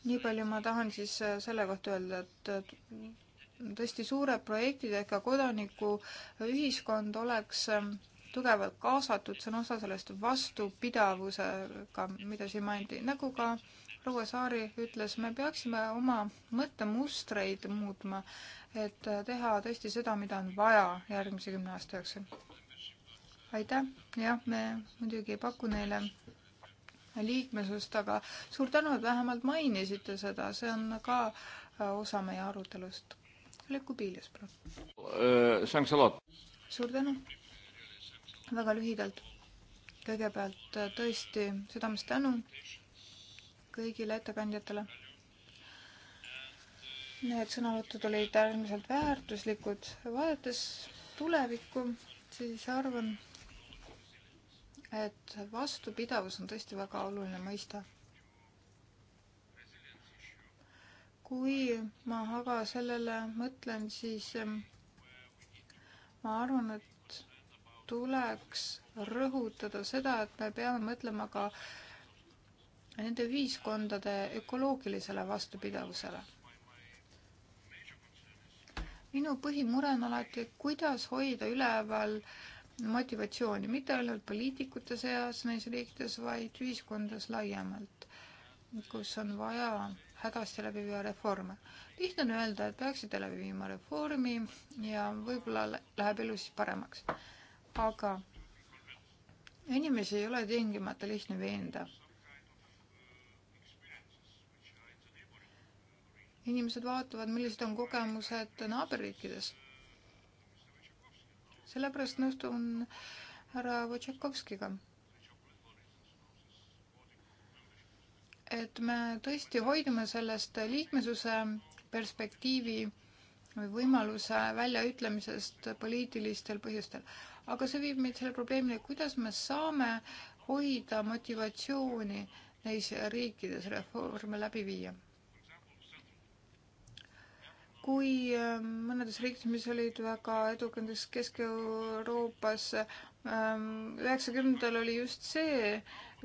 nii palju ma tahan siis äh, selle kohta öelda, et tõesti suure projektidega kodanikuühiskond oleks ähm, tugevalt kaasatud, see on osa sellest vastupidavusega, mida siin mainiti, nagu ka proua Saari ütles, me peaksime oma mõttemustreid muutma, et äh, teha tõesti seda, mida on vaja järgmise kümne aasta jooksul. aitäh, jah, me muidugi ei paku neile liikmesust, aga suur tänu, et vähemalt mainisite seda, see on ka äh, osa meie arutelust. Leku Piilius, palun. Äh, suur tänu. väga lühidalt. kõigepealt äh, tõesti südamest tänu kõigile ettekandjatele. Need sõnavõtud olid äärmiselt väärtuslikud. vaadates tulevikku, siis arvan, et vastupidavus on tõesti väga oluline mõiste. kui ma aga sellele mõtlen, siis ma arvan, et tuleks rõhutada seda, et me peame mõtlema ka nende ühiskondade ökoloogilisele vastupidavusele. minu põhimure on alati, kuidas hoida üleval äh, motivatsiooni mitte ainult poliitikute seas neis riikides, vaid ühiskondas laiemalt, kus on vaja hädasti läbi viia reforme. lihtne on öelda, et peaksite läbi viima reformi ja võib-olla läheb elu siis paremaks. aga inimesi ei ole tingimata lihtne veenda. inimesed vaatavad, millised on kogemused naaberriikides sellepärast nõustun härra Wojtšakovskiga. et me tõesti hoidume sellest liikmesuse perspektiivi või võimaluse väljaütlemisest poliitilistel põhjustel. aga see viib meid selle probleemini, kuidas me saame hoida motivatsiooni neis riikides reforme läbi viia kui ähm, mõnedes riikides, mis olid väga edukad, näiteks Kesk-Euroopas, ähm, üheksakümnendatel oli just see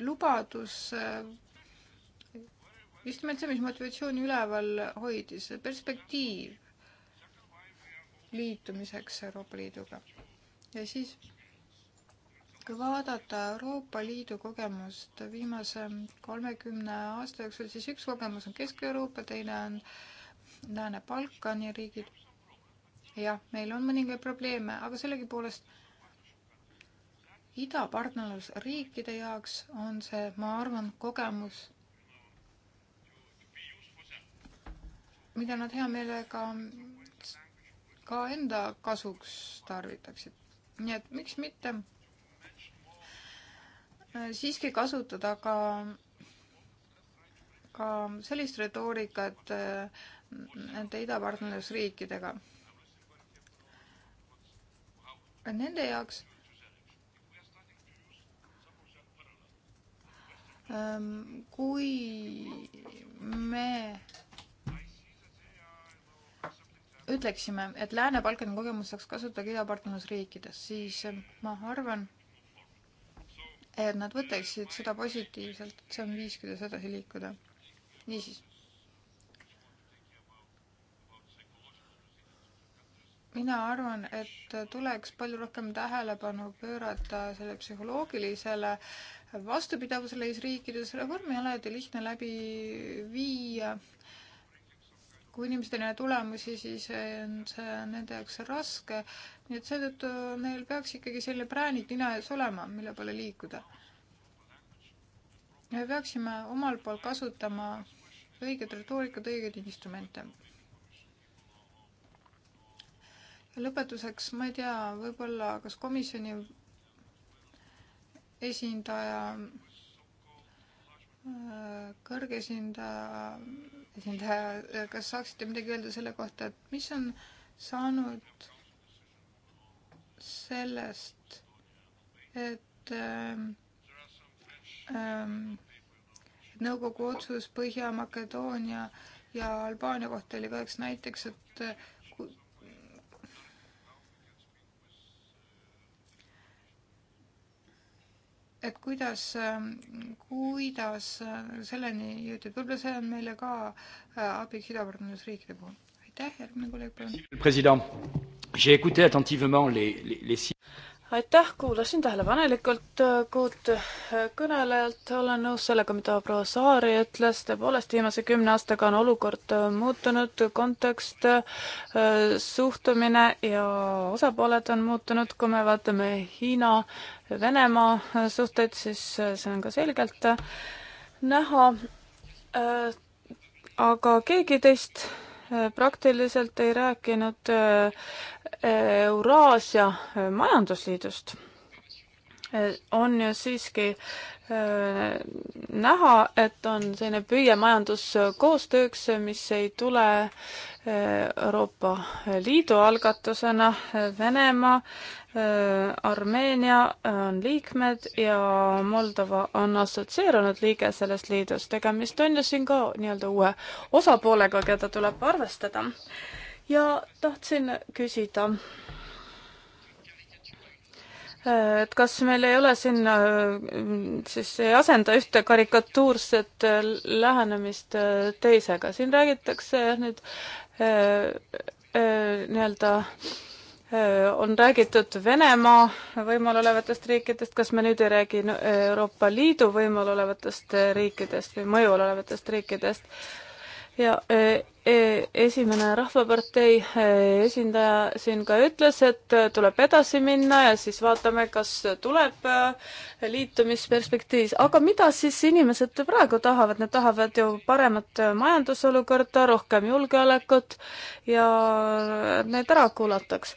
lubadus, äh, just nimelt see, mis motivatsiooni üleval hoidis, perspektiiv liitumiseks Euroopa Liiduga. ja siis, kui vaadata Euroopa Liidu kogemust viimase kolmekümne aasta jooksul, siis üks kogemus on Kesk-Euroopa, teine on äh, Lääne-Balkani riigid. jah, meil on mõningaid probleeme, aga sellegipoolest idapartnerlusriikide jaoks on see, ma arvan, kogemus, mida nad hea meelega ka enda kasuks tarvitaksid. nii et miks mitte äh, siiski kasutada ka, ka sellist retoorikat äh,, nende idapartnerlusriikidega. Nende jaoks ähm, kui me ütleksime, et Lääne-Balkani kogemust saaks kasutada idapartnerlusriikides, siis ähm, ma arvan, et nad võtaksid seda positiivselt, et see on viis, kuidas edasi liikuda. niisiis mina arvan, et tuleks palju rohkem tähelepanu pöörata selle psühholoogilisele vastupidavusele neis riikides. reform ei ole ju lihtne läbi viia. kui inimestel ei ole tulemusi, siis on see nende jaoks raske. nii et seetõttu neil peaks ikkagi selline präänik nina ees olema, mille poole liikuda. me peaksime omalt poolt kasutama õiget retoorikat, õigeid instrumente lõpetuseks, ma ei tea, võib-olla kas komisjoni esindaja, kõrge esindaja, esindaja, kas saaksite midagi öelda selle kohta, et mis on saanud sellest, et ähm, ähm et nõukogu otsus Põhja-Makedoonia ja Albaania kohta oli ka üks näiteks, et et kuidas, ähm, kuidas äh, selleni jõuti, võib-olla see on meile ka äh, abiks idapartnerlusriikide puhul. aitäh, järgmine kolleeg, palun. aitäh, kuulasin tähelepanelikult äh, kuut kõnelejalt, olen nõus sellega, mida proua Saari ütles, tõepoolest viimase kümne aastaga on olukord muutunud, kontekst, suhtumine ja osapooled on muutunud, kui me vaatame Hiina äh, Venemaa suhteid, siis äh, see on ka selgelt äh, näha. Äh, aga keegi teist praktiliselt ei rääkinud Euraasia majandusliidust. on ju siiski näha, et on selline püüe majanduskoostööks, mis ei tule Euroopa Liidu algatusena, Venemaa Äh, Armeenia äh, on liikmed ja Moldova on assotsieerunud liige selles liidus. tegemist on ju siin ka nii-öelda uue osapoolega, keda tuleb arvestada. ja tahtsin küsida, äh, et kas meil ei ole siin, siis ei asenda ühte karikatuurset lähenemist teisega. siin räägitakse nüüd nii-öelda äh, Äh, on räägitud Venemaa võimul olevatest riikidest, kas me nüüd ei räägi Euroopa Liidu võimul olevatest riikidest või mõjul olevatest riikidest, ja e, e, esimene Rahvapartei e, esindaja siin ka ütles, et tuleb edasi minna ja siis vaatame, kas tuleb liitumisperspektiivis, aga mida siis inimesed praegu tahavad, nad tahavad ju paremat majandusolukorda, rohkem julgeolekut ja neid ära kuulataks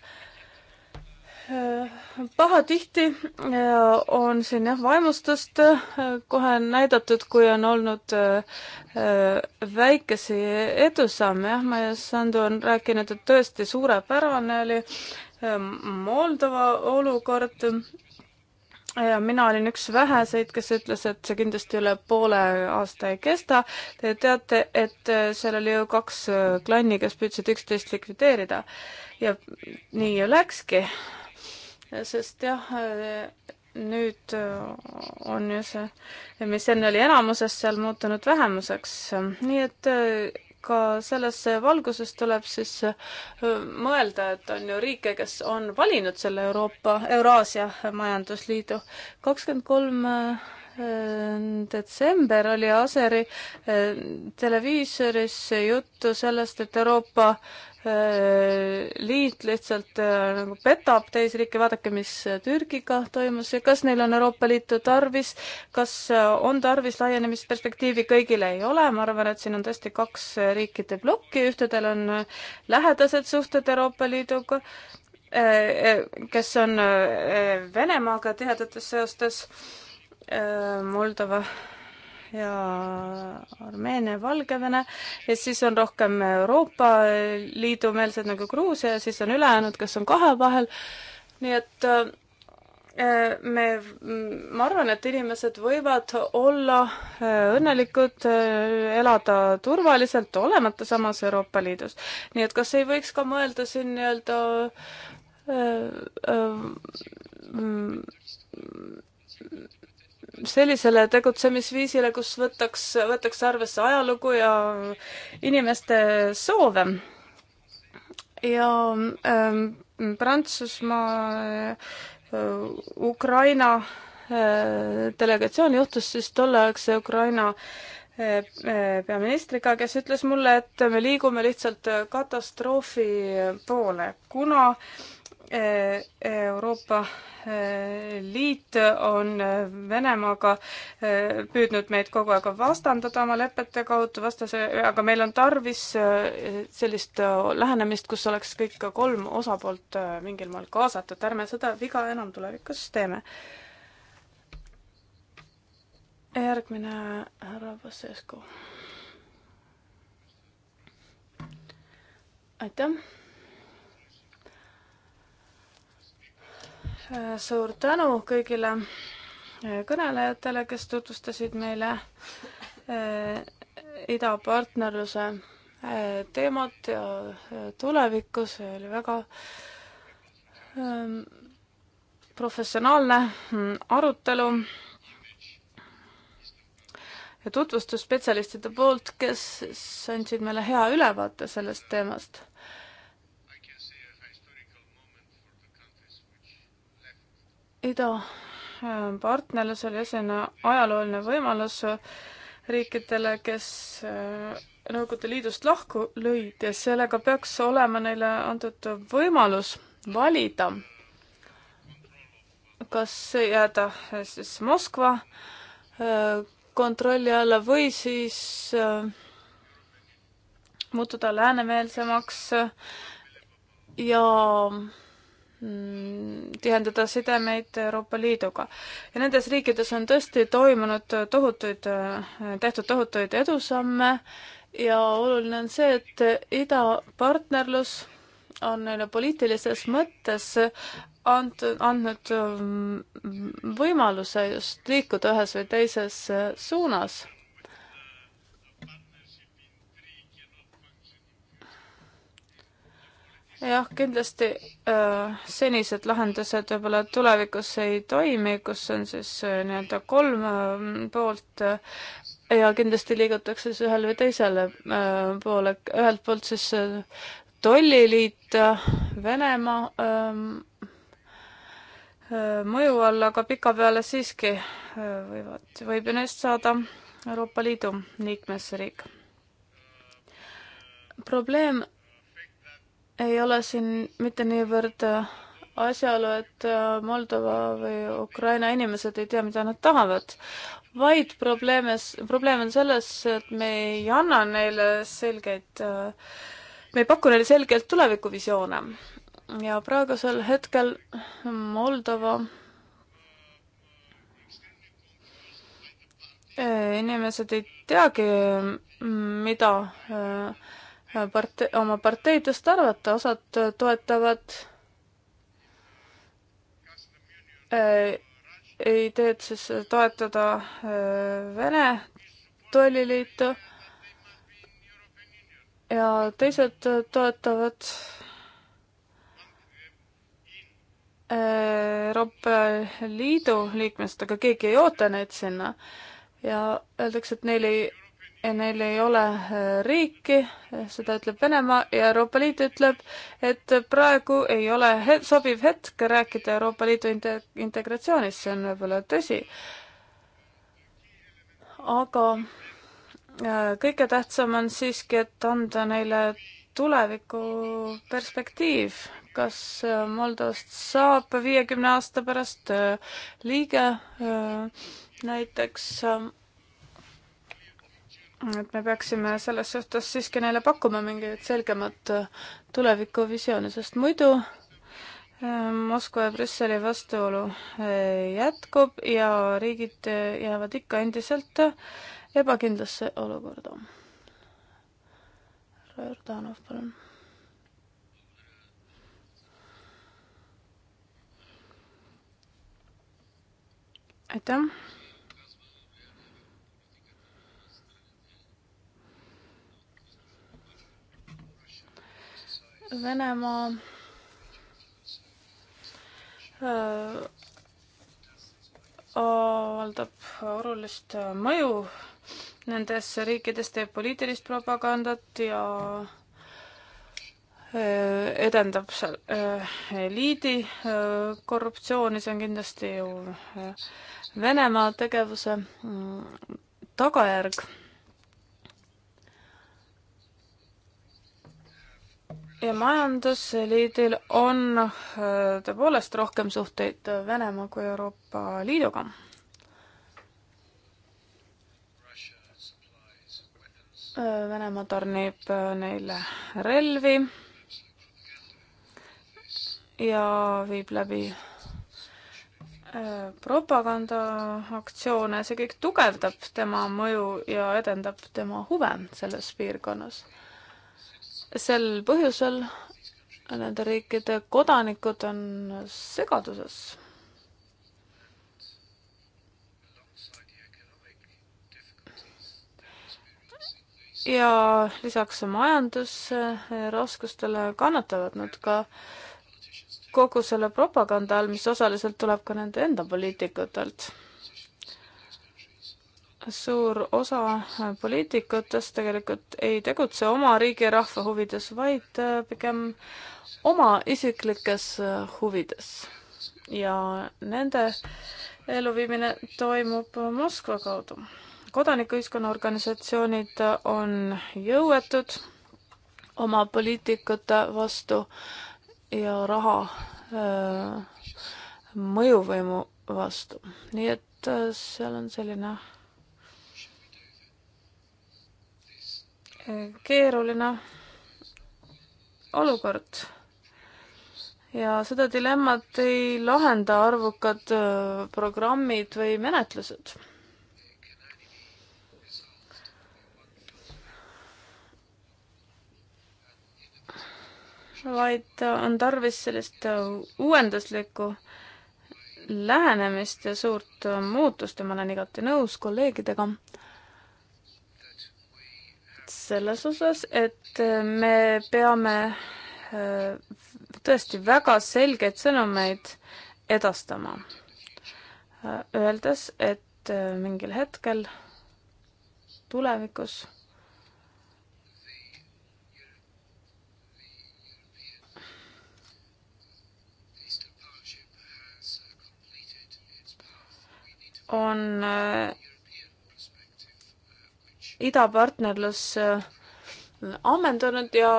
pahatihti äh, on siin jah vaimustust äh, kohe näidatud, kui on olnud äh, väikesi edusamme, jah, ma ja Sandu on rääkinud, et tõesti suurepärane oli Moldova olukord. ja mina olin üks väheseid, kes ütles, et see kindlasti üle poole aasta ei kesta. Te teate, et seal oli ju kaks klanni, kes püüdsid üksteist likvideerida ja nii ju läkski sest jah, nüüd on ju see, mis enne oli enamuses, seal muutunud vähemuseks, nii et äh, ka selles valguses tuleb siis äh, mõelda, et on ju riike, kes on valinud selle Euroopa, Euraasia Majandusliidu. kakskümmend kolm äh, Äh, detsember oli Aseri äh, televiisoris juttu sellest, et Euroopa äh, Liit lihtsalt nagu petab teisi riike, vaadake, mis Türgiga toimus ja kas neil on Euroopa Liitu tarvis, kas on tarvis laienemisperspektiivi, kõigile ei ole, ma arvan, et siin on tõesti kaks riikide plokki, ühtedel on lähedased suhted Euroopa Liiduga, kes on Venemaaga tihedates seostes Äh, Moldova ja Armeenia, Valgevene ja siis on rohkem Euroopa Liidu meelsed nagu Gruusia ja siis on ülejäänud, kes on kahe vahel. nii et äh, me, ma arvan, et inimesed võivad olla äh, õnnelikud, elada turvaliselt, olemata samas Euroopa Liidus. nii et kas ei võiks ka mõelda siin nii-öelda mm, sellisele tegutsemisviisile, kus võtaks, võtaks arvesse ajalugu ja inimeste soove. ja ähm, Prantsusmaa äh,, Ukraina äh, delegatsioon juhtus siis tolleaegse Ukraina äh, äh peaministriga, kes ütles mulle, et me liigume lihtsalt katastroofi poole, kuna äh, Euroopa Liit on Venemaaga püüdnud meid kogu aeg vastandada oma lepete kaudu, vastase, aga meil on tarvis sellist lähenemist, kus oleks kõik kolm osapoolt mingil moel kaasatud, ärme seda viga enam tulevikus teeme. järgmine härra Vassescu. aitäh Äh, suur tänu kõigile äh, kõnelejatele, kes tutvustasid meile äh, idapartnerluse teemat ja tulevikku, see oli väga ähm, professionaalne mm, arutelu ja tutvustus spetsialistide poolt, kes siis andsid meile hea ülevaate sellest teemast idapartnerlusel äh, ja see on ajalooline võimalus riikidele, kes äh, Nõukogude Liidust lahku lõid ja sellega peaks olema neile antud võimalus valida, kas jääda äh, siis Moskva kontrolli alla või siis muutuda läänemeelsemaks ja Mm, tihendada sidemeid Euroopa Liiduga. ja nendes riikides on tõesti toimunud tohutuid, äh, tehtud tohutuid edusamme ja oluline on see, et idapartnerlus on neile poliitilises mõttes and-, andnud mm, võimaluse just liikuda ühes või teises äh, suunas jah, kindlasti äh, senised lahendused võib-olla tulevikus ei toimi, kus on siis äh, nii-öelda kolm äh, poolt äh, ja kindlasti liigutakse siis ühele või teisele äh, poole, ühelt poolt siis äh, tolliliit äh, Venemaa äh, äh, mõju all, aga pikapeale siiski äh, võivad, võib ju neist saada Euroopa Liidu liikmesriik. probleem ei ole siin mitte niivõrd äh, asjaolu, et äh, Moldova või Ukraina inimesed ei tea, mida nad tahavad, vaid probleemes, probleem on selles, et me ei anna neile selgeid, äh, me ei paku neile selgelt tulevikuvisioone. ja praegusel hetkel Moldova inimesed ei teagi, mida äh, parte-, oma parteidest arvata, osad toetavad äh, ideed siis toetada äh, Vene tolliliitu ja teised toetavad äh, Euroopa Liidu liikmest, aga keegi ei oota neid sinna ja öeldakse, et neil ei ja neil ei ole äh, riiki, seda ütleb Venemaa ja Euroopa Liit ütleb, et praegu ei ole he sobiv hetk rääkida Euroopa Liidu inte-, integratsioonist, see on võib-olla tõsi. aga äh, kõige tähtsam on siiski, et anda neile tulevikuperspektiiv, kas äh, Moldovast saab viiekümne aasta pärast liige näiteks et me peaksime selles suhtes siiski neile pakkuma mingit selgemat äh, tulevikuvisiooni, sest muidu äh, Moskva ja Brüsseli vastuolu äh, jätkub ja riigid jäävad ikka endiselt ebakindlasse olukorda. härra Jordanov, palun aitäh! Venemaa äh, avaldab olulist äh, mõju nendes riikides, teeb poliitilist propagandat ja äh, edendab seal eliidi korruptsiooni, see on kindlasti ju Venemaa tegevuse mm, tagajärg ja majandusliidil on äh, tõepoolest rohkem suhteid äh, Venemaa kui Euroopa Liiduga. Äh, Venemaa tarnib neile relvi ja viib läbi propagandaaktsioone, see kõik tugevdab tema mõju ja edendab tema huve selles piirkonnas sel põhjusel nende riikide kodanikud on segaduses. ja lisaks majandusraskustele kannatavad nad ka kogu selle propaganda all, mis osaliselt tuleb ka nende enda poliitikutelt suur osa poliitikutest tegelikult ei tegutse oma riigi ja rahva huvides, vaid äh, pigem oma isiklikes äh, huvides. ja nende elluviimine toimub Moskva kaudu. kodanikuühiskonna organisatsioonid on jõuetud oma poliitikute vastu ja raha öö, äh, mõjuvõimu vastu. nii et seal on selline keeruline olukord. ja seda dilemmat ei lahenda arvukad äh, programmid või menetlused. vaid on tarvis sellist äh, uuenduslikku lähenemist ja suurt äh, muutust ja ma olen igati nõus kolleegidega selles osas, et äh, me peame äh, tõesti väga selgeid sõnumeid edastama, äh, öeldes, et mingil hetkel tulevikus on idapartnerlus äh, ammendunud ja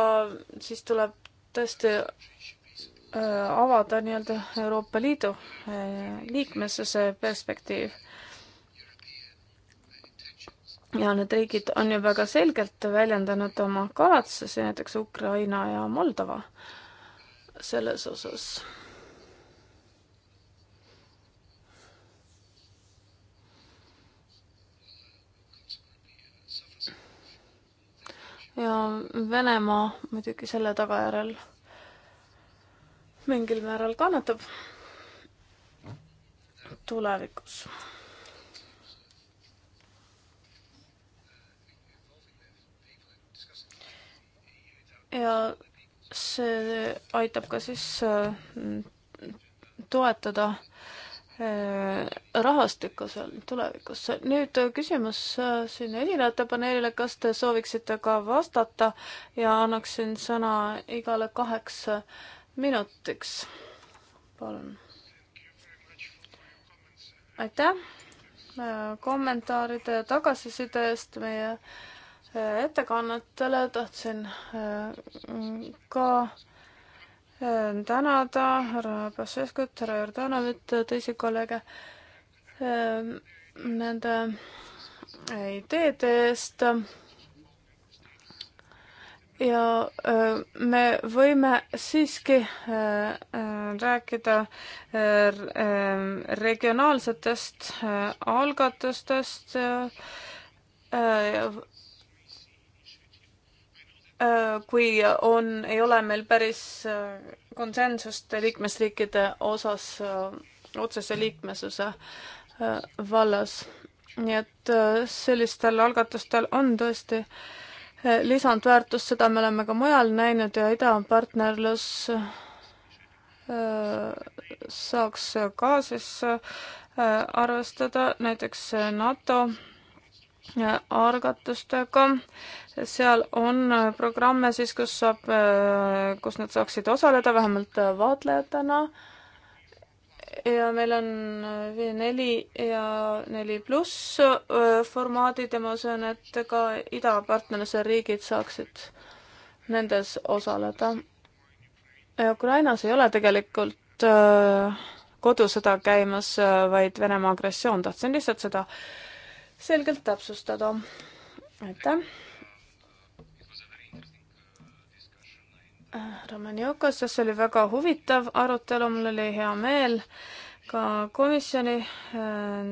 siis tuleb tõesti äh, avada nii-öelda Euroopa Liidu äh, liikmesuse perspektiiv. ja need riigid on ju väga selgelt väljendanud oma kavatsusi, näiteks Ukraina ja Moldova selles osas ja Venemaa muidugi selle tagajärjel mingil määral kannatab tulevikus. ja see aitab ka siis äh, toetada Äh, rahastikusel tulevikus. nüüd äh, küsimus äh, siin esinejate paneelile, kas te sooviksite ka vastata ja annaksin sõna igale kaheks minutiks. palun. aitäh kommentaaride ja tagasiside eest meie ettekannetele, tahtsin ka tänada härra Pašeskut, härra Jordanovit, teisi kolleege ähm, nende ideede eest. ja äh, me võime siiski äh, äh, rääkida ähm, regionaalsetest algatustest Äh, kui on, ei ole meil päris äh, konsensust liikmesriikide osas äh, otsese liikmesuse vallas. nii et sellistel algatustel on tõesti lisandväärtust, seda me oleme ka mujal näinud ja idapartnerlus saaks ka siis arvestada näiteks NATO algatustega. seal on programme siis, kus saab, kus nad saaksid osaleda vähemalt vaatlejatena. ja meil on neli ja neli pluss formaadid ja ma usun, et ka idapartnerluse riigid saaksid nendes osaleda. Ukrainas ei ole tegelikult äh, kodusõda käimas, äh, vaid Venemaa agressioon, tahtsin lihtsalt seda äh, selgelt täpsustada. aitäh. Äh, Romaniokas, see oli väga huvitav arutelu, mul oli hea meel ka komisjoni äh,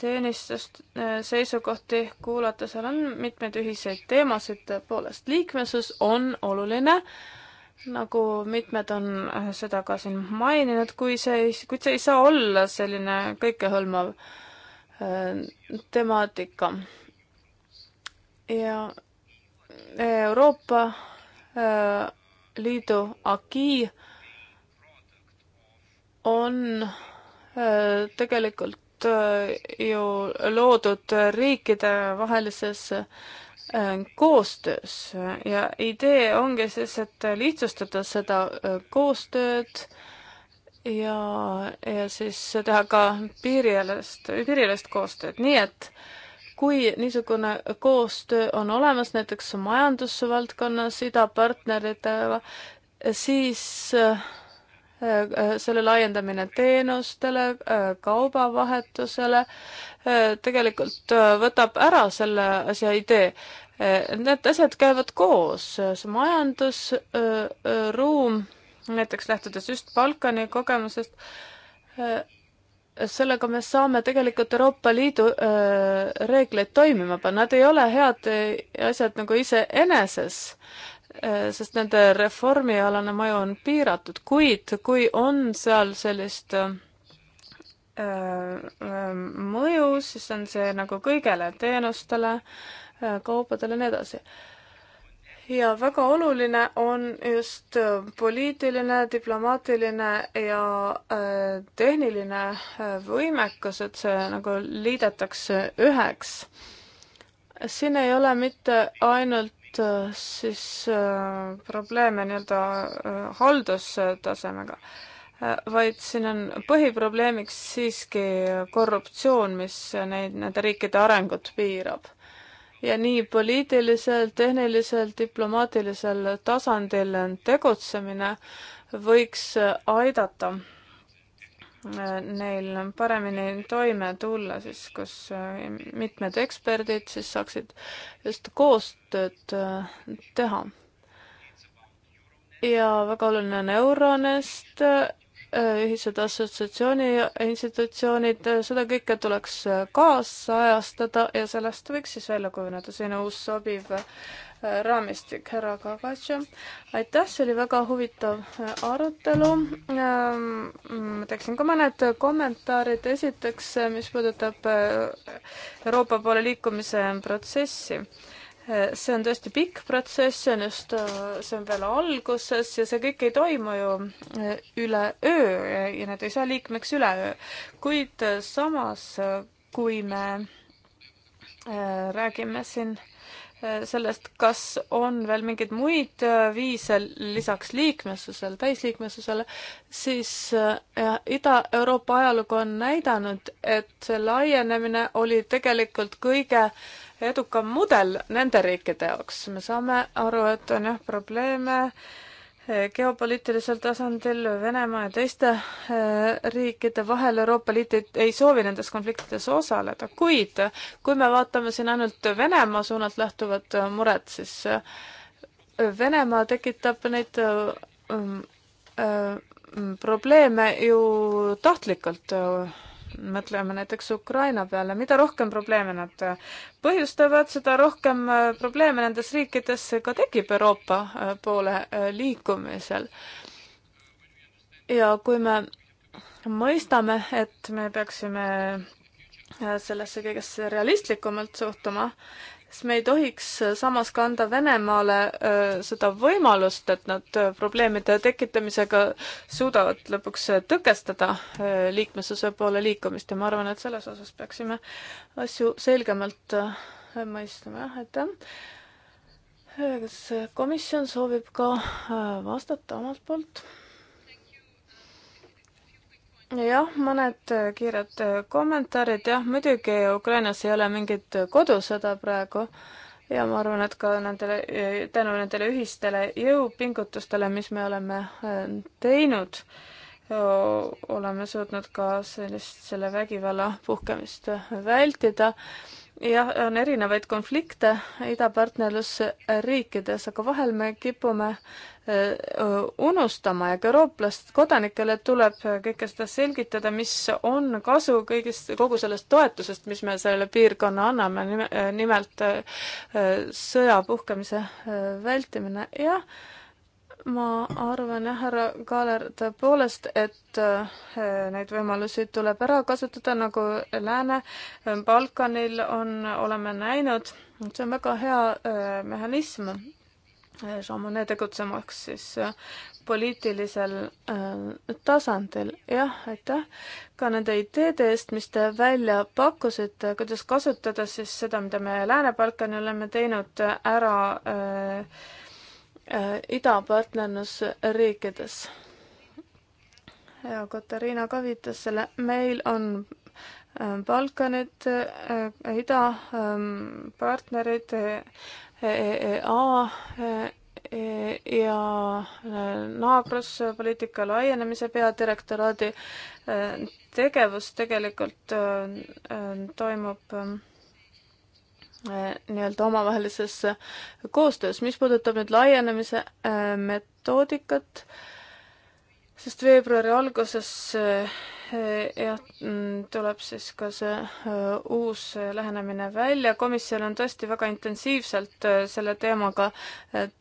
teenistust äh, seisukohti kuulata, seal on mitmeid ühiseid teemasid, tõepoolest liikmesus on oluline, nagu mitmed on seda ka siin maininud, kui see ei, kuid see ei saa olla selline kõikehõlmav äh, temaatika. ja e, Euroopa e, Liidu aki on e, tegelikult ju loodud riikidevahelises koostöös ja idee ongi siis, et lihtsustada seda koostööd ja, ja siis teha ka piirialast, piirialast koostööd, nii et kui niisugune koostöö on olemas näiteks majandusvaldkonnas idapartneritega, siis äh, äh, selle laiendamine teenustele, äh, kaubavahetusele, tegelikult võtab ära selle asja idee. Need asjad käivad koos, see majandusruum äh, äh, näiteks lähtudes just Balkani kogemusest, äh, sellega me saame tegelikult Euroopa Liidu äh, reegleid toimima panna, nad ei ole head äh, asjad nagu iseeneses, sest nende reformialane mõju on piiratud, kuid kui on seal sellist mõju, siis on see nagu kõigele, teenustele, kaupadele ja nii edasi ja väga oluline on just äh, poliitiline, diplomaatiline ja äh, tehniline äh, võimekus, et see nagu liidetakse üheks. siin ei ole mitte ainult siis probleeme nii-öelda haldustasemega vaid siin on põhiprobleemiks siiski korruptsioon, mis neid, nende riikide arengut piirab ja nii poliitilisel, tehnilisel, diplomaatilisel tasandil tegutsemine võiks aidata äh, neil paremini toime tulla, siis kus äh, mitmed eksperdid siis saaksid just koostööd äh, teha. ja väga oluline on Euronest ühised assotsiatsiooni institutsioonid, seda kõike tuleks kaasajastada ja sellest võiks siis välja kujuneda selline uus sobiv äh, raamistik, härra Kagatšo. aitäh, see oli väga huvitav äh, arutelu. Ähm, ma teeksin ka mõned kommentaarid. esiteks, äh, mis puudutab Euroopa poole liikumise protsessi see on tõesti pikk protsess, see on just, äh, see on veel alguses ja see kõik ei toimu ju äh, üleöö ja need ei saa liikmeks üleöö. kuid äh, samas, kui me räägime siin sellest, kas on veel mingeid muid viise lisaks liikmesusele, täisliikmesusele, siis Ida-Euroopa ajalugu on näidanud, et see laienemine oli tegelikult kõige äh, edukam mudel nende riikide jaoks. me saame aru, et on jah probleeme eh, geopoliitilisel tasandil Venemaa ja teiste eh, riikide vahel Euroopa Liit ei, ei soovi nendes konfliktides osaleda, kuid kui me vaatame siin ainult Venemaa suunalt lähtuvat eh, muret, siis Venemaa tekitab neid mm, mm, probleeme ju tahtlikult mõtleme näiteks Ukraina peale, mida rohkem probleeme nad põhjustavad, seda rohkem äh, probleeme nendes riikides ka tekib Euroopa äh, poole äh, liikumisel. ja kui me mõistame, et me peaksime sellesse kõigesse realistlikumalt suhtuma, siis me ei tohiks äh, samas ka anda Venemaale äh, seda võimalust, et nad äh, probleemide tekitamisega suudavad lõpuks tõkestada liikmesuse poole liikumist ja ma arvan, et selles osas peaksime asju selgemalt mõistma, jah, aitäh. kas komisjon soovib ka vastata omalt poolt? jah, mõned äh, kiired äh, kommentaarid, jah, muidugi Ukrainas ei ole mingit kodusõda praegu ja ma arvan, et ka nendele, äh, tänu nendele ühistele jõupingutustele, mis me oleme teinud, oleme suutnud ka sellist, selle vägivalla puhkemist vältida jah, on erinevaid konflikte idapartnerlusriikides, aga vahel me kipume unustama ja ka eurooplast kodanikele tuleb kõike seda selgitada, mis on kasu kõigist, kogu sellest toetusest, mis me sellele piirkonna anname, nimelt sõja puhkemise vältimine, jah ma arvan, härra Kaaler, tõepoolest, et äh, neid võimalusi tuleb ära kasutada, nagu Lääne-Balkanil äh, on, oleme näinud. see on väga hea äh, mehhanism Šamone tegutsemaks siis poliitilisel tasandil. jah, aitäh ka nende ideede eest, mis te välja pakkusite, kuidas kasutada siis seda, mida me Lääne-Balkanil oleme teinud ära äh, Äh, idapartnerlusriikides. ja Katariina ka viitas selle, meil on äh, Balkanid, äh, idapartnerid, ähm, EEA e, ja naabruspoliitika laienemise peadirektoraadi tegevus tegelikult toimub ähm, Äh, nii-öelda omavahelises äh, koostöös. mis puudutab nüüd laienemise äh, metoodikat, sest veebruari alguses jah, mm, tuleb siis ka see uus lähenemine välja. komisjon on tõesti väga intensiivselt selle teemaga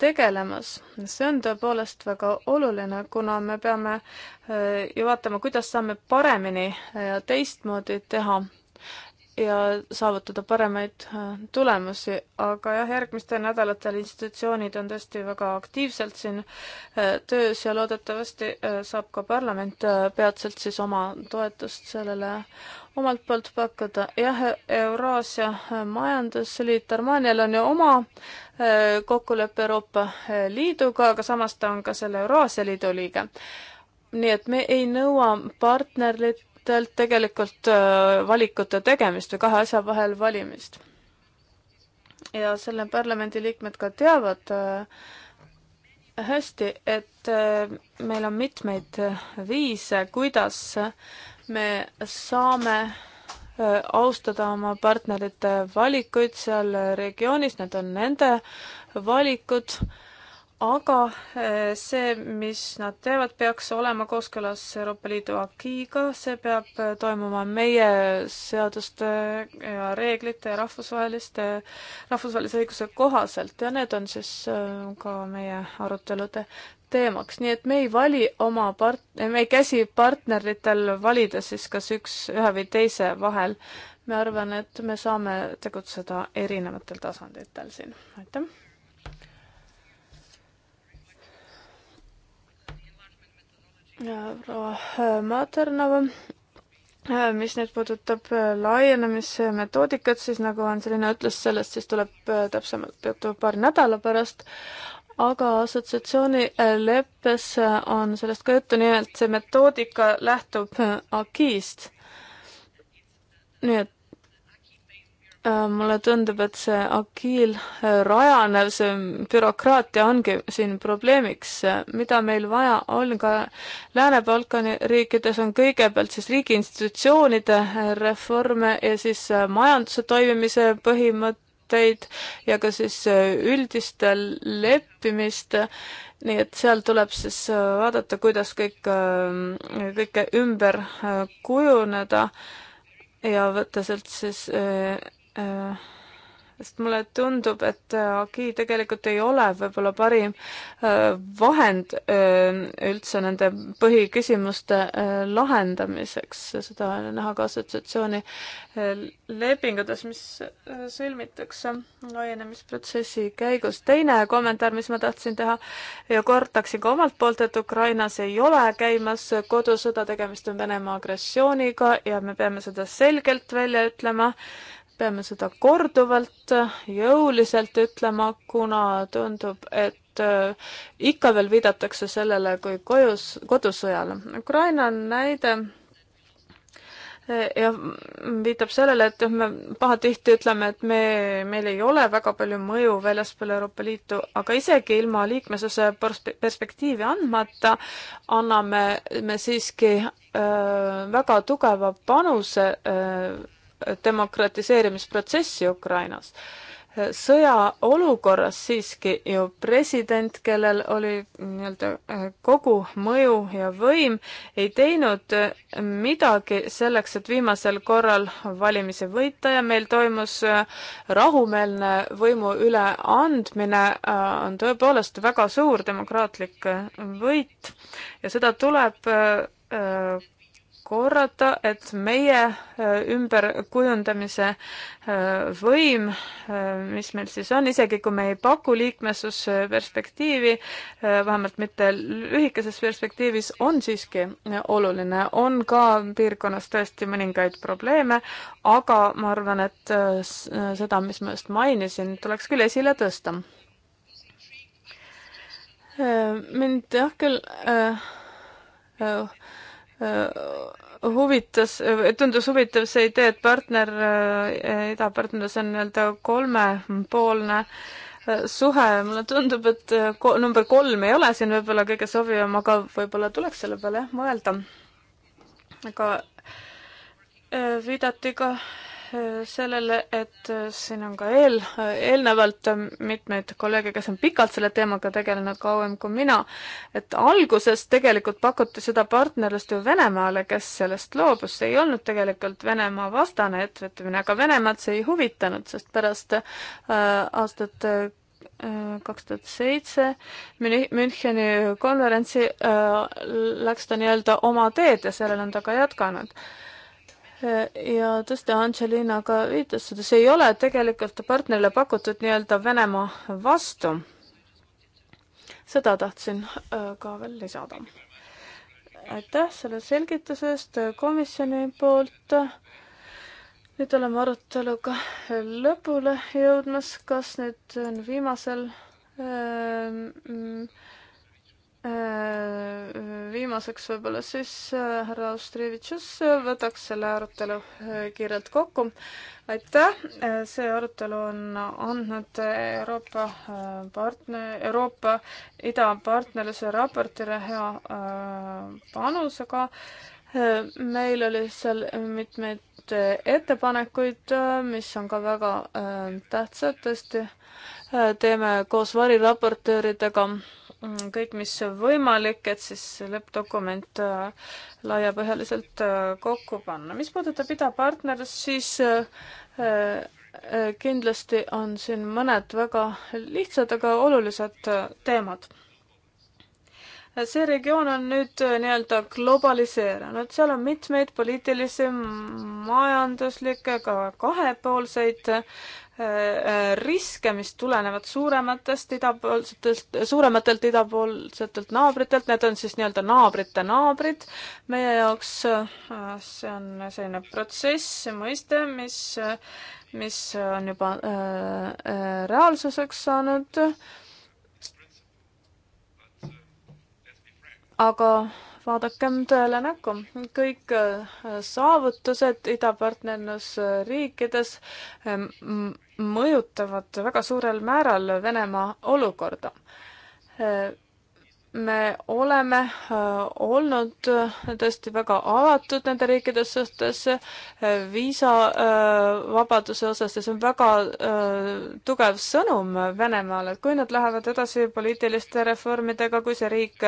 tegelemas. see on tõepoolest väga oluline, kuna me peame ju vaatama, kuidas saame paremini ja teistmoodi teha ja saavutada paremaid äh, tulemusi, aga jah, järgmistel nädalatel institutsioonid on tõesti väga aktiivselt siin äh, töös ja loodetavasti äh, saab ka parlament peatselt siis oma toetust sellele omalt poolt pakkuda. jah, Euraasia Majandusliit, Armanial on ju oma kokkulepe Euroopa Liiduga, aga samas ta on ka selle Euraasia Liidu liige nii et me ei nõua partnerit, valijatelt tegelikult äh, valikute tegemist või kahe asja vahel valimist. ja selle parlamendi liikmed ka teavad äh, hästi, et äh, meil on mitmeid viise, kuidas me saame austada oma partnerite valikuid seal regioonis, need on nende valikud aga eh, see, mis nad teevad, peaks olema kooskõlas Euroopa Liidu akiiga, see peab eh, toimuma meie seaduste eh, ja reeglite ja rahvusvaheliste, rahvusvahelise õiguse kohaselt ja need on siis ka meie arutelude teemaks, nii et me ei vali oma part-, me ei käsi partneritel valida siis kas üks, ühe või teise vahel. ma arvan, et me saame tegutseda erinevatel tasanditel siin, aitäh! proua äh, Maternova, äh, mis nüüd puudutab äh, laienemismetoodikat, siis nagu Anselina ütles, sellest siis tuleb täpsemalt juttu paari nädala pärast, aga assotsiatsiooni leppes on sellest ka juttu, nimelt see metoodika lähtub AKI-st. nii et Äh, mulle tundub, et see agiil äh, rajanev, see bürokraatia ongi siin probleemiks, äh, mida meil vaja on ka Lääne-Balkani riikides, on kõigepealt siis riigi institutsioonide reforme ja siis majanduse toimimise põhimõtteid ja ka siis üldist leppimist, nii et seal tuleb siis vaadata, kuidas kõik, kõike ümber kujuneda ja võtta sealt siis Äh, sest mulle tundub, et äh, AKI tegelikult ei ole võib-olla parim äh, vahend üldse nende põhiküsimuste lahendamiseks, seda on näha ka assotsiatsiooni lepingutes, mis sõlmitakse laienemisprotsessi käigus. teine kommentaar, mis ma tahtsin teha ja kordaksin ka omalt poolt, et Ukrainas ei ole käimas kodusõda, tegemist on Venemaa agressiooniga ja me peame seda selgelt välja ütlema peame seda korduvalt jõuliselt ütlema, kuna tundub, et äh, ikka veel viidatakse sellele kui kojus, kodusõjale. Ukraina on näide ja viitab sellele, et me pahatihti ütleme, et me, meil ei ole väga palju mõju väljaspool Euroopa Liitu, aga isegi ilma liikmesuse perspektiivi andmata anname me siiski öö, äh, väga tugeva panuse öö, äh, demokratiseerimisprotsessi Ukrainas. sõjaolukorras siiski ju president, kellel oli nii-öelda äh, kogu mõju ja võim, ei teinud äh, midagi selleks, et viimasel korral valimisi võita ja meil toimus äh, rahumeelne võimu üleandmine, on tõepoolest väga suur demokraatlik võit ja seda tuleb korrata, et meie äh, ümberkujundamise äh, võim, äh, mis meil siis on, isegi kui me ei paku liikmesusperspektiivi, vähemalt mitte lühikeses perspektiivis, on siiski oluline. on ka piirkonnas tõesti mõningaid probleeme, aga ma arvan, et seda, mis ma just mainisin, tuleks küll esile tõsta. mind jah küll äh, Äh, huvitas, äh, tundus huvitav see idee, et partner, äh, idapartnerlus on nii-öelda kolmepoolne suhe, mulle tundub, et ko-, number kolm ei ole siin võib-olla kõige sobivam, aga võib-olla tuleks selle peale jah mõelda. aga viidati ka sellele, et äh, siin on ka eel, äh, eelnevalt äh, mitmeid kolleege, kes on pikalt selle teemaga tegelenud, kauem kui mina, et alguses tegelikult pakuti seda partnerlust ju Venemaale, kes sellest loobus, see ei olnud tegelikult Venemaa vastane ettevõtmine, aga Venemaad see ei huvitanud, sest pärast äh, aastat kaks tuhat seitse Müncheni konverentsi äh, läks ta nii-öelda oma teed ja sellel on ta ka jätkanud äh, ja tõesti, Angelina ka viitas seda, see ei ole tegelikult partnerile pakutud nii-öelda Venemaa vastu. seda tahtsin äh, ka veel lisada. aitäh selle selgituse eest komisjoni poolt. nüüd oleme aruteluga lõpule jõudmas, kas nüüd on viimasel äh, mm, Äh, viimaseks võib-olla siis äh, härra Ostrevitšus äh, võtaks selle arutelu kiirelt kokku. aitäh, see arutelu on andnud Euroopa partner, Euroopa idapartnerluse raportile hea panuse ka. meil oli seal mitmeid ettepanekuid, mis on ka väga tähtsad, tõesti teeme koos variraportööridega Mm, kõik, mis võimalik, et siis lõppdokument äh, laiapõhjaliselt äh, kokku panna. mis puudutab idapartnerlust, siis äh, kindlasti on siin mõned väga lihtsad, aga olulised teemad. see regioon on nüüd nii-öelda globaliseerunud, seal on mitmeid poliitilisi, majanduslikke, ka kahepoolseid Äh, äh, riske, mis tulenevad suurematest idapoolsetest, suurematelt idapoolsetelt naabritelt, need on siis nii-öelda naabrite naabrid. meie jaoks äh, see on selline protsess, mõiste, mis, mis on juba äh, reaalsuseks saanud. aga vaadakem tõele näkku, kõik äh, saavutused idapartnerlusriikides äh, ähm, mõjutavad väga suurel määral Venemaa olukorda äh, me oleme äh, olnud äh, tõesti väga avatud nende riikide suhtes äh, viisavabaduse osas ja see on väga tugev sõnum Venemaale, et kui nad lähevad edasi poliitiliste reformidega, kui see riik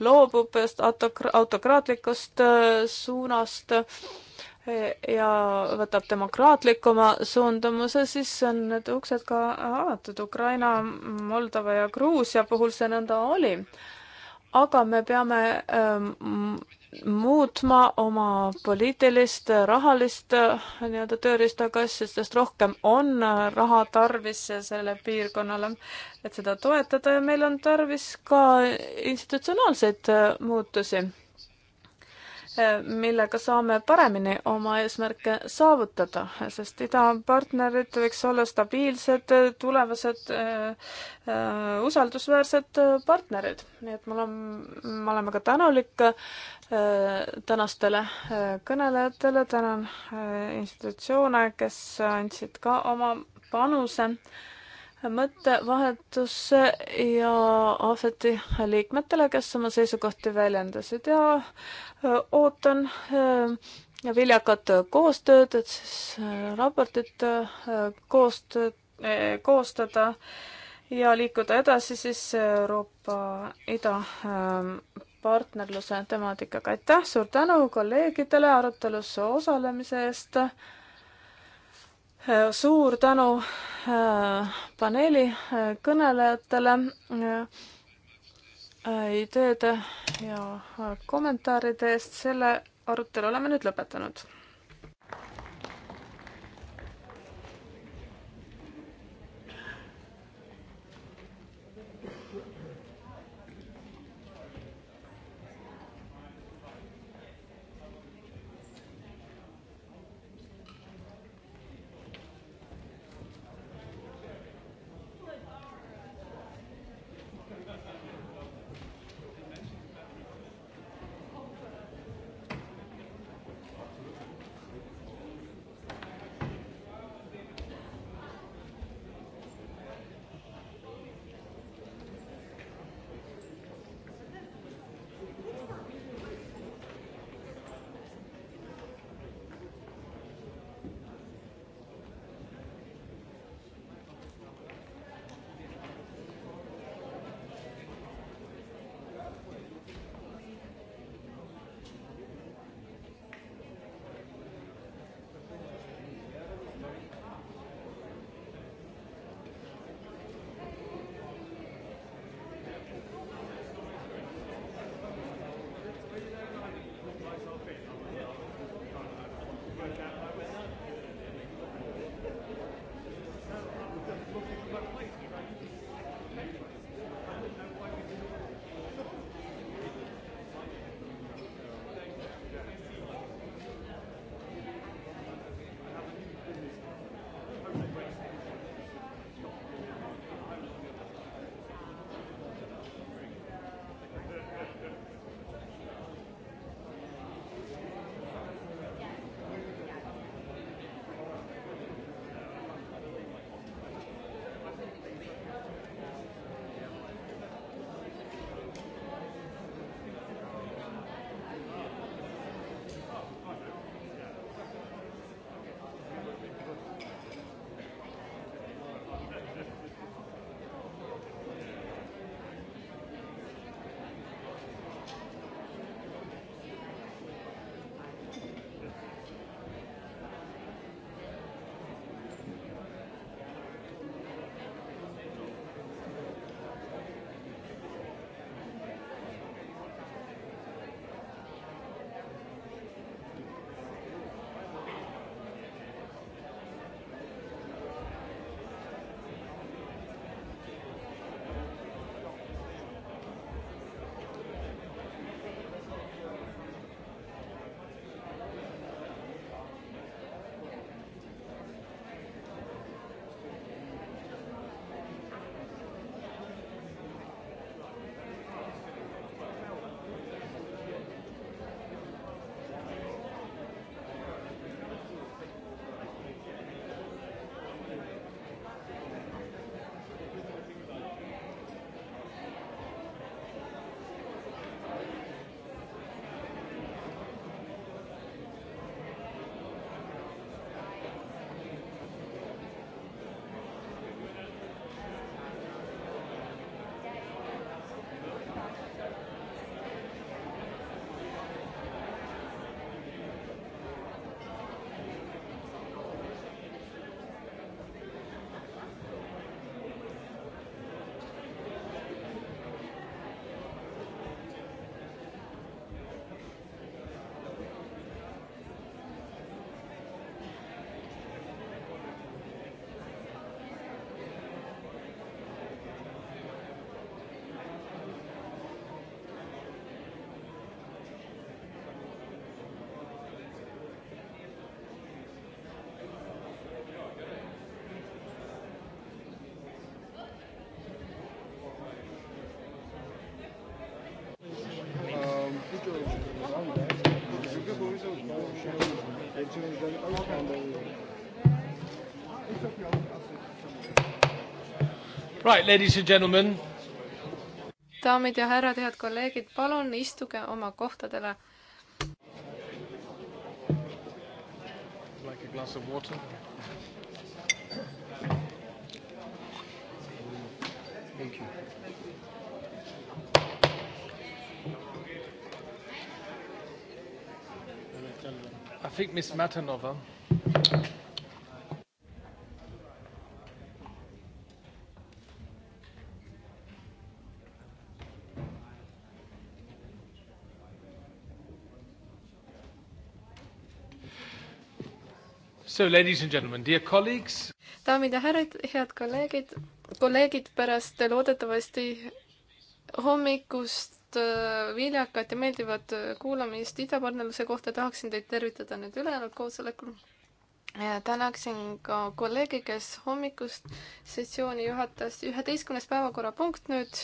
loobub autokraatlikust suunast, ja võtab demokraatlikuma suundumuse, siis on need uksed ka avatud. Ukraina, Moldova ja Gruusia puhul see nõnda oli aga me peame ähm, muutma oma poliitilist, rahalist äh, nii-öelda tööriistakassi, sest rohkem on äh, raha tarvis selle piirkonnale, et seda toetada ja meil on tarvis ka institutsionaalseid äh, muutusi millega saame paremini oma eesmärke saavutada, sest idapartnerid võiks olla stabiilsed, tulevased äh,, äh usaldusväärsed partnerid. nii et mul on, me oleme ka tänulik äh, tänastele äh, kõnelejatele, tänan äh, institutsioone, kes andsid ka oma panuse äh, mõttevahetusse ja Aafeti liikmetele, kes oma seisukohti väljendasid ja ootan viljakat koostööd, et siis raportit koostööd, koostada ja liikuda edasi siis Euroopa idapartnerluse temaatikaga. aitäh, suur tänu kolleegidele arutelus osalemise eest suur tänu äh, paneeli äh, kõnelejatele äh, ideede ja kommentaaride eest. selle arutelu oleme nüüd lõpetanud Right, ladies and gentlemen. daamid ja härrad, head kolleegid, palun istuge oma kohtadele. Like a glass of water. I think Miss Matanova. So, ladies and gentlemen, dear colleagues. daamid ja härrad, head kolleegid, kolleegid pärast loodetavasti hommikust Äh, viljakat ja meeldivat äh, kuulamist idapartnerluse kohta, tahaksin teid tervitada nüüd ülejäänud koosolekul. tänaksin ka kolleegi, kes hommikust sessiooni juhatas, üheteistkümnes päevakorrapunkt nüüd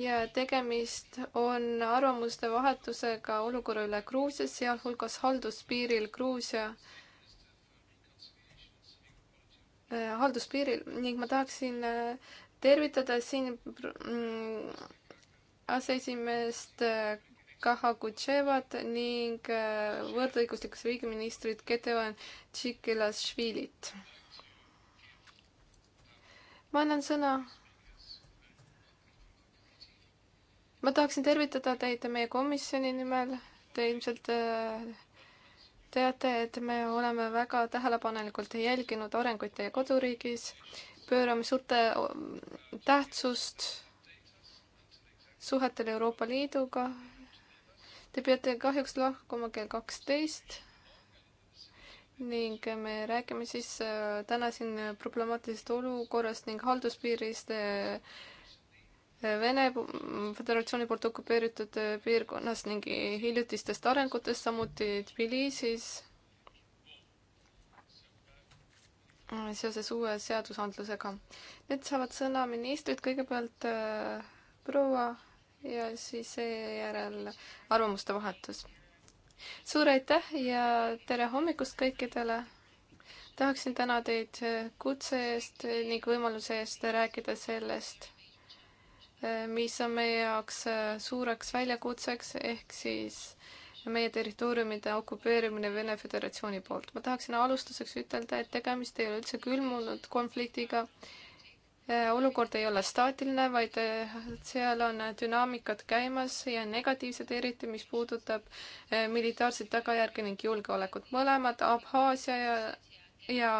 ja tegemist on arvamuste vahetusega olukorra üle Gruusias, sealhulgas halduspiiril Gruusia äh, halduspiiril ning ma tahaksin tervitada siin mm, aseesimeest äh, Kaha Kutševat ning äh, võrdõiguslikkuse riigiministrit Ketevan Tšikilasvilit. ma annan sõna. ma tahaksin tervitada teid meie komisjoni nimel. Te ilmselt äh, teate, et me oleme väga tähelepanelikult jälginud arenguid teie koduriigis, pöörame suurt tähtsust suhetel Euroopa Liiduga. Te peate kahjuks lahkuma kell kaksteist ning me räägime siis äh, täna siin problemaatilisest olukorrast ning halduspiirist äh, äh, Vene Föderatsiooni poolt okupeeritud piirkonnas ning hiljutistest arengutest, samuti Tbilisis seoses uue seadusandlusega. Need saavad sõna ministrid, kõigepealt proua ja siis seejärel arvamuste vahetus. suur aitäh ja tere hommikust kõikidele! tahaksin täna teid kutse eest ning võimaluse eest rääkida sellest, mis on meie jaoks suureks väljakutseks, ehk siis meie territooriumide okupeerimine Vene Föderatsiooni poolt. ma tahaksin alustuseks ütelda, et tegemist ei ole üldse külmunud konfliktiga Äh, olukord ei ole staatiline, vaid äh, seal on äh, dünaamikad käimas ja negatiivsed eriti, mis puudutab militaarseid tagajärgi ning julgeolekut. mõlemad Abhaasia ja, ja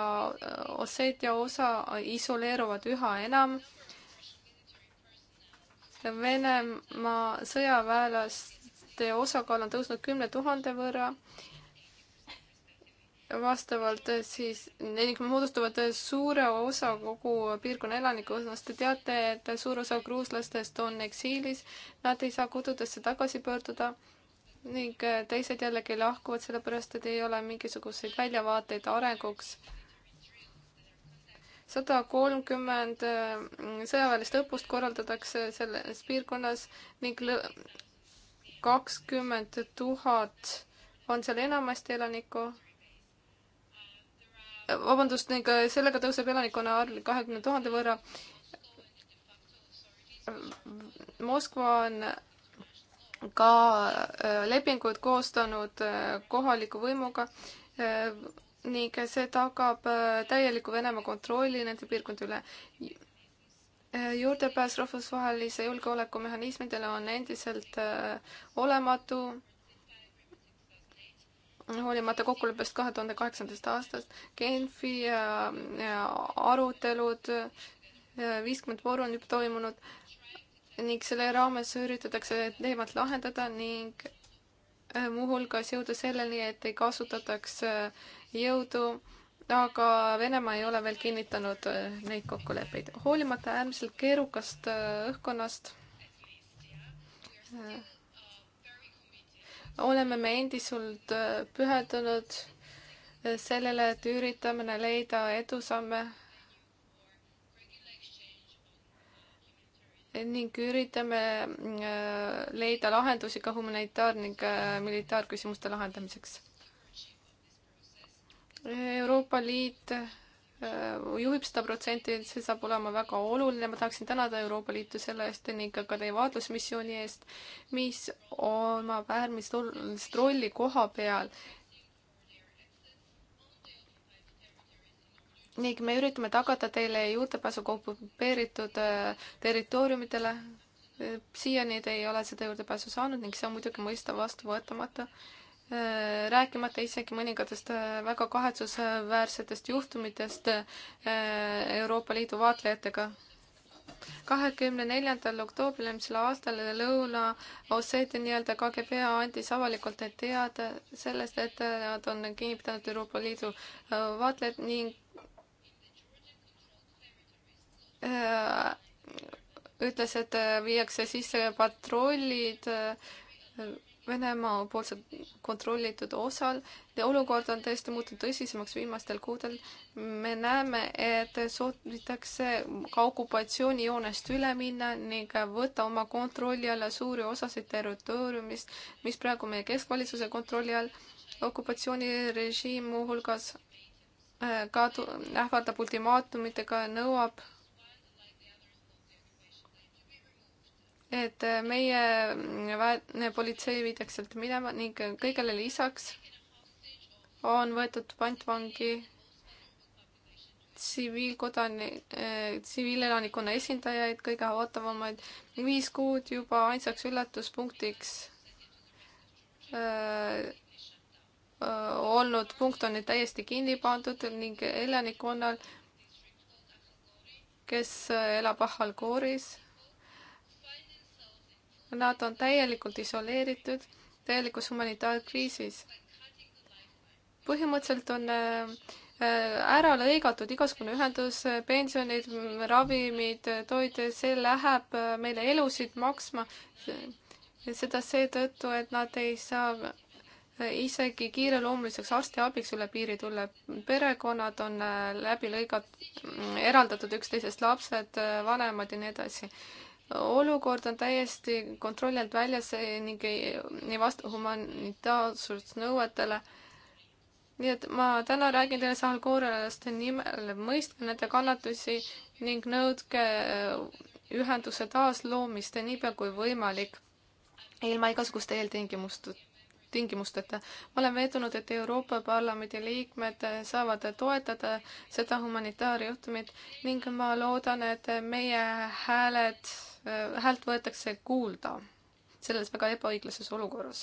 Osseetia osa isoleeruvad üha enam. Venemaa sõjaväelaste osakaal on tõusnud kümne tuhande võrra vastavalt eh, siis, ning moodustavad eh, suure osa kogu piirkonna elanikkonnast. Te teate, et suur osa gruuslastest on eksiilis, nad ei saa kodudesse tagasi pöörduda ning eh, teised jällegi lahkuvad, sellepärast et ei ole mingisuguseid väljavaateid arenguks. sada kolmkümmend sõjaväelist õppust korraldatakse selles piirkonnas ning kakskümmend tuhat on seal enamasti elanikku vabandust, ning äh, sellega tõuseb elanikkonna arv kahekümne tuhande võrra. Moskva on ka äh, lepingud koostanud äh, kohaliku võimuga ning see tagab täieliku Venemaa kontrolli nende piirkondade üle. juurdepääs rahvusvahelise julgeolekumehhanismidele on endiselt olematu hoolimata kokkuleppest kahe tuhande kaheksandast aastast, Genfi äh, äh, arutelud, äh, viiskümmend vooru on juba toimunud ning selle raames üritatakse teemat lahendada ning muuhulgas jõuda selleni, et ei kasutataks jõudu, aga Venemaa ei ole veel kinnitanud neid kokkuleppeid. hoolimata äärmiselt keerukast õhkkonnast oleme me endiselt äh, pühendunud äh, sellele, et üritame leida edusamme ning üritame äh, leida lahendusi ka humanitaar- ning militaarküsimuste lahendamiseks. Euroopa Liit Äh, juhib seda protsenti, et see saab olema väga oluline. ma tahaksin tänada Euroopa Liitu selle eest ning ka teie vaatlusmissiooni eest, mis omab äärmist olulist rolli koha peal. ning me üritame tagada teile juurdepääsu okupeeritud äh, territooriumidele. Äh, siiani te ei ole seda juurdepääsu saanud ning see on muidugi mõista vastuvõetamatu Äh, rääkimata isegi mõningatest äh, väga kahetsusväärsetest juhtumitest äh, Euroopa Liidu vaatlejatega. kahekümne neljandal oktoobril eelmisel aastal Lõuna-Osseetia nii-öelda KGB andis avalikult teada sellest, et nad on kinni pidanud Euroopa Liidu vaatlejad ning ütles, et viiakse sisse patrullid Venemaa poolselt kontrollitud osal ja olukord on tõesti muutunud tõsisemaks viimastel kuudel. me näeme, et soovitakse ka okupatsioonijoonest üle minna ning võtta oma kontrolli alla suuri osasid territooriumist, mis praegu meie keskvalitsuse kontrolli all. okupatsioonirežiim muuhulgas äh, ka ähvardab ultimaatumitega, nõuab et meie mm, väe-, politsei viidaks sealt minema ning kõigele lisaks on võetud pantvangi tsiviilkodani- äh,, tsiviilelanikkonna esindajaid, kõige haavatavamaid, viis kuud juba ainsaks üllatuspunktiks äh, olnud punkt on nüüd täiesti kinni pandud ning elanikkonnal, kes elab Ahal Kooris Nad on täielikult isoleeritud, täielikus humanitaarkriisis. põhimõtteliselt on äh, äh, ära lõigatud igasugune ühendus, pensionid, ravimid, toit, see läheb äh, meile elusid maksma. seda seetõttu, et nad ei saa isegi kiireloomuliseks arstiabiks üle piiri tulla. perekonnad on läbi lõigat-, eraldatud üksteisest, lapsed, vanemad ja nii edasi olukord on täiesti kontrolli alt väljas ning ei, ei vasta humanitaarsust nõuetele. nii et ma täna räägin teile saalkoorelaste nimel, mõistke nende kannatusi ning nõudke äh, ühenduse taasloomist niipea kui võimalik, ilma igasuguste eeltingimusteta tingimusteta. ma olen veendunud, et Euroopa Parlamendi liikmed saavad toetada seda humanitaarjuhtumit ning ma loodan, et meie hääled Äh, häält võetakse kuulda selles väga ebaõiglases olukorras.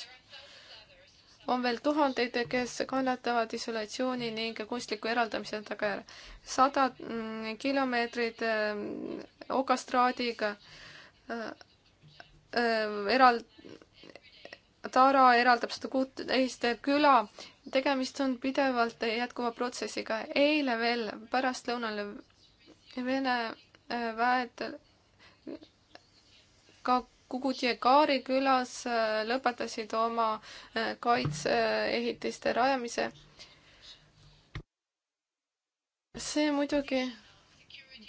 on veel tuhandeid, kes kannatavad isolatsiooni ning kunstliku eraldamise tagajärjel. sada mm, kilomeetrit äh, okastraadiga äh, eral-, Tara eraldab seda kuuteist küla. tegemist on pidevalt jätkuva protsessiga. eile veel pärastlõunal Vene väed ka Kugutjekaari külas äh, lõpetasid oma äh, kaitseehitiste rajamise. see muidugi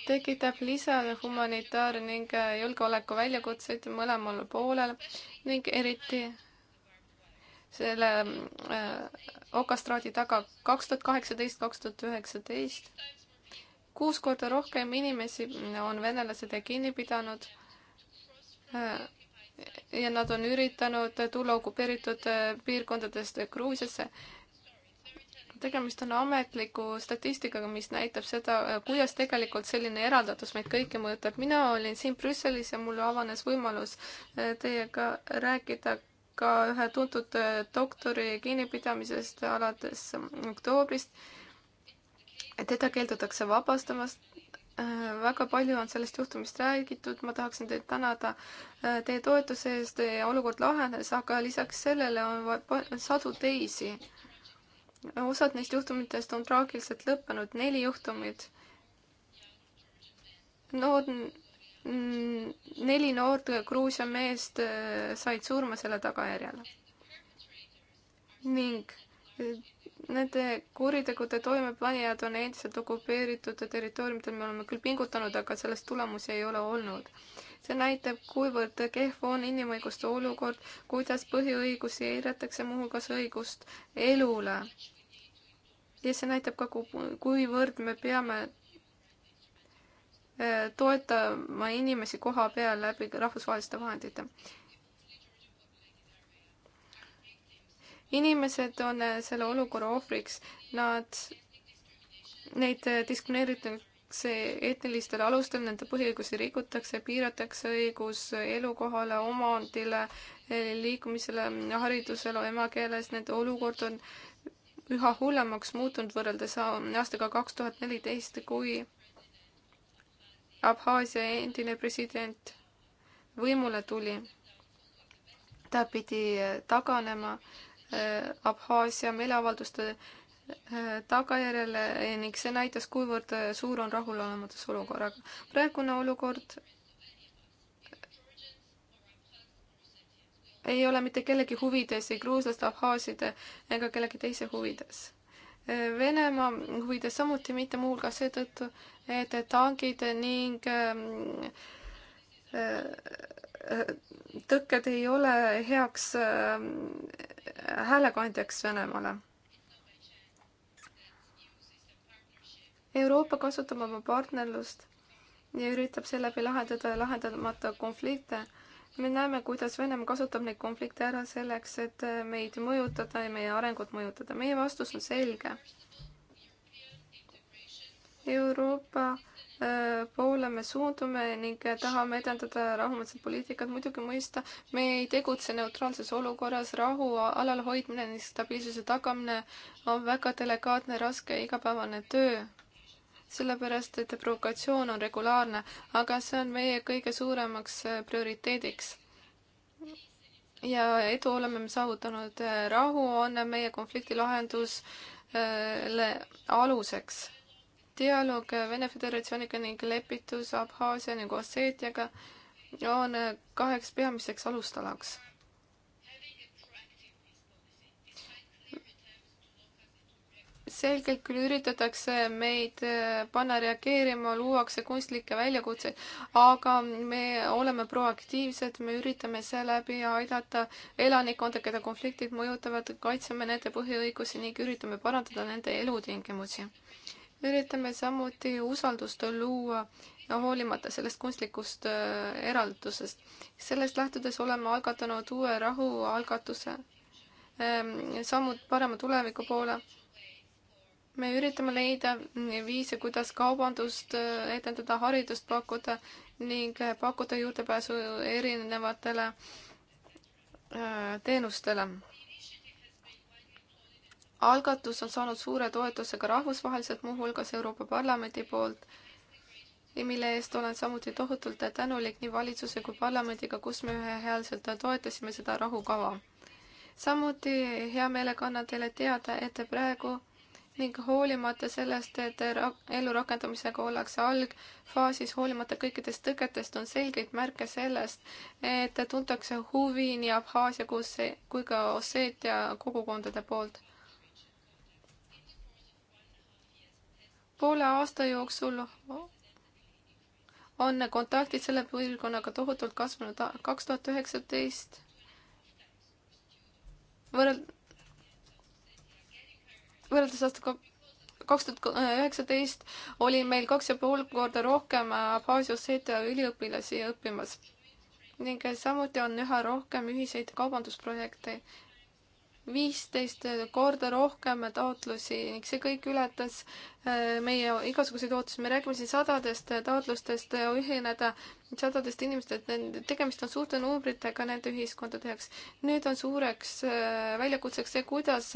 tekitab lisahumanitaar- ning äh, julgeoleku väljakutseid mõlemal poolel ning eriti selle äh, okastraadi taga kaks tuhat kaheksateist, kaks tuhat üheksateist. kuus korda rohkem inimesi on venelased kinni pidanud Äh, ja nad on üritanud tulla okupeeritud äh, piirkondadest Gruusiasse. tegemist on ametliku statistikaga, mis näitab seda, äh, kuidas tegelikult selline eraldatus meid kõiki mõjutab. mina olin siin Brüsselis ja mulle avanes võimalus teiega rääkida ka ühe tuntud doktori kinnipidamisest alates oktoobrist. teda keeldutakse vabastamast Äh, väga palju on sellest juhtumist räägitud, ma tahaksin teid tänada äh, teie toetuse eest, teie olukord lahenes, aga lisaks sellele on sadu teisi. osad neist juhtumitest on traagiliselt lõppenud, neli juhtumit. Noor, neli noort Gruusia meest äh, said surma selle tagajärjel. ning nende kuritegude toimepanijad on endiselt okupeeritud territooriumidel, me oleme küll pingutanud, aga sellest tulemusi ei ole olnud. see näitab, kuivõrd kehv on inimõiguste olukord, kuidas põhiõigusi eiratakse, muuhulgas õigust elule. ja see näitab ka, kuivõrd me peame eh, toetama inimesi koha peal läbi rahvusvaheliste vahendite inimesed on äh, selle olukorra ohvriks, nad, neid äh, diskrimineeritakse etnilistel alustel, nende põhiõigusi rikutakse, piiratakse õigus elukohale, omandile, äh, liikumisele, haridusele, emakeeles, nende olukord on üha hullemaks muutunud võrreldes aastaga kaks tuhat neliteist, kui Abhaasia endine president võimule tuli. ta pidi taganema äh, Äh, Abhaasia meeleavalduste äh, tagajärjel eh, ning see näitas, kuivõrd äh, suur on rahulolematus olukorraga. praegune olukord ei ole mitte kellegi huvides, ei gruuslaste, abhaaside ega kellegi teise huvides. Venemaa huvides samuti mitte muuhulgas seetõttu, et tankid ning ähm, äh, äh, Äh, tõkked ei ole heaks äh, häälekandjaks Venemaale. Euroopa kasutab oma partnerlust ja üritab seeläbi lahendada lahendamata konflikte. me näeme, kuidas Venemaa kasutab neid konflikte ära selleks, et äh, meid mõjutada ja meie arengut mõjutada. meie vastus on selge. Euroopa Äh, poole me suundume ning tahame edendada rahumeelset poliitikat, muidugi mõista, me ei tegutse neutraalses olukorras, rahu alalhoidmine ning stabiilsuse tagamine on väga delikaatne, raske igapäevane töö sellepärast, et provokatsioon on regulaarne, aga see on meie kõige suuremaks äh, prioriteediks. ja edu oleme me saavutanud, rahu on meie konflikti lahendusele aluseks dialoog Vene Föderatsiooniga ning lepitus Abhaasia ning Osseetiaga on kaheks peamiseks alustalaks. selgelt küll üritatakse meid äh, panna reageerima, luuakse kunstlikke väljakutseid, aga me oleme proaktiivsed, me üritame seeläbi aidata elanikkonda, keda konfliktid mõjutavad, kaitseme nende põhiõigusi ning üritame parandada nende elutingimusi üritame samuti usaldust luua ja hoolimata sellest kunstlikust äh, eraldusest. sellest lähtudes oleme algatanud uue rahualgatuse, ähm, sammud parema tuleviku poole. me üritame leida viise, kuidas kaubandust äh, edendada, haridust pakkuda ning äh, pakkuda juurdepääsu erinevatele teenustele algatus on saanud suure toetuse ka rahvusvaheliselt, muuhulgas Euroopa Parlamendi poolt, mille eest olen samuti tohutult tänulik nii valitsuse kui parlamendiga, kus me ühehäälselt toetasime seda rahukava. samuti hea meelega annan teile teada, et praegu ning hoolimata sellest, et elu rakendamisega ollakse algfaasis, hoolimata kõikidest tõketest, on selgeid märke sellest, et tuntakse huvi nii Abhaasia kui ka Osseetia kogukondade poolt poole aasta jooksul on kontaktid selle piirkonnaga tohutult kasvanud. kaks tuhat üheksateist võrreld-, võrreldes aastaga kaks tuhat üheksateist oli meil kaks ja pool korda rohkem Abhaasia-Osseetia üliõpilasi õppimas ning samuti on üha rohkem ühiseid kaubandusprojekte viisteist korda rohkem taotlusi ning see kõik ületas äh, meie igasuguseid ootusi. me räägime siin sadadest äh, taotlustest äh, ühineda, sadadest inimestest, tegemist on suurte numbritega nende ühiskondade jaoks. nüüd on suureks väljakutseks see, kuidas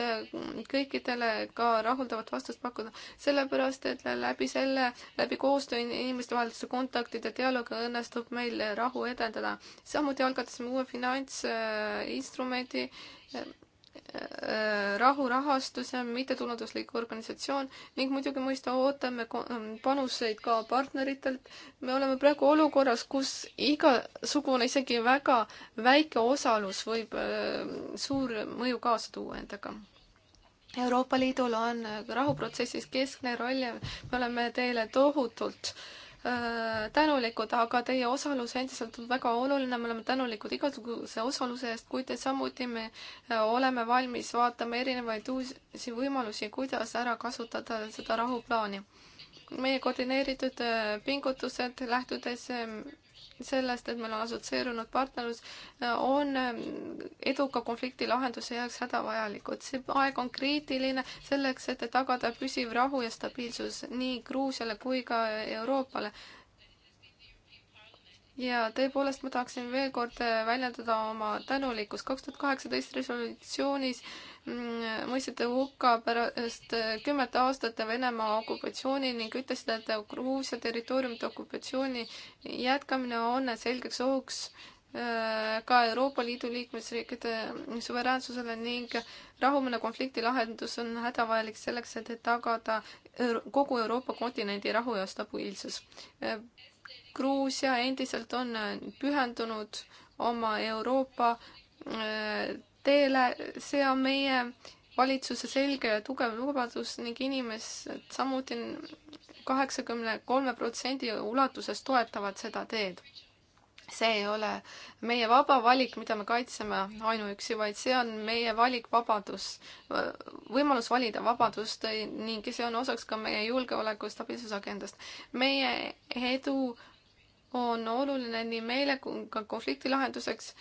kõikidele ka rahuldavat vastust pakkuda. sellepärast, et läbi selle, läbi koostöö inimestevaheliste kontaktide dialoogi õnnestub meil rahu edendada. samuti algatasime uue finantsinstrumendi Äh, rahurahastuse mittetulunduslik organisatsioon ning muidugi mõista ootame panuseid ka partneritelt. me oleme praegu olukorras, kus igasugune, isegi väga väike osalus võib äh, suur mõju kaasa tuua endaga. Euroopa Liidul on rahuprotsessis keskne roll ja me oleme teile tohutult äh, Äh, tänulikud, aga teie osalus endiselt on väga oluline, me oleme tänulikud igasuguse osaluse eest, kuid samuti me äh, oleme valmis vaatama erinevaid uusi võimalusi, kuidas ära kasutada seda rahuplaani. meie koordineeritud äh, pingutused, lähtudes sellest, et meil on assotsieerunud partnerlus, on ähm, eduka konflikti lahenduse jaoks hädavajalikud. see aeg on kriitiline selleks, et tagada püsiv rahu ja stabiilsus nii Gruusiale kui ka Euroopale. ja tõepoolest, ma tahaksin veel kord äh, väljendada oma tänulikkust. kaks tuhat kaheksateist resolutsioonis äh, Mm, mõisteti hukka pärast äh, kümmet aastat Venemaa okupatsiooni ning ütlesid, et Gruusia territooriumite okupatsiooni jätkamine on selgeks ohuks äh, ka Euroopa Liidu liikmesriikide suveräänsusele ning rahumine konflikti lahendus on hädavajalik selleks, et tagada kogu Euroopa kontinendi rahu ja stabiilsus. Äh, Gruusia endiselt on pühendunud oma Euroopa teele, see on meie valitsuse selge ja tugev lubadus ning inimesed samuti kaheksakümne kolme protsendi ulatuses toetavad seda teed. see ei ole meie vaba valik, mida me kaitseme ainuüksi, vaid see on meie valik, vabadus, võimalus valida vabadust ning see on osaks ka meie julgeoleku stabiilsusagendast. meie edu on oluline nii meile kui ka konflikti lahenduseks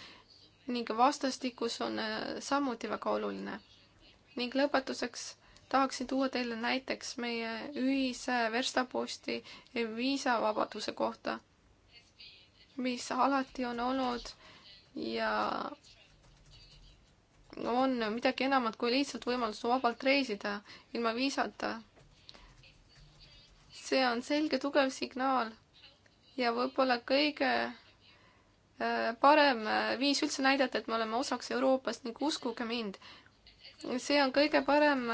ning vastastikus on äh, samuti väga oluline. ning lõpetuseks tahaksin tuua teile näiteks meie ühise verstaposti viisavabaduse kohta, mis alati on olnud ja on midagi enamat kui lihtsalt võimalus vabalt reisida ilma viisata. see on selge tugev signaal ja võib-olla kõige parem viis üldse näidata, et me oleme osaks Euroopast ning uskuge mind, see on kõige parem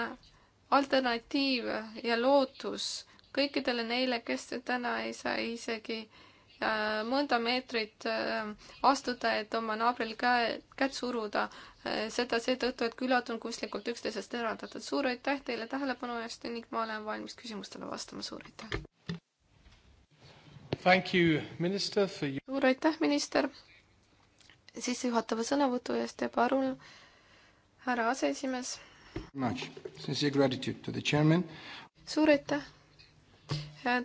alternatiiv ja lootus kõikidele neile, kes täna ei saa isegi äh, mõnda meetrit äh, astuda, et oma naabril käe, kätt suruda. Äh, seda seetõttu, et külad on kunstlikult üksteisest eraldatud. suur aitäh teile tähelepanu eest ning ma olen valmis küsimustele vastama. suur aitäh! suur aitäh, minister, sissejuhatava sõnavõtu eest ja palun, härra aseesimees. suur aitäh.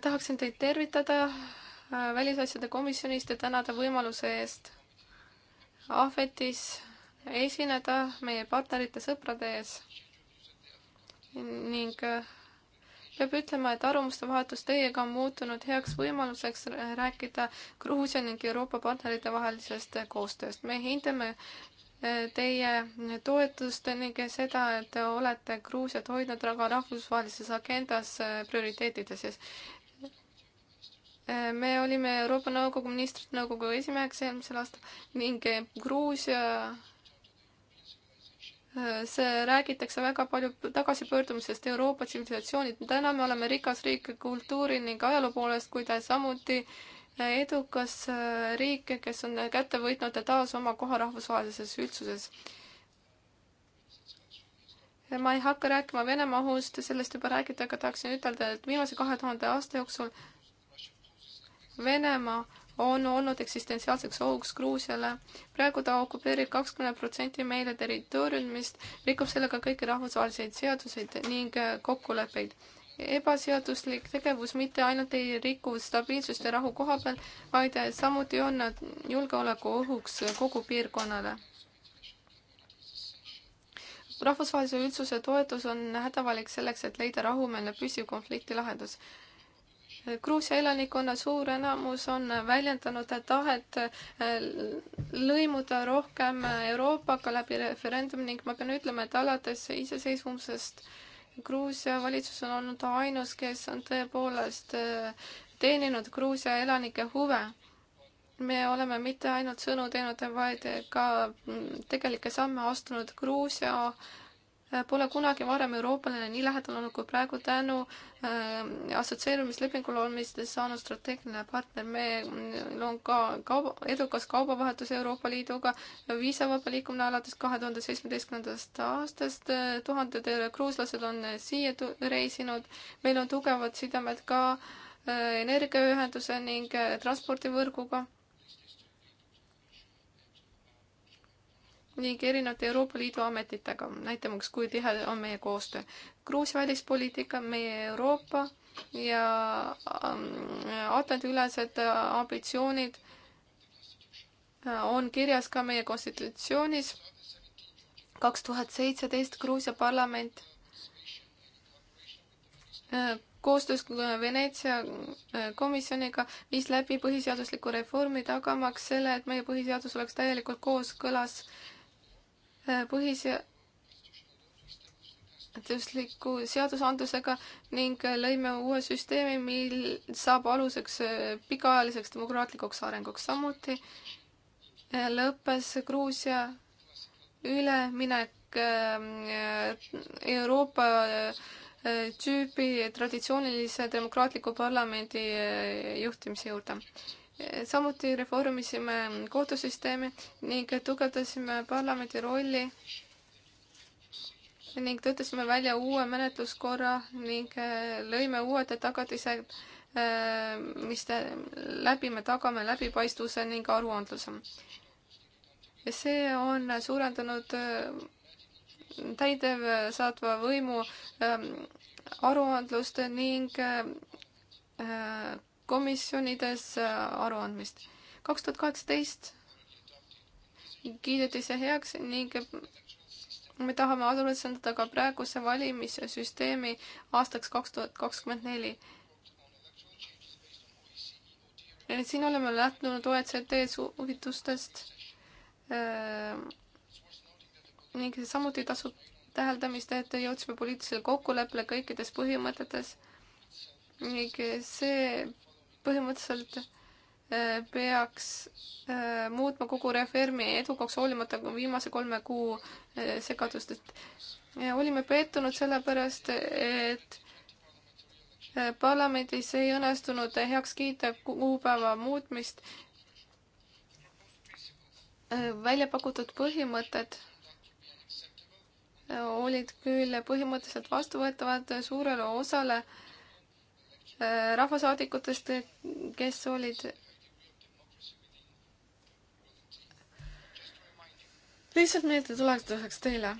tahaksin teid tervitada äh, välisasjade komisjonist ja tänada võimaluse eest ahvetis esineda meie partnerite, sõprade ees ning äh, peab ütlema, et arvamuste vahetus teiega on muutunud heaks võimaluseks rääkida Gruusia ning Euroopa partnerite vahelisest koostööst. me hindame eh, teie toetust ning seda, et te olete Gruusiat hoidnud väga rahvusvahelises agendas eh, prioriteetide sees. Eh, me olime Euroopa Nõukogu ministrite nõukogu esimeheks eelmisel aastal ning Gruusia see räägitakse väga palju tagasipöördumisest Euroopa tsivilisatsioonid. täna me oleme rikas riik kultuuri ning ajaloo poolest, kuid samuti edukas riik, kes on kätte võitnud taas oma koha rahvusvahelises üldsuses. ma ei hakka rääkima Venemaa ohust, sellest juba räägiti, aga tahaksin ütelda, et viimase kahe tuhande aasta jooksul Venemaa on olnud eksistentsiaalseks ohuks Gruusiale. praegu ta okupeerib kakskümmend protsenti meile territooriumist, rikub sellega kõiki rahvusvaheliseid seaduseid ning äh, kokkuleppeid. ebaseaduslik tegevus mitte ainult ei riku stabiilsust ja rahu koha peal, vaid äh, samuti on nad julgeolekuohuks kogu piirkonnale. rahvusvahelise üldsuse toetus on hädavalik selleks, et leida rahumeelne püsiv konflikti lahendus Gruusia elanikkonna suur enamus on väljendanud tahet äh, lõimuda rohkem Euroopaga läbi referendumi ning ma pean ütlema, et alates iseseisvumisest Gruusia valitsus on olnud ainus, kes on tõepoolest äh, teeninud Gruusia elanike huve. me oleme mitte ainult sõnu teinud, vaid ka mm, tegelikke samme astunud Gruusia Äh, pole kunagi varem Euroopale nii lähedal olnud kui praegu tänu äh, assotsieerumislepingule olmist saanud strateegiline partner. meil mm, on ka kauba, edukas kaubavahetus Euroopa Liiduga, viisavaba liikumine alates kahe tuhande seitsmeteistkümnendast aastast, äh, tuhanded äh, kruuslased on siia reisinud, meil on tugevad sidemed ka äh, energiaühenduse ning transpordivõrguga ning erinevate Euroopa Liidu ametitega, näitamaks, kui tihe on meie koostöö. Gruusia välispoliitika, meie Euroopa ja ähm, Atlandi-ülesed äh, ambitsioonid äh, on kirjas ka meie konstitutsioonis. kaks tuhat seitseteist Gruusia parlament äh, koostöös Veneetsia komisjoniga viis läbi põhiseadusliku reformi, tagamaks selle, et meie põhiseadus oleks täielikult kooskõlas äh, põhiseadusliku seadusandlusega ning lõime uue süsteemi, mil saab aluseks äh, pikaajaliseks demokraatlikuks arenguks. samuti äh, lõppes Gruusia üleminek äh, Euroopa tüübi traditsioonilise demokraatliku parlamendi juhtimise juurde samuti reformisime kohtusüsteemi ning tugevdasime parlamendi rolli ning töötasime välja uue menetluskorra ning äh, lõime uued tagatised, äh, mis läbi me tagame läbipaistvuse ning aruandluse. see on suurendanud äh, täidevsaatva võimu ähm, aruandlust ning komisjonides äh, aruandmist. kaks tuhat kaheksateist kiideti see heaks ning me tahame arvestada ka praeguse valimissüsteemi aastaks kaks tuhat kakskümmend neli. siin oleme lähtunud OECD soovitustest äh, ning samuti tasub täheldamist, et jõudsime poliitilisele kokkuleppele kõikides põhimõtetes ning see põhimõtteliselt äh, peaks äh, muutma kogu reformi edukaks hoolimata viimase kolme kuu äh, segadustest. olime pettunud sellepärast, et parlamendis ei õnnestunud heaks kiita kuupäeva muutmist. välja pakutud põhimõtted olid küll põhimõtteliselt vastuvõetavad suurele osale äh, Äh, rahvasaadikutest, kes olid lihtsalt meeldetuletuseks teile.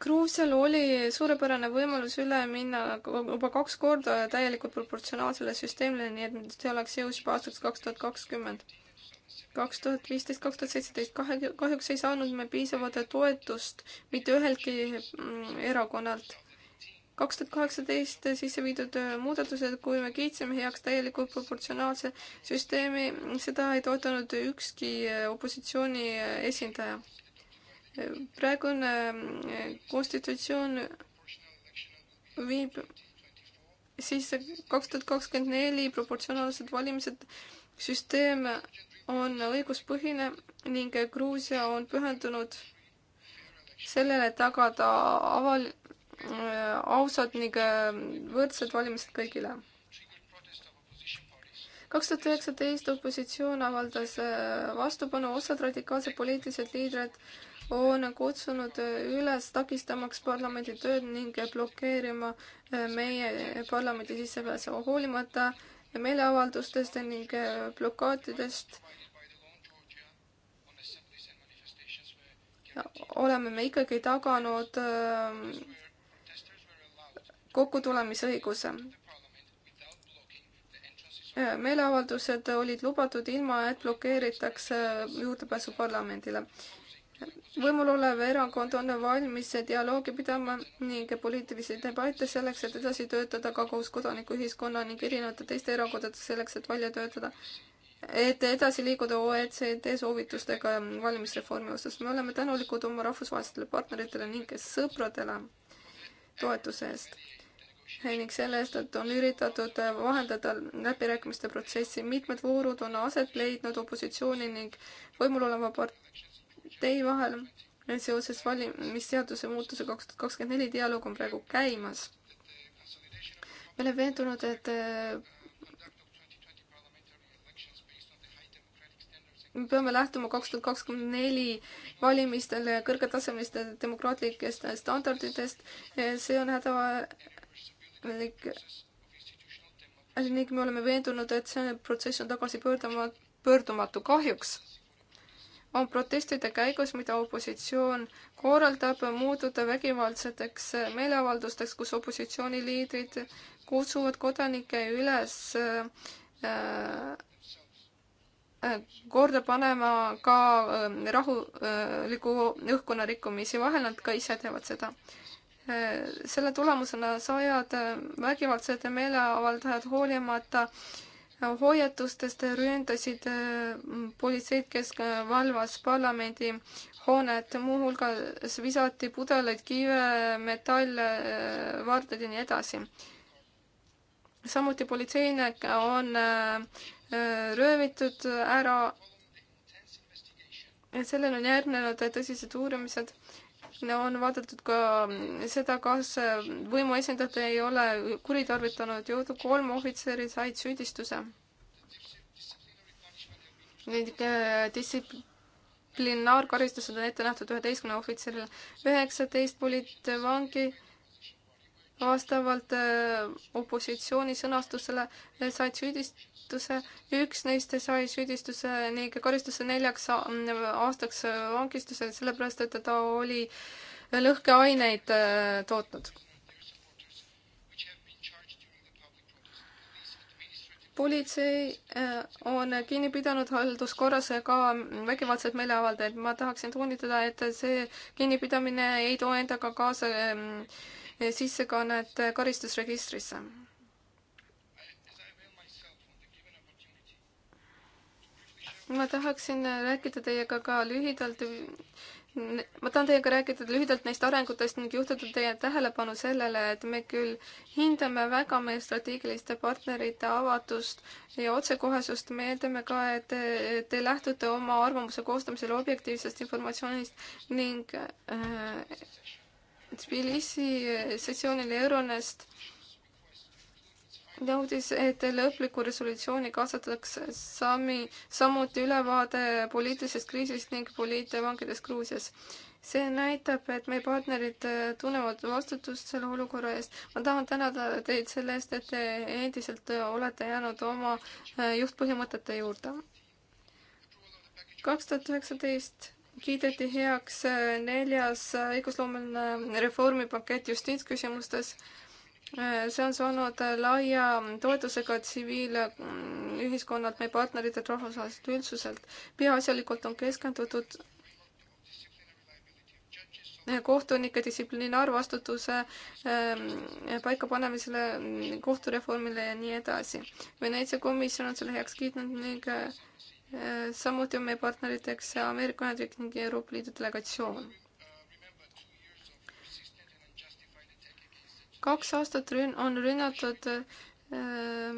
Gruusial oli suurepärane võimalus üle minna juba kaks korda täielikult proportsionaalsele süsteemile, nii et see oleks jõus juba aastaks kaks tuhat kakskümmend. kaks tuhat viisteist, kaks tuhat seitseteist, kahe, kahjuks ei saanud me piisavat toetust mitte üheltki mm, erakonnalt kaks tuhat kaheksateist sisse viidud äh, muudatused, kui me kiitsime heaks täielikult proportsionaalse süsteemi, seda ei toetanud ükski äh, opositsiooni äh, esindaja. praegune konstitutsioon viib sisse kaks tuhat kakskümmend neli proportsionaalsed valimised, süsteem on õiguspõhine ning Gruusia on pühendunud sellele tagada aval-, Äh, ausad ning äh, võrdsed valimised kõigile. kaks tuhat üheksateist opositsioon avaldas äh, vastupanu, osad radikaalsed poliitilised liidrid on kutsunud üles takistamaks parlamendi tööd ning blokeerima meie parlamendi sissepääsu hoolimata meeleavaldustest ning blokaatidest. oleme me ikkagi taganud kokkutulemisõiguse. Äh, meeleavaldused olid lubatud ilma, et blokeeritakse juurdepääsu parlamendile. võimul olev erakond on valmis dialoogi pidama ning poliitilisi debatte selleks, et edasi töötada ka koos kodanikuühiskonna ning erinevate teiste erakondadega selleks, et välja töötada et edasi liikuda OECD soovitustega valimisreformi osas. me oleme tänulikud oma rahvusvahelistele partneritele ning sõpradele toetuse eest ning selle eest, et on üritatud vahendada läbirääkimiste protsessi. mitmed voorud on aset leidnud opositsiooni ning võimul oleva partei vahel seoses valimisseaduse muutuse kaks tuhat kakskümmend neli dialoog on praegu käimas. me oleme veendunud, et me peame lähtuma kaks tuhat kakskümmend neli valimistel kõrgetasemeliste demokraatlikest standarditest. see on häda ning, ning me oleme veendunud, et see protsess on tagasipöörduma, pöördumatu kahjuks on protestide käigus, mida opositsioon korraldab, muutuda vägivaldseteks meeleavaldusteks, kus opositsiooniliidrid kutsuvad kodanikke üles äh, äh, korda panema ka äh, rahuliku õhkkonna rikkumisi, vahel nad ka ise teevad seda selle tulemusena sajad äh, vägivaldsed meeleavaldajad hoolimata äh, hoiatustest ründasid äh, politseid, kes valvas parlamendi hoonet, muuhulgas visati pudeleid, kive, metalle, vardaid ja nii edasi. samuti politseinikke on röövitud ära. sellele on järgnenud tõsised uurimised on vaadatud ka mm, seda, kas äh, võimuesindajad ei ole kuritarvitanud jõudu, kolm ohvitseri said süüdistuse. Äh, distsiplinaarkaristused on ette nähtud üheteistkümne ohvitserile, üheksateist poliit vangi vastavalt äh, opositsiooni sõnastusele said süüdist-, süüdistuse, üks neist sai süüdistuse ning karistuse neljaks aastaks vangistuse, sellepärast et ta oli lõhkeaineid äh, tootnud. politsei äh, on kinni pidanud halduskorras ka vägivaldseid meeleavaldajaid. ma tahaksin toonitada, et see kinnipidamine ei too endaga kaasa äh, sissekannet karistusregistrisse ma tahaksin rääkida teiega ka lühidalt ma tahan teiega rääkida lühidalt neist arengutest ning juhtida teie tähelepanu sellele, et me küll hindame väga meie strateegiliste partnerite avatust ja otsekohesust, me eeldame ka, et te, te lähtute oma arvamuse koostamisel objektiivsest informatsioonist ning äh, Tbilisi sessioonil Euronest äh, nõudis, et lõplikku resolutsiooni kaasatakse sami, samuti ülevaade poliitilisest kriisist ning poliitvangidest Gruusias. see näitab, et meie partnerid tunnevad vastutust selle olukorra eest. ma tahan tänada teid selle eest, et te endiselt olete jäänud oma äh, juhtpõhimõtete juurde. kaks tuhat üheksateist kiideti heaks äh, neljas õigusloomeline reformipakett justiitsküsimustes Äh, see on saanud äh, laia toetusega tsiviilühiskonnalt, meie partneritelt, rahvusvaheliselt üldsuselt. peaasjalikult on keskendutud äh, kohtunike distsiplinaarvastutuse ähm, paikapanemisele, kohtureformile ja nii edasi. Veneetsia komisjon on selle heaks kiitnud ning samuti on meie partneriteks Ameerika Ühendriik ning Euroopa Liidu delegatsioon kaks aastat rün-, on rünnatud äh,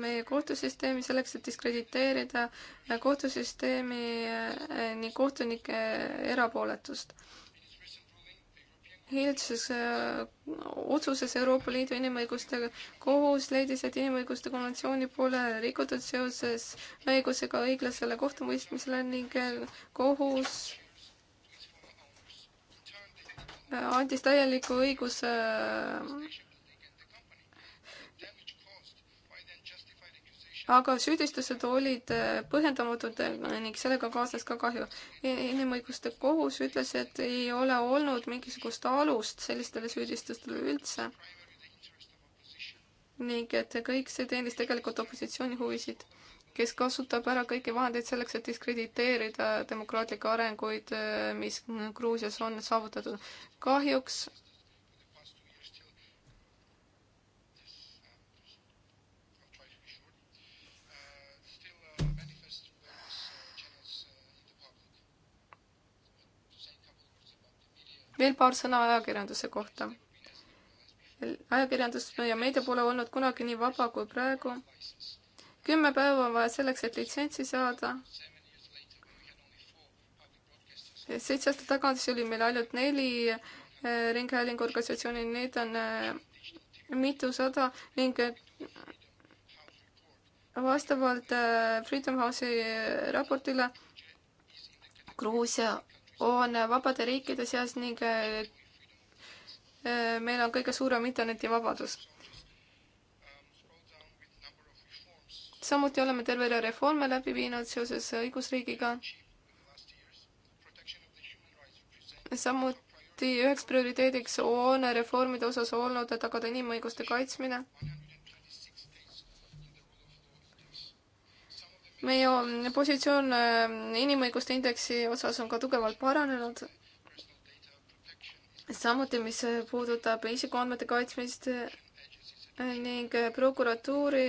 meie kohtusüsteemi selleks, et diskrediteerida äh, kohtusüsteemi äh, nii kohtunike erapooletust. hiljutises otsuses Euroopa Liidu Inimõiguste Kohus leidis, et inimõiguste konventsiooni pole rikutud seoses õigusega õiglasele kohtumõistmisele ning kohus andis täieliku õiguse aga süüdistused olid äh, põhjendamatud äh, ning sellega kaasnes ka kahju. E-, inimõiguste kohus ütles, et ei ole olnud mingisugust alust sellistele süüdistustele üldse. ning et kõik see teenis tegelikult opositsiooni huvisid, kes kasutab ära kõiki vahendeid selleks, et diskrediteerida demokraatlikke arenguid, äh, mis Gruusias on saavutatud. kahjuks veel paar sõna ajakirjanduse kohta. ajakirjandus ja meedia pole olnud kunagi nii vaba kui praegu. kümme päeva on vaja selleks, et litsentsi saada. seitse aastat tagasi oli meil ainult neli eh, ringhäälinguorganisatsiooni, neid on eh, mitusada ning eh, vastavalt Freedom House'i raportile Gruusia on vabade riikide seas ning äh, äh, meil on kõige suurem internetivabadus. samuti oleme terve rea reforme läbi viinud seoses õigusriigiga. samuti üheks prioriteediks on reformide osas olnud tagada inimõiguste kaitsmine meie positsioon äh, inimõiguste indeksi osas on ka tugevalt paranenud. samuti, mis puudutab isikuandmete kaitsmist äh, ning prokuratuuri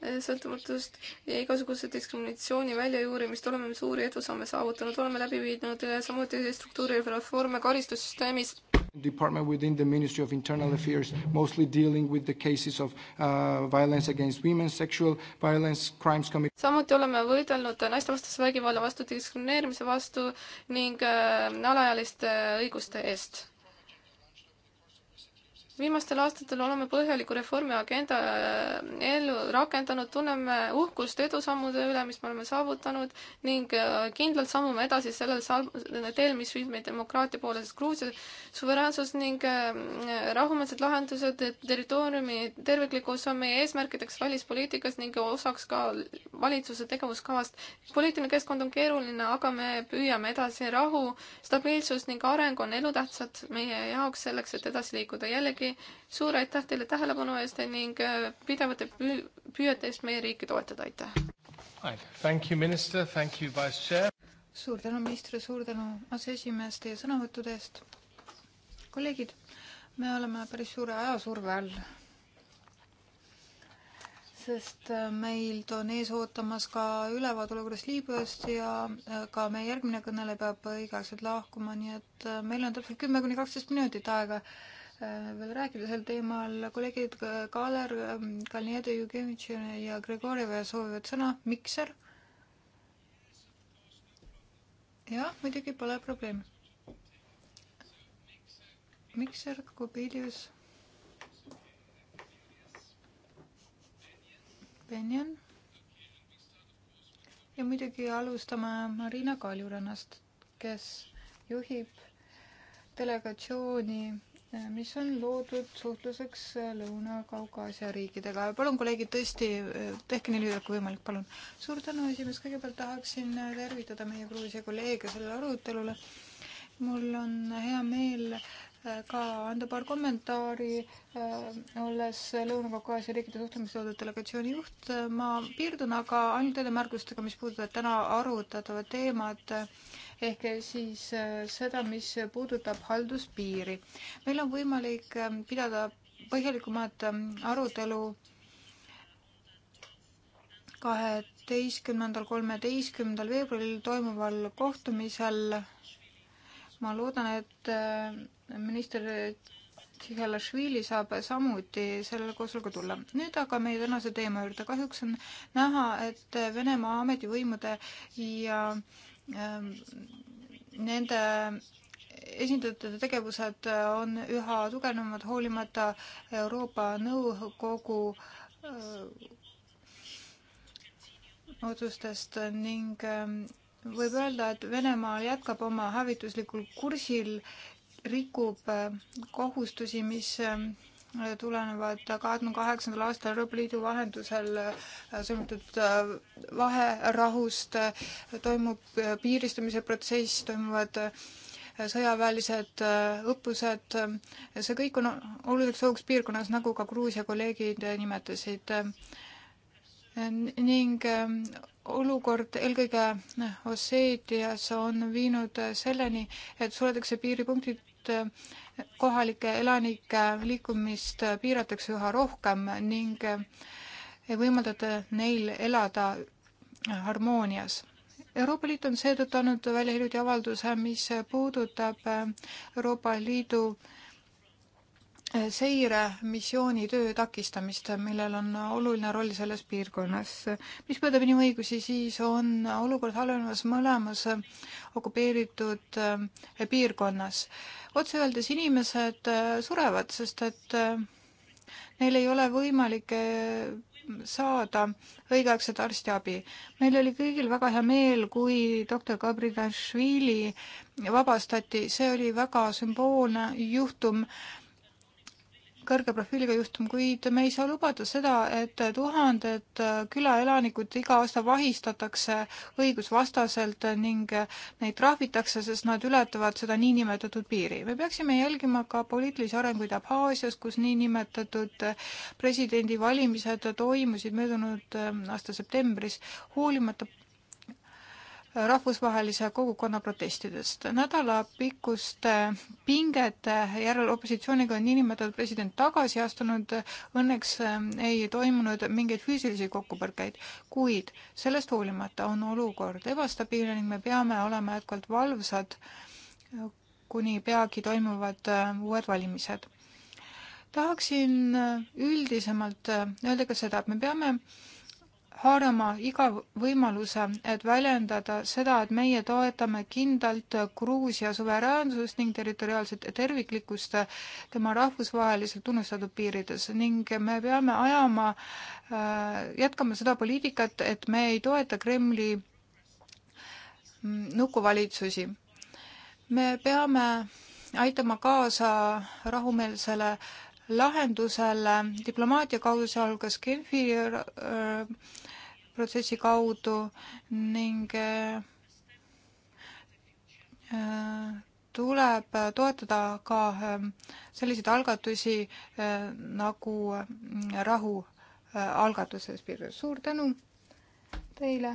Eh, sõltumatust ja igasuguse diskriminatsiooni väljajuurimist oleme suuri edusamme saavutanud, oleme läbi viinud eh, samuti struktuurireforme karistussüsteemis. Department within the Ministry of Internal Affairs, mostly dealing with the cases of uh, violence against women, sexual violence, crimes committed. samuti oleme võidelnud naistevastase vägivalla vastu, diskrimineerimise vastu ning äh, alaealiste õiguste eest viimastel aastatel oleme põhjaliku reformi agenda äh, ellu rakendanud, tunneme uhkust edusammude üle, mis me oleme saavutanud ning äh, kindlalt sammume edasi sellel teel, mis viib meid demokraatia poole, sest Gruusia suveräänsus ning äh, rahumeelsed lahendused territooriumi terviklikkus on meie eesmärkideks välispoliitikas ning osaks ka valitsuse tegevuskavast. poliitiline keskkond on keeruline, aga me püüame edasi rahu, stabiilsus ning areng on elutähtsad meie jaoks selleks, et edasi liikuda. jällegi rolli. suur aitäh teile tähelepanu eest ning äh, pidevate püüete eest meie riiki toetada, aitäh! Thank you, minister, thank you, vice chair! suur tänu, minister, suur tänu, aseesimees, teie sõnavõttude eest! kolleegid, me oleme päris suure ajasurve all, sest äh, meilt on ees ootamas ka ülevaade olukorrast Liibüast ja äh, ka meie järgmine kõneleja peab õigeaegselt lahkuma, nii et meil on täpselt kümme kuni kaksteist minutit aega veel rääkida sel teemal. kolleegid Kaler, Kalnieto, Jukevitš ja Grigorjev soovivad sõna. mikser? jah, muidugi pole probleemi. mikser, Kubilius. Benjan. ja muidugi alustame Marina Kaljurannast, kes juhib delegatsiooni Äh, mis on loodud suhtluseks äh, Lõuna-Kaukaasia riikidega. palun, kolleegid, tõesti äh, tehke nii lühidalt kui võimalik, palun. suur tänu, esimees, kõigepealt tahaksin tervitada meie Gruusia kolleege sellele arutelule. mul on hea meel ka anda paar kommentaari, olles Lõuna-Kaukaasia riikide suhtlemisloodud delegatsiooni juht. ma piirdun aga ainult nende märkustega, mis puudutavad täna arutatavat teemat et ehk siis äh, seda, mis puudutab halduspiiri. meil on võimalik ähm, pidada põhjalikumat ähm, arutelu kaheteistkümnendal, kolmeteistkümnendal veebruaril toimuval kohtumisel. ma loodan, et äh, minister Tšihhelašvili saab samuti sellele koosolekule tulla. nüüd aga meie tänase teema juurde. kahjuks on näha, et Venemaa ametivõimude ja Ähm, nende esindatud tegevused on üha tugevnevad hoolimata Euroopa Nõukogu äh, otsustest ning ähm, võib öelda, et Venemaa jätkab oma hävituslikul kursil, rikub äh, kohustusi, mis ähm, tulenevad kahekümne kaheksandal aastal Euroopa Liidu vahendusel äh, sõlmitud äh, vaherahust, äh, toimub piiristamise protsess, toimuvad sõjaväelised õppused, see kõik on oluliseks hoogs piirkonnas, nagu ka Gruusia kolleegid nimetasid. ning olukord eelkõige Osseetias on viinud selleni, et suletakse piiripunktid Eh, kohalike elanike liikumist piiratakse üha rohkem ning eh, ei võimaldata neil elada eh, harmoonias. Euroopa Liit on seetõttu andnud välja hiljuti avalduse, mis puudutab Euroopa Liidu äh, seiremissiooni töö takistamist, millel on oluline roll selles piirkonnas. mis puudutab inimõigusi, siis on olukord halvenemas mõlemas okupeeritud eh, piirkonnas. otse öeldes inimesed eh, surevad, sest et eh, neil ei ole võimalik saada õigeaegset arstiabi. meil oli kõigil väga hea meel, kui doktor Gabrielašvili vabastati, see oli väga sümboolne juhtum kõrge profiiliga juhtum, kuid me ei saa lubada seda, et tuhanded külaelanikud iga aasta vahistatakse õigusvastaselt ning neid trahvitakse, sest nad ületavad seda niinimetatud piiri. me peaksime jälgima ka poliitilisi arenguid Abhaasias, kus niinimetatud presidendivalimised toimusid möödunud aasta septembris, hoolimata rahvusvahelise kogukonna protestidest. nädalapikkuste pingete järel opositsiooniga on niinimetatud president tagasi astunud, õnneks ähm, ei toimunud mingeid füüsilisi kokkupõrkeid, kuid sellest hoolimata on olukord ebastabiilne ning me peame olema jätkuvalt valvsad, äh, kuni peagi toimuvad äh, uued valimised. tahaksin äh, üldisemalt öelda ka seda, et me peame haarama iga võimaluse, et väljendada seda, et meie toetame kindlalt Gruusia suveräänsust ning territoriaalset terviklikkust tema rahvusvaheliselt tunnustatud piirides ning me peame ajama, äh, jätkama seda poliitikat, et me ei toeta Kremli mm, nukuvalitsusi. me peame aitama kaasa rahumeelsele lahendusele diplomaatia kaudu, sealhulgas Genfi äh, protsessi kaudu ning äh, tuleb toetada ka äh, selliseid algatusi äh, nagu rahu algatuses piirkonnas. suur tänu teile!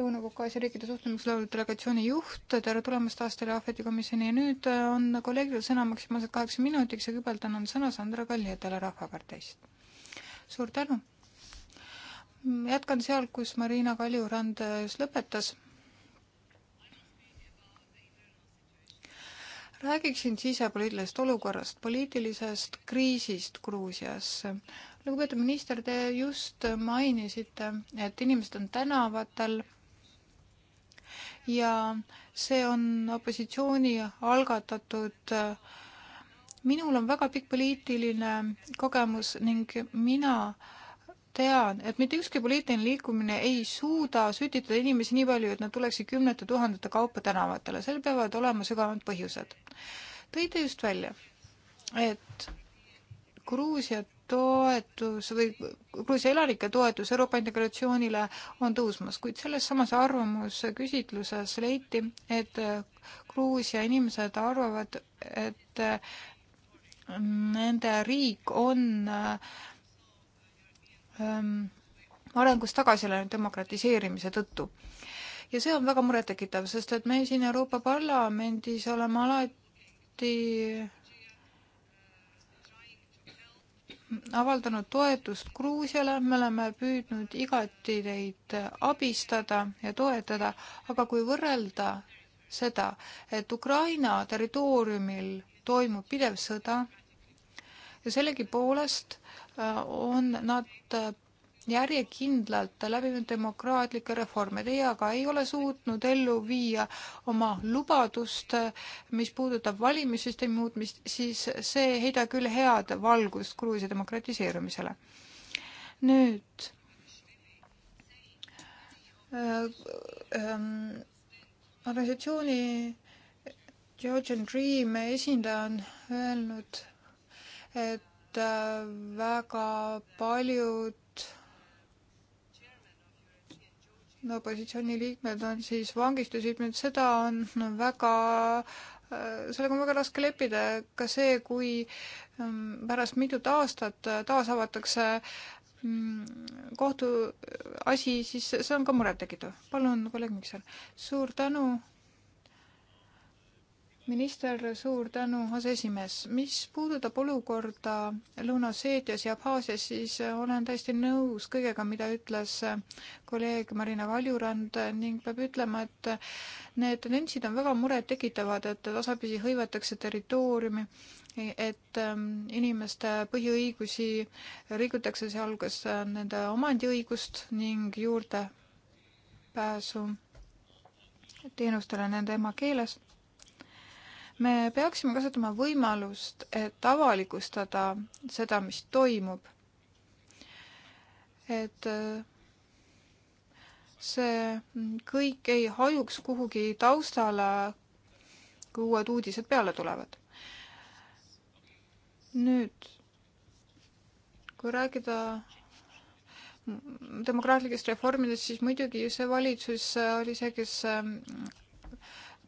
Lõuna-Kaukaasia riikide suhtlemisloolu delegatsiooni juht, tere tulemast aastale Ahveti komisjoni ja nüüd on kolleegidel sõna maksimaalselt kaheksa minutiks ja kõigepealt annan sõna Sandra Kaljetele Rahvaparteist suur tänu! jätkan seal, kus Marina Kaljurand just lõpetas. räägiksin sisepoliitilisest olukorrast, poliitilisest kriisist Gruusias. lugupeetud minister, te just mainisite, et inimesed on tänavatel ja see on opositsiooni algatatud äh, minul on väga pikk poliitiline kogemus ning mina tean, et mitte ükski poliitiline liikumine ei suuda sütitada inimesi nii palju, et nad tuleksid kümnete tuhandete kaupa tänavatele, seal peavad olema sügavamad põhjused. tõite just välja, et Gruusia toetus või Gruusia elanike toetus Euroopa integratsioonile on tõusmas, kuid selles samas arvamusküsitluses leiti, et Gruusia inimesed arvavad, et nende riik on ähm, arengus tagasi läinud demokratiseerimise tõttu. ja see on väga murettekitav, sest et me siin Euroopa Parlamendis oleme alati avaldanud toetust Gruusiale, me oleme püüdnud igati neid abistada ja toetada, aga kui võrrelda seda, et Ukraina territooriumil toimub pidev sõda ja sellegipoolest äh, on nad äh, järjekindlalt läbinud demokraatlikke reforme. Teie aga ei ole suutnud ellu viia oma lubadust, äh, mis puudutab valimissüsteemi muutmist, siis see ei heida küll head valgust Gruusia demokratiseerumisele. nüüd ähm, organisatsiooni Georgian Dream esindaja on öelnud, et äh, väga paljud opositsiooni liikmed on siis vangistusid, nüüd seda on väga, äh, sellega on väga raske leppida, ka see, kui ähm, pärast mitut aastat äh, taas avatakse Mm, kohtuasi, siis see on ka murettekitav. palun, kolleeg Mikser. suur tänu minister, suur tänu, aseesimees. mis puudutab olukorda Lõuna-Osseetias ja Abhaasias, siis olen täiesti nõus kõigega, mida ütles kolleeg Marina Kaljurand ning peab ütlema, et need tendentsid on väga murettekitavad, et tasapisi hõivatakse territooriumi, et ähm, inimeste põhiõigusi rikutakse, sealhulgas äh, nende omandiõigust ning juurdepääsu teenustele nende emakeeles me peaksime kasutama võimalust, et avalikustada seda, mis toimub. et äh, see kõik ei hajuks kuhugi taustale, kui uued uudised peale tulevad. nüüd, kui rääkida demokraatlikest reformidest, siis muidugi see valitsus oli see, kes äh,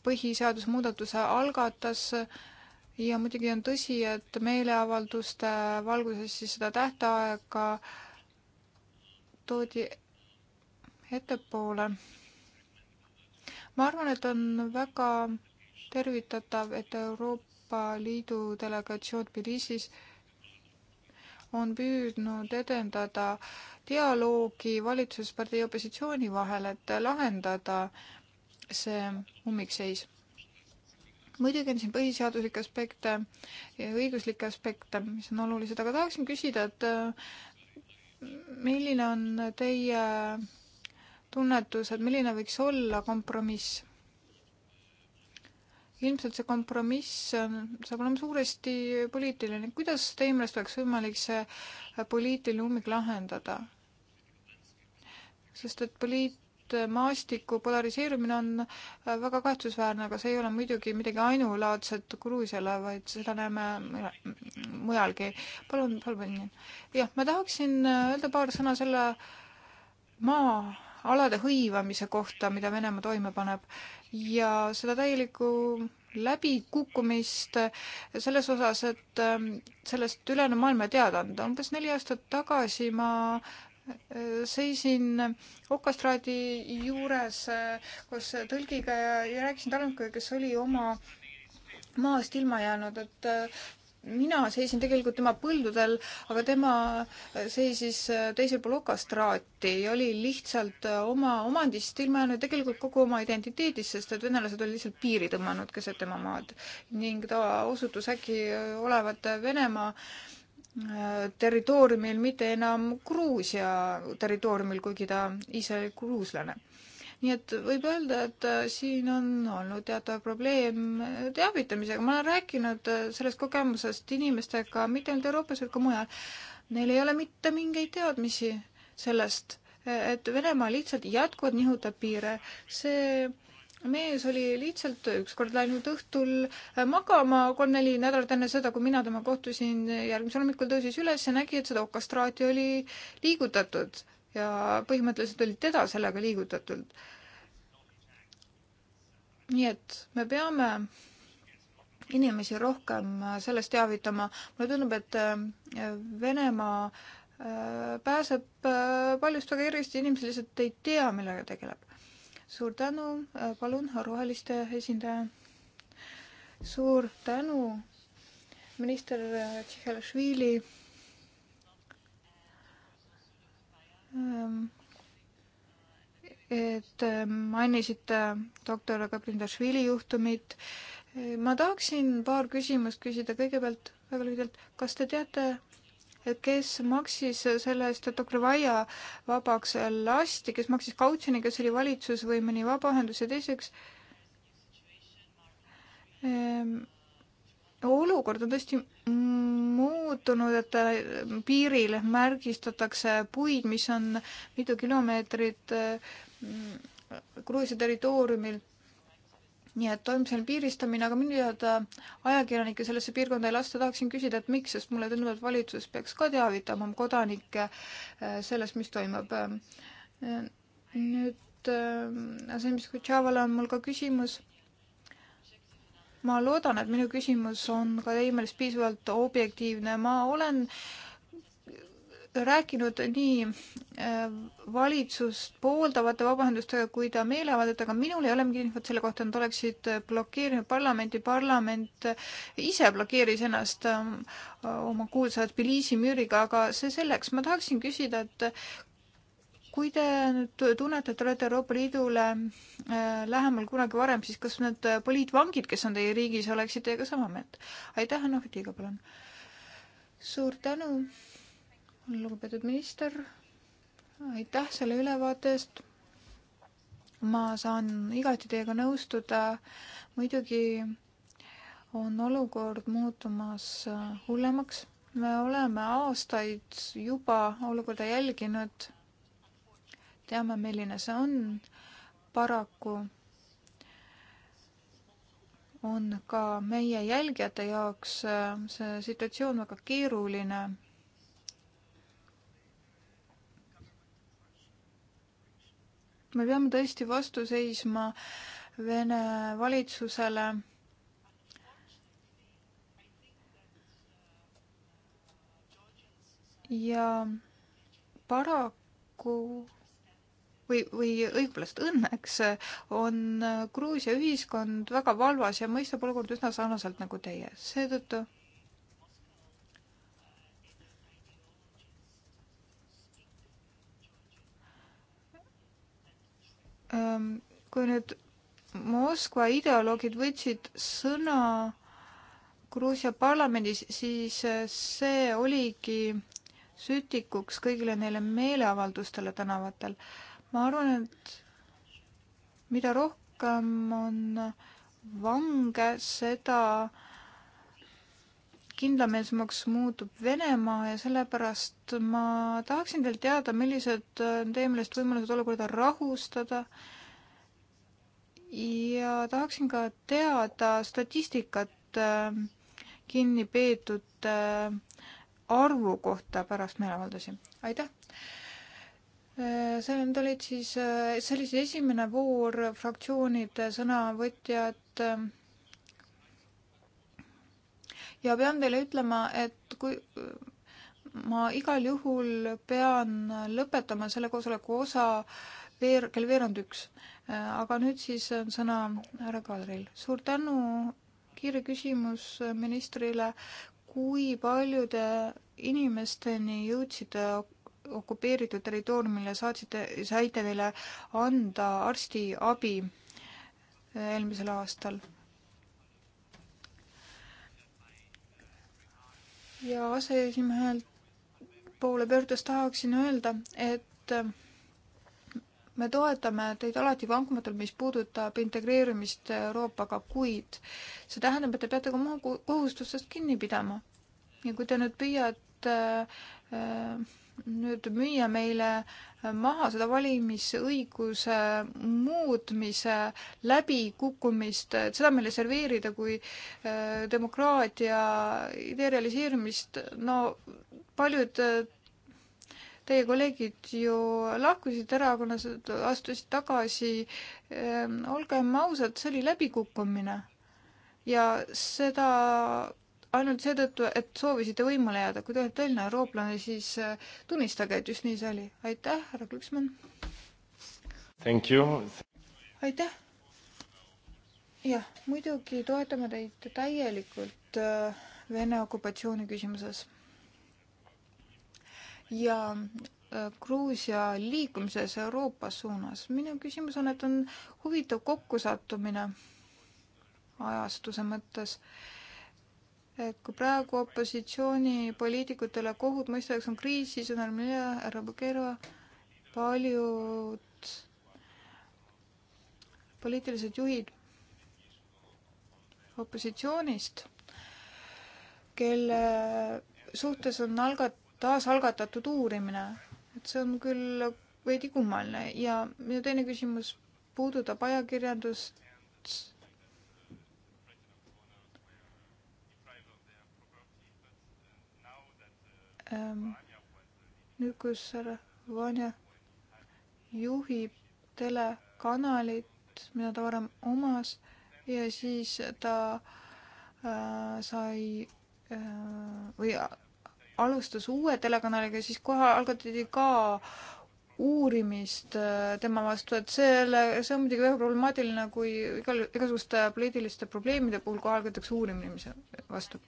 põhiseaduse muudatuse algatas ja muidugi on tõsi, et meeleavalduste valguses siis seda tähtaega toodi ettepoole. ma arvan, et on väga tervitatav, et Euroopa Liidu delegatsioon Tbilisis on püüdnud edendada dialoogi valitsuspartei ja opositsiooni vahel, et lahendada see ummikseis. muidugi on siin põhiseaduslikke aspekte ja õiguslikke aspekte, mis on olulised, aga tahaksin küsida, et äh, milline on teie tunnetus, et milline võiks olla kompromiss? ilmselt see kompromiss äh, saab olema suuresti poliitiline. kuidas teie meelest oleks võimalik see poliitiline ummik lahendada? sest et poliit-, maastiku polariseerumine on äh, väga kahetsusväärne, aga see ei ole muidugi midagi ainulaadset Gruusiale, vaid seda näeme mujalgi. palun, palun. jah, ma tahaksin äh, öelda paar sõna selle maa-alade hõivamise kohta, mida Venemaa toime paneb ja seda täielikku läbikukkumist äh, selles osas, et ähm, sellest ülejäänud maailma teada anda. umbes neli aastat tagasi ma seisin okastraadi juures koos tõlgiga ja, ja rääkisin talunikuga, kes oli oma maast ilma jäänud, et äh, mina seisin tegelikult tema põldudel, aga tema seisis äh, teisel pool okastraati ja oli lihtsalt äh, oma omandist ilma jäänud, tegelikult kogu oma identiteedist, sest et venelased olid lihtsalt piiri tõmmanud keset tema maad ning ta osutus äkki olevat Venemaa äh, Äh, territooriumil, mitte enam Gruusia territooriumil, kuigi ta ise oli gruuslane. nii et võib öelda, et äh, siin on olnud teatav probleem äh, teavitamisega, ma olen rääkinud sellest kogemusest inimestega mitte ainult Euroopas, vaid ka mujal. Neil ei ole mitte mingeid teadmisi sellest, et Venemaa lihtsalt jätkuvalt nihutab piire, see mees oli lihtsalt ükskord läinud õhtul äh, magama kolm-neli nädalat enne seda, kui mina temaga kohtusin, järgmisel hommikul tõusis üles ja nägi, et seda okastraati oli liigutatud ja põhimõtteliselt oli teda sellega liigutatud. nii et me peame inimesi rohkem äh, sellest teavitama. mulle tundub, et äh, Venemaa pääseb paljust väga kergesti, inimesed lihtsalt ei tea, millega tegeleb suur tänu, äh, palun, roheliste esindaja. suur tänu, minister Tšihhelašvili ähm et äh, mainisite doktor Kapindašvili juhtumit. Äh, ma tahaksin paar küsimust küsida, kõigepealt väga lühidalt, kas te teate, kes maksis selle eest, et Okrivaia vabaks lasti, kes maksis kautsjoni, kes oli valitsus või mõni vabaühendus ja teiseks ehm, olukord on tõesti muutunud, et ehm, piiril märgistatakse puid, mis on mitu kilomeetrit ehm, Gruusia territooriumilt nii et toimub selline piiristamine, aga minu teada ajakirjanikke sellesse piirkonda ei lasta, tahaksin küsida, et miks, sest mulle tundub, et valitsus peaks ka teavitama oma kodanikke äh, sellest, mis toimub. Äh, nüüd asemis äh, Kutšavale on mul ka küsimus. ma loodan, et minu küsimus on ka teie meelest piisavalt objektiivne, ma olen äh, rääkinud nii äh, valitsust pooldavate vabaühendustega kui ta meeleavaldajatega, minul ei ole mingit infot selle kohta, nad oleksid äh, blokeerinud parlamenti, parlament äh, ise blokeeris ennast oma kuulsa Tbilisi müüriga, aga see selleks, ma tahaksin küsida, et kui te nüüd tunnete, et te olete Euroopa Liidule lähemal kunagi varem, siis kas need poliitvangid, kes on teie riigis, oleksid teiega sama meelt? aitäh, Hanno Fediga, palun! suur tänu! lugupeetud minister, aitäh selle ülevaate eest. ma saan igati teiega nõustuda. muidugi on olukord muutumas hullemaks. me oleme aastaid juba olukorda jälginud. teame, milline see on. paraku on ka meie jälgijate jaoks see situatsioon väga keeruline me peame tõesti vastu seisma Vene valitsusele ja paraku või, või õigupoolest õnneks on Gruusia ühiskond väga valvas ja mõistab olukorda üsna sarnaselt nagu teie. seetõttu kui nüüd Moskva ideoloogid võtsid sõna Gruusia parlamendis, siis äh, see oligi sütikuks kõigile neile meeleavaldustele tänavatel. ma arvan, et mida rohkem on vange, seda äh, kindlameelsemaks muutub Venemaa ja sellepärast ma tahaksin teilt teada, millised teie meelest võimalused olukorda rahustada ja tahaksin ka teada statistikat ähm, kinni peetud ähm, arvu kohta pärast meeleavaldusi. aitäh! Äh, see, need olid siis, äh, see oli siis esimene voor fraktsioonide sõnavõtjad ähm, ja pean teile ütlema, et kui ma igal juhul pean lõpetama selle koosoleku osa veer-, kell veerand üks. aga nüüd siis on sõna härra Kadril. suur tänu, kiire küsimus ministrile, kui paljude inimesteni jõudsite okupeeritud territooriumile, saatsite, saite neile anda arstiabi eelmisel aastal? ja aseesimehe poole pöördes tahaksin öelda, et me toetame teid alati vankumatult, mis puudutab integreerumist Euroopaga, kuid see tähendab, et te peate ka oma kohustustest kinni pidama. ja kui te nüüd püüate äh, äh, nüüd müüa meile maha seda valimisõiguse muutmise läbikukkumist, et seda meile serveerida kui äh, demokraatia idee realiseerimist, no paljud äh, teie kolleegid ju lahkusid erakonnast, astusid tagasi, ähm, olgem ausad, see oli läbikukkumine. ja seda ainult seetõttu, et soovisite võimule jääda. kui te olete tõeline eurooplane, siis äh, tunnistage, et just nii see oli. aitäh, härra Glüksmann! aitäh! jah, muidugi toetame teid täielikult äh, Vene okupatsiooni küsimuses. ja äh, Gruusia liikumises Euroopa suunas. minu küsimus on, et on huvitav kokkusattumine ajastuse mõttes äh, kui praegu opositsioonipoliitikutele kohut mõistjaks on kriis, siis on Armenia, härra Bukerva, paljud poliitilised juhid opositsioonist, kelle suhtes on algat-, taasalgatatud uurimine. et see on küll veidi kummaline ja minu teine küsimus puudutab ajakirjandust Ähm, nüüd, kus härra Vanja juhib telekanalit, mida ta varem omas ja siis ta äh, sai äh, või alustas uue telekanaliga, siis kohe algatati ka uurimist äh, tema vastu, et selle, see on muidugi väga problemaatiline, kui igal, igasuguste poliitiliste probleemide puhul kohe algatatakse uurimine vastu.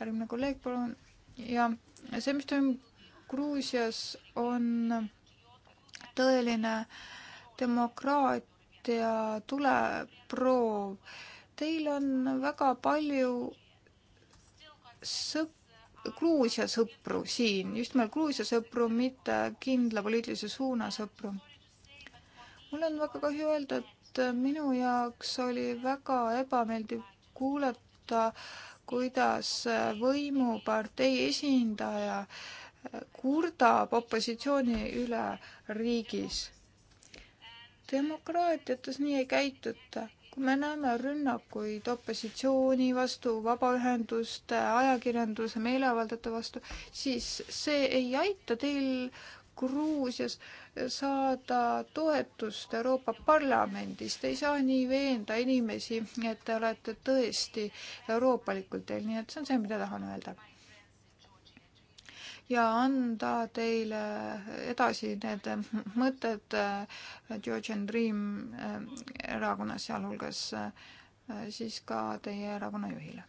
järgmine kolleeg, palun ja see, mis toimub Gruusias, on tõeline demokraatia tuleproov. Teil on väga palju sõp-, Gruusia sõpru siin, just nimelt Gruusia sõpru, mitte kindla poliitilise suuna sõpru. mul on väga kahju öelda, et minu jaoks oli väga ebameeldiv kuulata kuidas äh, võimupartei esindaja äh, kurdab opositsiooni üle riigis. demokraatiates nii ei käituta. kui me näeme rünnakuid opositsiooni vastu, vabaühenduste, ajakirjanduse, meeleavaldajate vastu, siis see ei aita teil Gruusias äh, saada toetust Euroopa Parlamendist, ei saa nii veenda inimesi, et te olete tõesti euroopalikul teel, nii et see on see, mida tahan öelda ja anda teile edasi need mõtted äh, George and Dream äh, erakonnas, sealhulgas äh, siis ka teie erakonna juhile.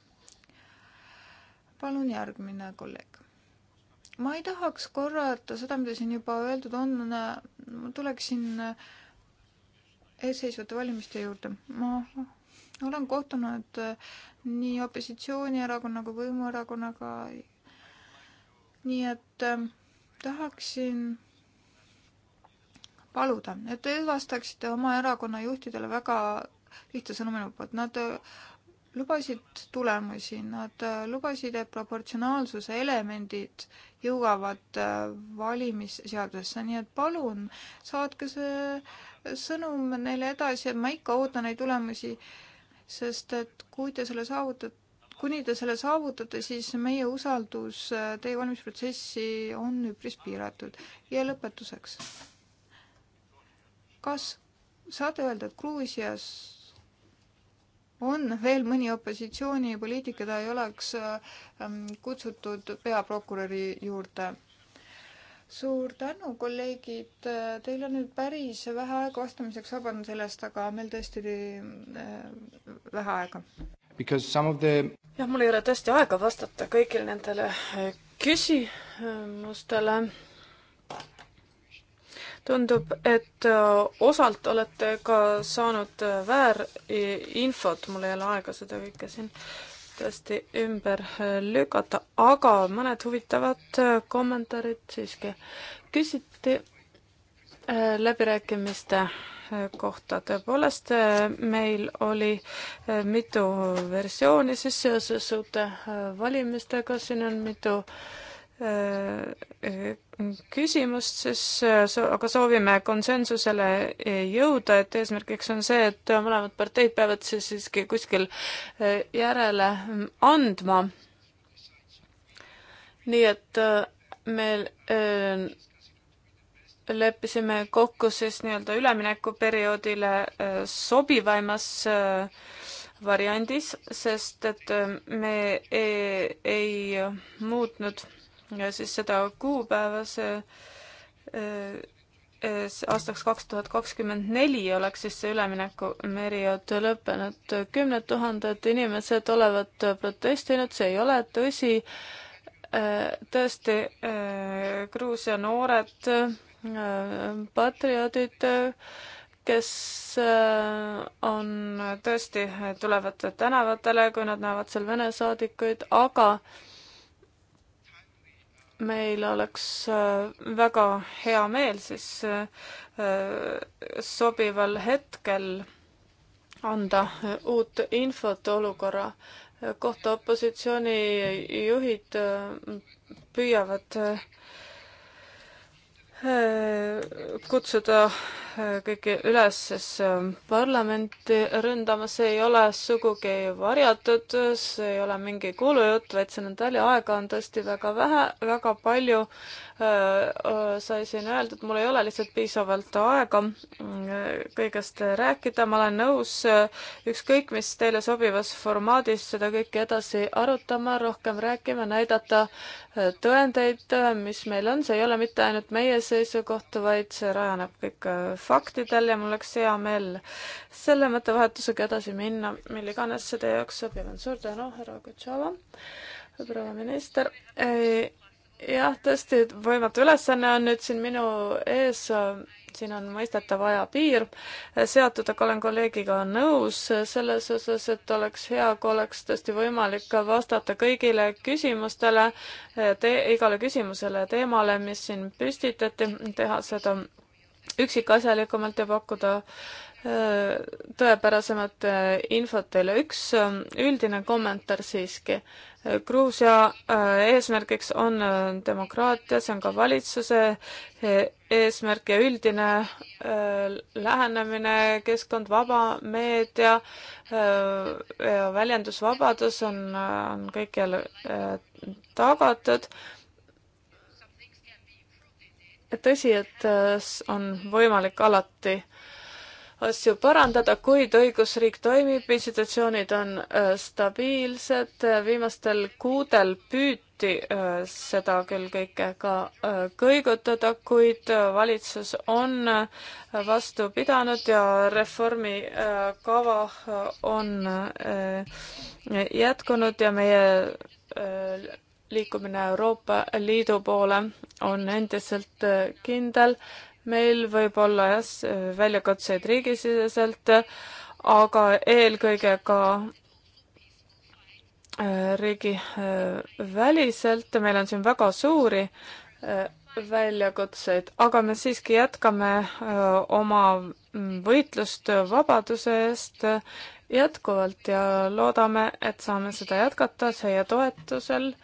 palun järgmine kolleeg ma ei tahaks korrata seda, mida siin juba öeldud on, ma tuleksin eesseisvate valimiste juurde. ma olen kohtunud nii opositsioonierakonnaga, võimuerakonnaga, nii et ähm, tahaksin paluda, et te edastaksite oma erakonna juhtidele väga lihtsa sõnumi poolt, nad lubasid tulemusi, nad äh, lubasid, et proportsionaalsuse elemendid jõuavad äh, valimisseadusesse, nii et palun saatke see äh, sõnum neile edasi, et ma ikka ootan neid tulemusi, sest et kui te selle saavutate, kuni te selle saavutate, siis meie usaldus teie valimisprotsessi on üpris piiratud. ja lõpetuseks. kas saate öelda, et Gruusias on veel mõni opositsioonipoliitik, keda ei oleks ähm, kutsutud peaprokuröri juurde suur tänu, kolleegid, teil on nüüd päris vähe aega vastamiseks, vabandan selle eest, aga meil tõesti oli äh, vähe aega. The... jah, mul ei ole tõesti aega vastata kõigile nendele äh, küsimustele tundub, et äh, osalt olete ka saanud äh, väärinfot, mul ei ole aega seda kõike siin tõesti ümber äh, lükata, aga mõned huvitavad kommentaarid siiski. küsiti läbirääkimiste kohta. tõepoolest, meil oli mitu versiooni siis seoses uute valimistega, siin on mitu äh, Äh, äh, küsimust, siis äh, aga soovime konsensusele jõuda, et eesmärgiks on see, et mõlemad parteid peavad siis siiski kuskil järele mm, andma. nii et me leppisime kokku siis nii-öelda üleminekuperioodile sobivaimas variandis, sest et me ei, ei muutnud siis seda kuupäeva, äh, äh, see aastaks kaks tuhat kakskümmend neli oleks siis see üleminekuperiood lõppenud. kümned tuhanded inimesed olevat protestinud, see ei ole tõsi. Äh, tõesti, Gruusia noored patrioodid, kes on tõesti, tulevad tänavatele, kui nad näevad seal Vene saadikuid, aga äh, meil oleks äh, väga hea meel siis äh, sobival hetkel anda äh, uut infot olukorra kohta. opositsioonijuhid püüavad Äh, kutsuda äh, kõiki üles siis ähm, parlamenti ründama, see ei ole sugugi varjatud, see ei ole mingi kuulujutt, vaid Senatali aega on tõesti väga vähe, väga palju äh, sai siin öeldud, mul ei ole lihtsalt piisavalt aega mm, kõigest rääkida, ma olen nõus ükskõik mis teile sobivas formaadis seda kõike edasi arutama, rohkem rääkima, näidata tõendeid, mis meil on, see ei ole mitte ainult meie seisukoht, vaid see rajaneb kõik äh, faktidel ja mul oleks hea meel selle mõttevahetusega edasi minna, mil iganes see teie jaoks sobiv on. suur tänu, härra Kutšova, proua minister. jah, tõesti, võimatu ülesanne on nüüd siin minu ees siin on mõistetav ajapiir seatud, aga olen kolleegiga nõus selles osas, et oleks hea, kui oleks tõesti võimalik vastata kõigile küsimustele, igale küsimusele ja teemale, mis siin püstitati, teha seda üksikasjalikumalt ja pakkuda äh, tõepärasemat äh, infot teile. üks äh, üldine kommentaar siiski. Gruusia äh, eesmärgiks on äh, demokraatia, see on ka valitsuse e, eesmärk ja üldine äh, lähenemine, keskkond, vaba meedia ja väljendusvabadus on, on kõikjal tagatud. tõsi, et on võimalik alati asju parandada, kuid õigusriik toimib, institutsioonid on äh, stabiilsed, viimastel kuudel püüti äh, seda küll kõike ka äh, kõigutada, kuid valitsus on vastu pidanud ja reformikava on jätkunud ja meie liikumine Euroopa Liidu poole on endiselt kindel meil võib olla jah, väljakutseid riigisiseselt, aga eelkõige ka äh, riigiväliselt, äh, meil on siin väga suuri äh, väljakutseid, aga me siiski jätkame oma mm, võitlust vabaduse eest jätkuvalt ja loodame, et saame seda jätkata teie toetusel äh,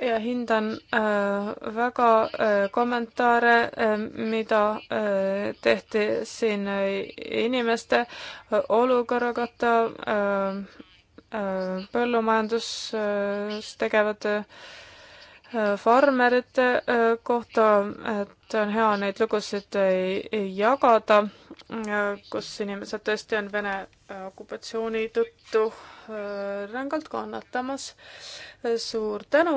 ja hindan äh, väga äh, kommentaare äh,, mida äh, tehti siin äh, inimeste äh, olukorra kohta äh,, äh, põllumajandustegevad äh, äh, farmerite äh, kohta äh, et on hea neid lugusid jagada, kus inimesed tõesti on Vene äh, okupatsiooni tõttu äh, rängalt kannatamas. suur tänu!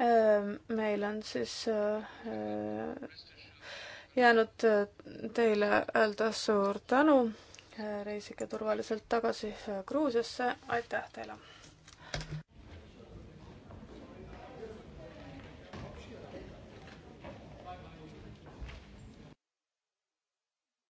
Äh, meil on siis jäänud teile öelda suur tänu. reisige turvaliselt tagasi Gruusiasse, aitäh teile!